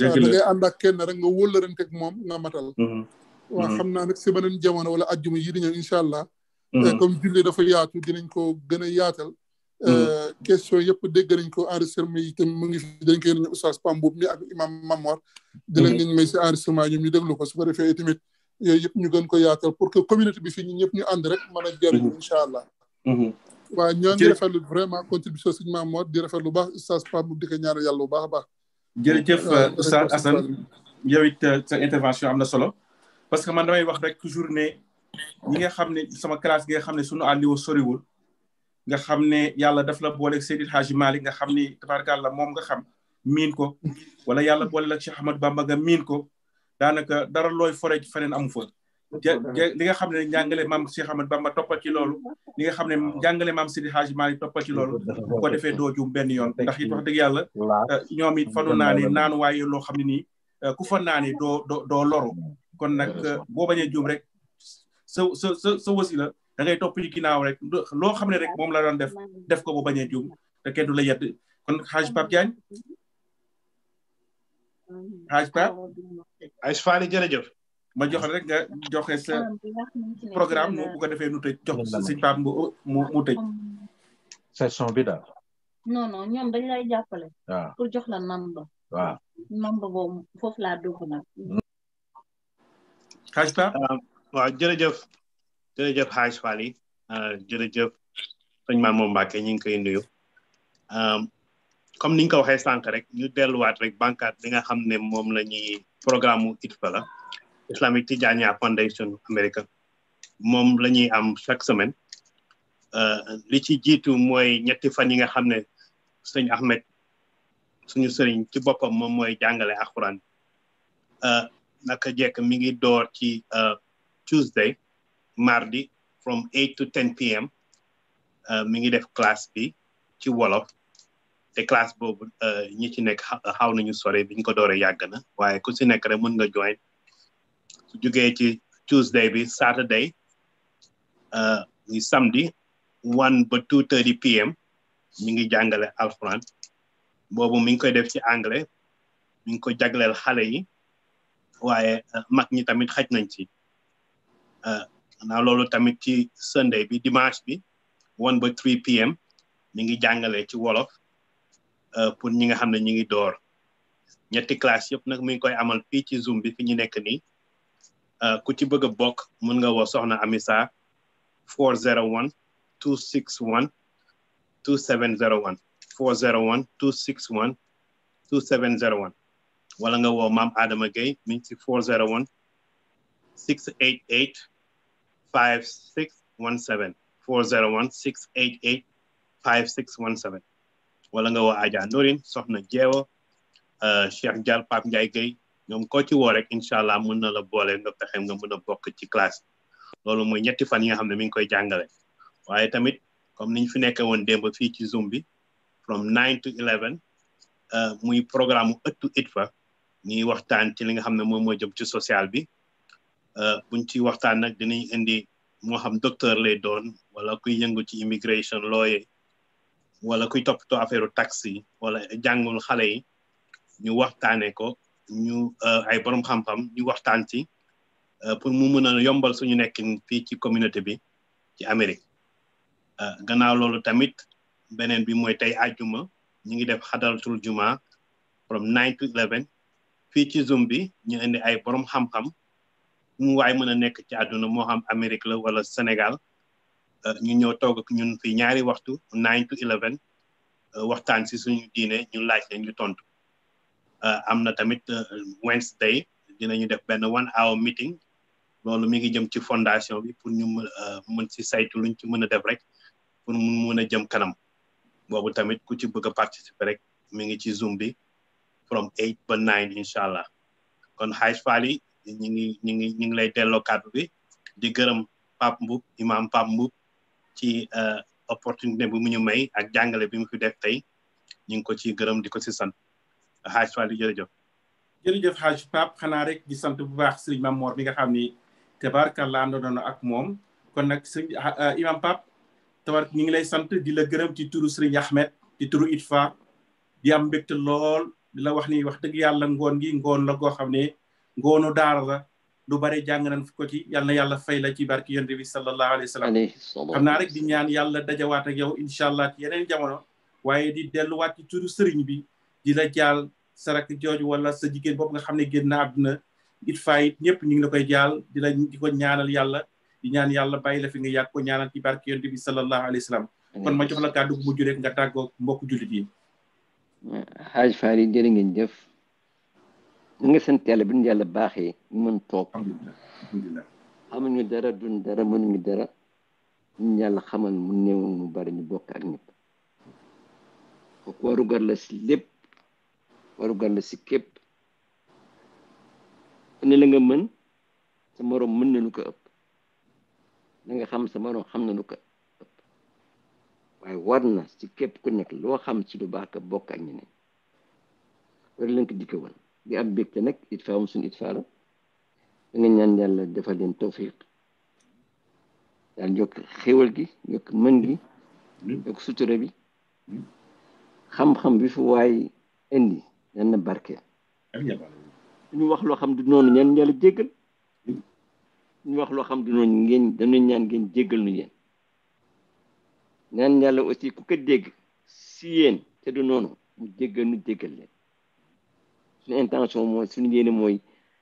da ngay ànd ak kenn rek nga wóllaranteeg moom nga matal waaw xam naa nag si beneen jamono wala ajjuma yi di ñëw incha allah Euh, mm-hmm. comme julli dafa yaatu dinañ ko gën a yaatal. Euh, mm-hmm. question yëpp dégg nañ ko enregistrement yi itam mu ngi fi dañ koy nuyu oustaz Pamboub mi ak imam Mamor. Mm-hmm. dinañ leen may si enregistrement ñoom ñu déglu ko su ko defee tamit yooyu yëpp ñu gën ko yaatal pour que communauté bi fii ñun ñëpp ñu ànd rek mën a jëriñ incha allah. waaw ñoo ngi rafetlu vraiment contribution suñu Mamor di rafetlu lu baax oustaz Pamboub di ko ñaanal yàlla bu baax a baax. jërëjëf euh, oustaz Assane yow it sa intervention am na solo parce que man may wax rek toujours ne. ñi nga xam ne sama classe nga xam ne sunu àlliwa soriwul nga xam ne yàlla daf la booleeg Seydil Hadji Malick nga xam ni tabaarkàlla moom nga xam miin ko wala yàlla boole la Cheikh Ahmad Bamba nga miin ko daanaka dara looy fore ci feneen amu fa li nga xam ne njàngale maam Cheikh Ahmad Bamba toppal ci loolu li nga xam ne njàngale maam Seydi Hadji Malick toppal ci loolu bu ko defee doo juum ben yoon ndax it wax dëgg yàlla ñoom it fanu naa ne naan waaye loo xam ne nii ku fa naa ne doo doo doo loru kon nag boo bañee juum rek sa sa sa sa wasila da ngay topp ci ginnaaw rek loo xam ne rek moom la doon def def ko bu bañee a te kenn du la yedd kon xaaj Pape Diagne xaaj Pape xaaj Faly ma jox rek nga joxe sa programme nu bu ko defee nu tëj jox sëñ Pape mu mu tëj session bi daal non non ñoom dañ lay jàppale pour jox la namba waaw namba boobu foofu dugg nag xaaj Pape um, waaw jërëjëf jërëjëf Hadj Fall yi ah, jërëjëf sëñ Maam Moom Mbàkke ñu ngi koy nuyu um, comme ni ñu ko waxee sànq rek ñu delluwaat rek bànkaat bi nga xam ne moom la ñuy programme mu ITFA la Islamic Tijaniya Foundation America moom la ñuy am chaque semaine uh, li ci jiitu mooy ñetti fan yi nga xam ne sëñ Ahmed suñu sëriñ ci boppam moom mooy jàngale alxuraan uh, naka jekk mi door ci uh, Tuesday mardi from 8 to 10 p.m. Uh, mi ngi def classe bi ci wolof te classe boobu uh, ñi ci nekk xaw nañu sore biñ ko dooree yàgg na waaye ku si nekk rek mën nga join su jugee ci Tuesday bi Saturday uh, muy samedi one ba two thirty p.m. mi ngi jàngale alxuraan boobu mi ngi koy def ci anglais mi ngi ko jagleel xale yi waaye mag ñi tamit xaj nañ ci. Euh, xanaa loolu tamit ci sunday bi dimanche bi one ba three pm ñu ngi jàngale ci wolof euh, pour ñi nga xam ne ñu ngi door ñetti classe yëpp nag mi ngi koy amal fii ci zoom bi fi ñu nekk nii euh, ku ci bëgg a bokk mun nga woo soxna Ami Sarr 401 261 2701 401 261 2701 wala nga woo maam Adama Gueye mi ngi ci 401 688 5617 401 688 5617 wala nga woo Adja Norin Soxna Jeewo uh, Cheikh Dial Pape Ndiaye Gueye ñoom koo ci woo rek incha allah mën na la boole nga fexe nga mën a bokk ci classe loolu mooy ñetti fan yi nga xam ne mi ngi koy jàngale waaye tamit comme niñ fi nekkee woon démb fii ci Zoom bi from 9 to 11, eleven uh, muy programme mu ëttu ITFA ñuy waxtaan ci li nga xam ne moom moo jëm ci social bi Euh, buñ ci waxtaan nag dinañ indi moo xam docteur lay doon wala kuy yëngu ci immigration lawyer wala kuy toppatoo affaire taxi wala jàngul xale yi ñu waxtaanee ko ñu euh, ay borom xam-xam ñu waxtaan ci euh, pour mu mën a yombal suñu nekkin fii ci communauté bi ci Amérique gannaaw loolu tamit beneen bi mooy tey juma ñu ngi def xadaratul juma from nine to eleven fii ci Zoom bi ñu indi ay borom xam-xam. fu mu waay mën a nekk ci àdduna moo xam Amérique la wala Sénégal euh, ñu ñëw toog ak ñun ñaari waxtu nine to eleven euh, waxtaan si suñ diine ñu laaj leen ñu tontu euh, am na tamit Wednesday dinañu def benn one hour meeting loolu mi ngi jëm ci fondation bi pour ñu mën si saytu luñ ci mën a def rek pour mu mën a jëm kanam boobu tamit ku ci bëgg a participer rek mi ngi ci Zoom bi from eight ba nine incha allah kon xaaj faal ñi ngi ñi ngi ñu ngi lay delloo kàddu bi di gërëm Pap Mboup imam Pap Mboup ci eh, opportunité bu mu ñu may ak jàngale bi mu fi def tey ñu ngi ko ci gërëm di ko si sant xaaj Fally jërëjëf jërëjëf xaaj Pap xanaa rek di sant bu baax Serigne Mam Mor mi nga xam ni tabarkallah andoon ak moom kon nag sëriñ ah, ah, imam Pap tabar ñi ngi lay sant di la gërëm ci turu Serigne Ahmed di turu Itfa di am mbégte lool di la wax ni wax dëgg yàlla ngoon gi ngoon la goo xam ne ngoonu daara la lu bari jàng nañ ko ci yal yàlla fay la ci barki yonent bi sallallahu alayhi wa sallam xam naa rek di ñaan yàlla dajawaat ak yow incha allah ci yeneen jamono waaye di del delluwaat ci turu sëriñ bi di la jaal sarak jooj wala sa jigéen boobu nga xam ne génn na àdduna it faayit ñëpp ñu ngi la koy jaal di la di ko ñaanal yàlla di ñaan yàlla bàyyi la fi nga yàgg ko ñaanal ci barki yonent bi sallallahu alayhi wa sallam kon ma jox la kàddu bu mujj rek nga tàggoo mbokku jullit yi. ñu ngi sant yàlla bi ñu yàlla baaxee mën toog alhamdulilah xamuñu dara duñ dara mënuñu dara ñu yàlla xamal mu néew mu bari ñu bokk ak ñëpp kooku warugar la si lépp warugar la si képp ne la nga mën sa morom mën na lu ko ëpp la nga xam sa morom xam na lu ko ëpp waaye war na si képp ku nekk loo xam ci lu baax ka bokk ak ñeneen war lañ ko dikke di ab bégte nag it faam suñ it faala da nga ñaan yàlla defal leen tawfiq daal yokk xéwal gi yokk mën gi yokk sutura bi xam-xam bi fu waay indi yan na barke ñu wax loo xam du noonu ñu wax loo xam du noonu ngeen dañuy ñaan ngeen jéggal nu yéen ñaan yàlla aussi ku ko dégg si te du noonu mu jéggal nu jéggal leen suñu intention mooy suñu yéene mooy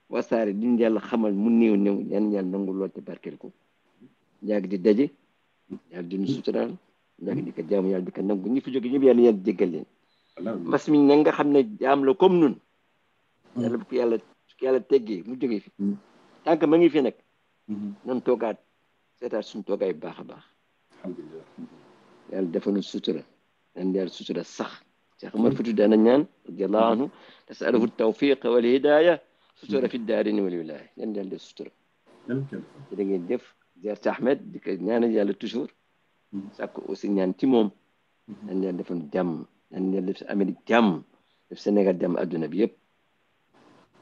wasaare di ñu yàlla xamal mu néew néew yan yàlla nangu lool te barkeel ko yàgg di daje yàgg di nu suturaal yàgg di ko jaamu yàlla di ko nangu ñi fi jóge ñëpp yàlla yàlla jéggal leen mi nag nga xam ne jaam la comme mm. yàlla yàlla teggee mu jógee fi mm. tant que ma ngi fi nag mm-hmm. nan toogaat seetaat suñu toogaay bu baax a baax alhamdulilah yàlla sutura nan yàlla sutura sax Cheikh Omar mm. Fouti daan na ñaan radiyallahu نسأله التوفيق والهداية ستر في الدارين والولاية نجعل السترة دين ديف زيارة أحمد نانا جال التشهر ساكو وسنان تيموم نجعل في الدم نجعل في أمريكا دم في السنغال دم أدنى بيب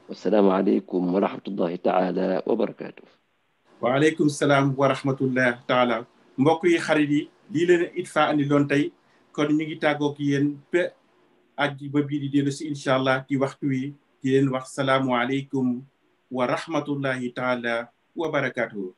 والسلام عليكم ورحمة الله تعالى وبركاته وعليكم السلام ورحمة الله تعالى مبوكي خريدي لي لنا إدفاع أني لون تاي كون نيجي تاغوك يين ajji ba bii di dellu si incha allah ci waxtu wi di leen wax salaamualeykum wa rahmatullahi taala wa barakaatu.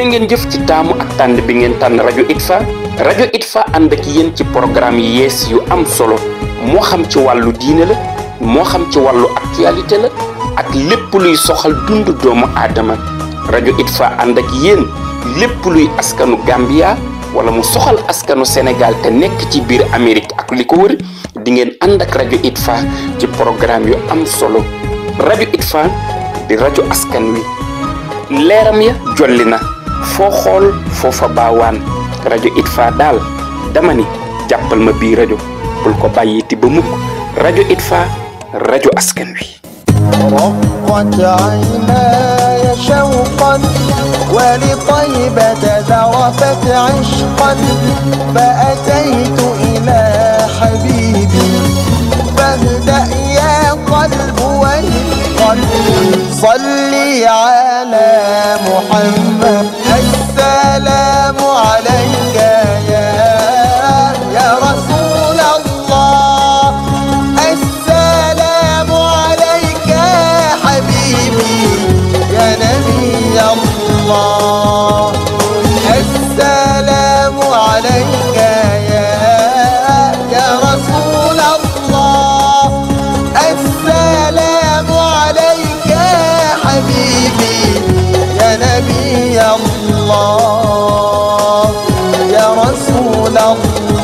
jërë ngeen jëf ci taamu ak tànn bi ngeen tànn rajo ITFA rajo ITFA ànd ak yéen ci programme yees yu am solo moo xam ci wàllu diine la moo xam ci wàllu actualité la ak lépp luy soxal dund doomu aadama rajo ITFA ànd ak yéen lépp luy askanu Gambia wala mu soxal askanu Sénégal te nekk ci biir Amérique ak li ko wër di ngeen ànd ak rajo ITFA ci programme yu am solo rajo ITFA di rajo askan wi leeram ya jolli fo xol fo fa bawan radio ITFA dal dama ni jàppal ma bi radio bul ko ti ba mukk radio ITFA radio askan wi رقت عيناي شوقا ولطيبة ذرفت عشقا فأتيت إلى حبيبي فاهدأ يا قلب وهب صلي على محمد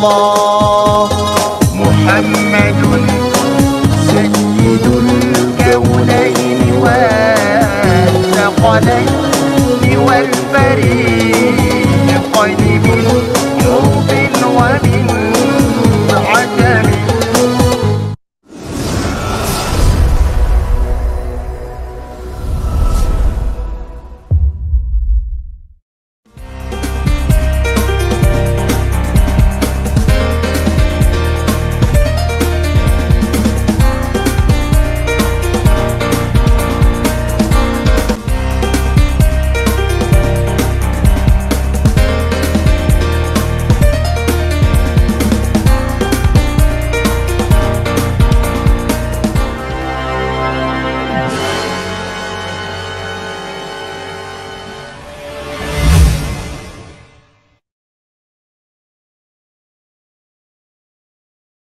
الله محمد سيد الكونين والثقلين والفريقين بالله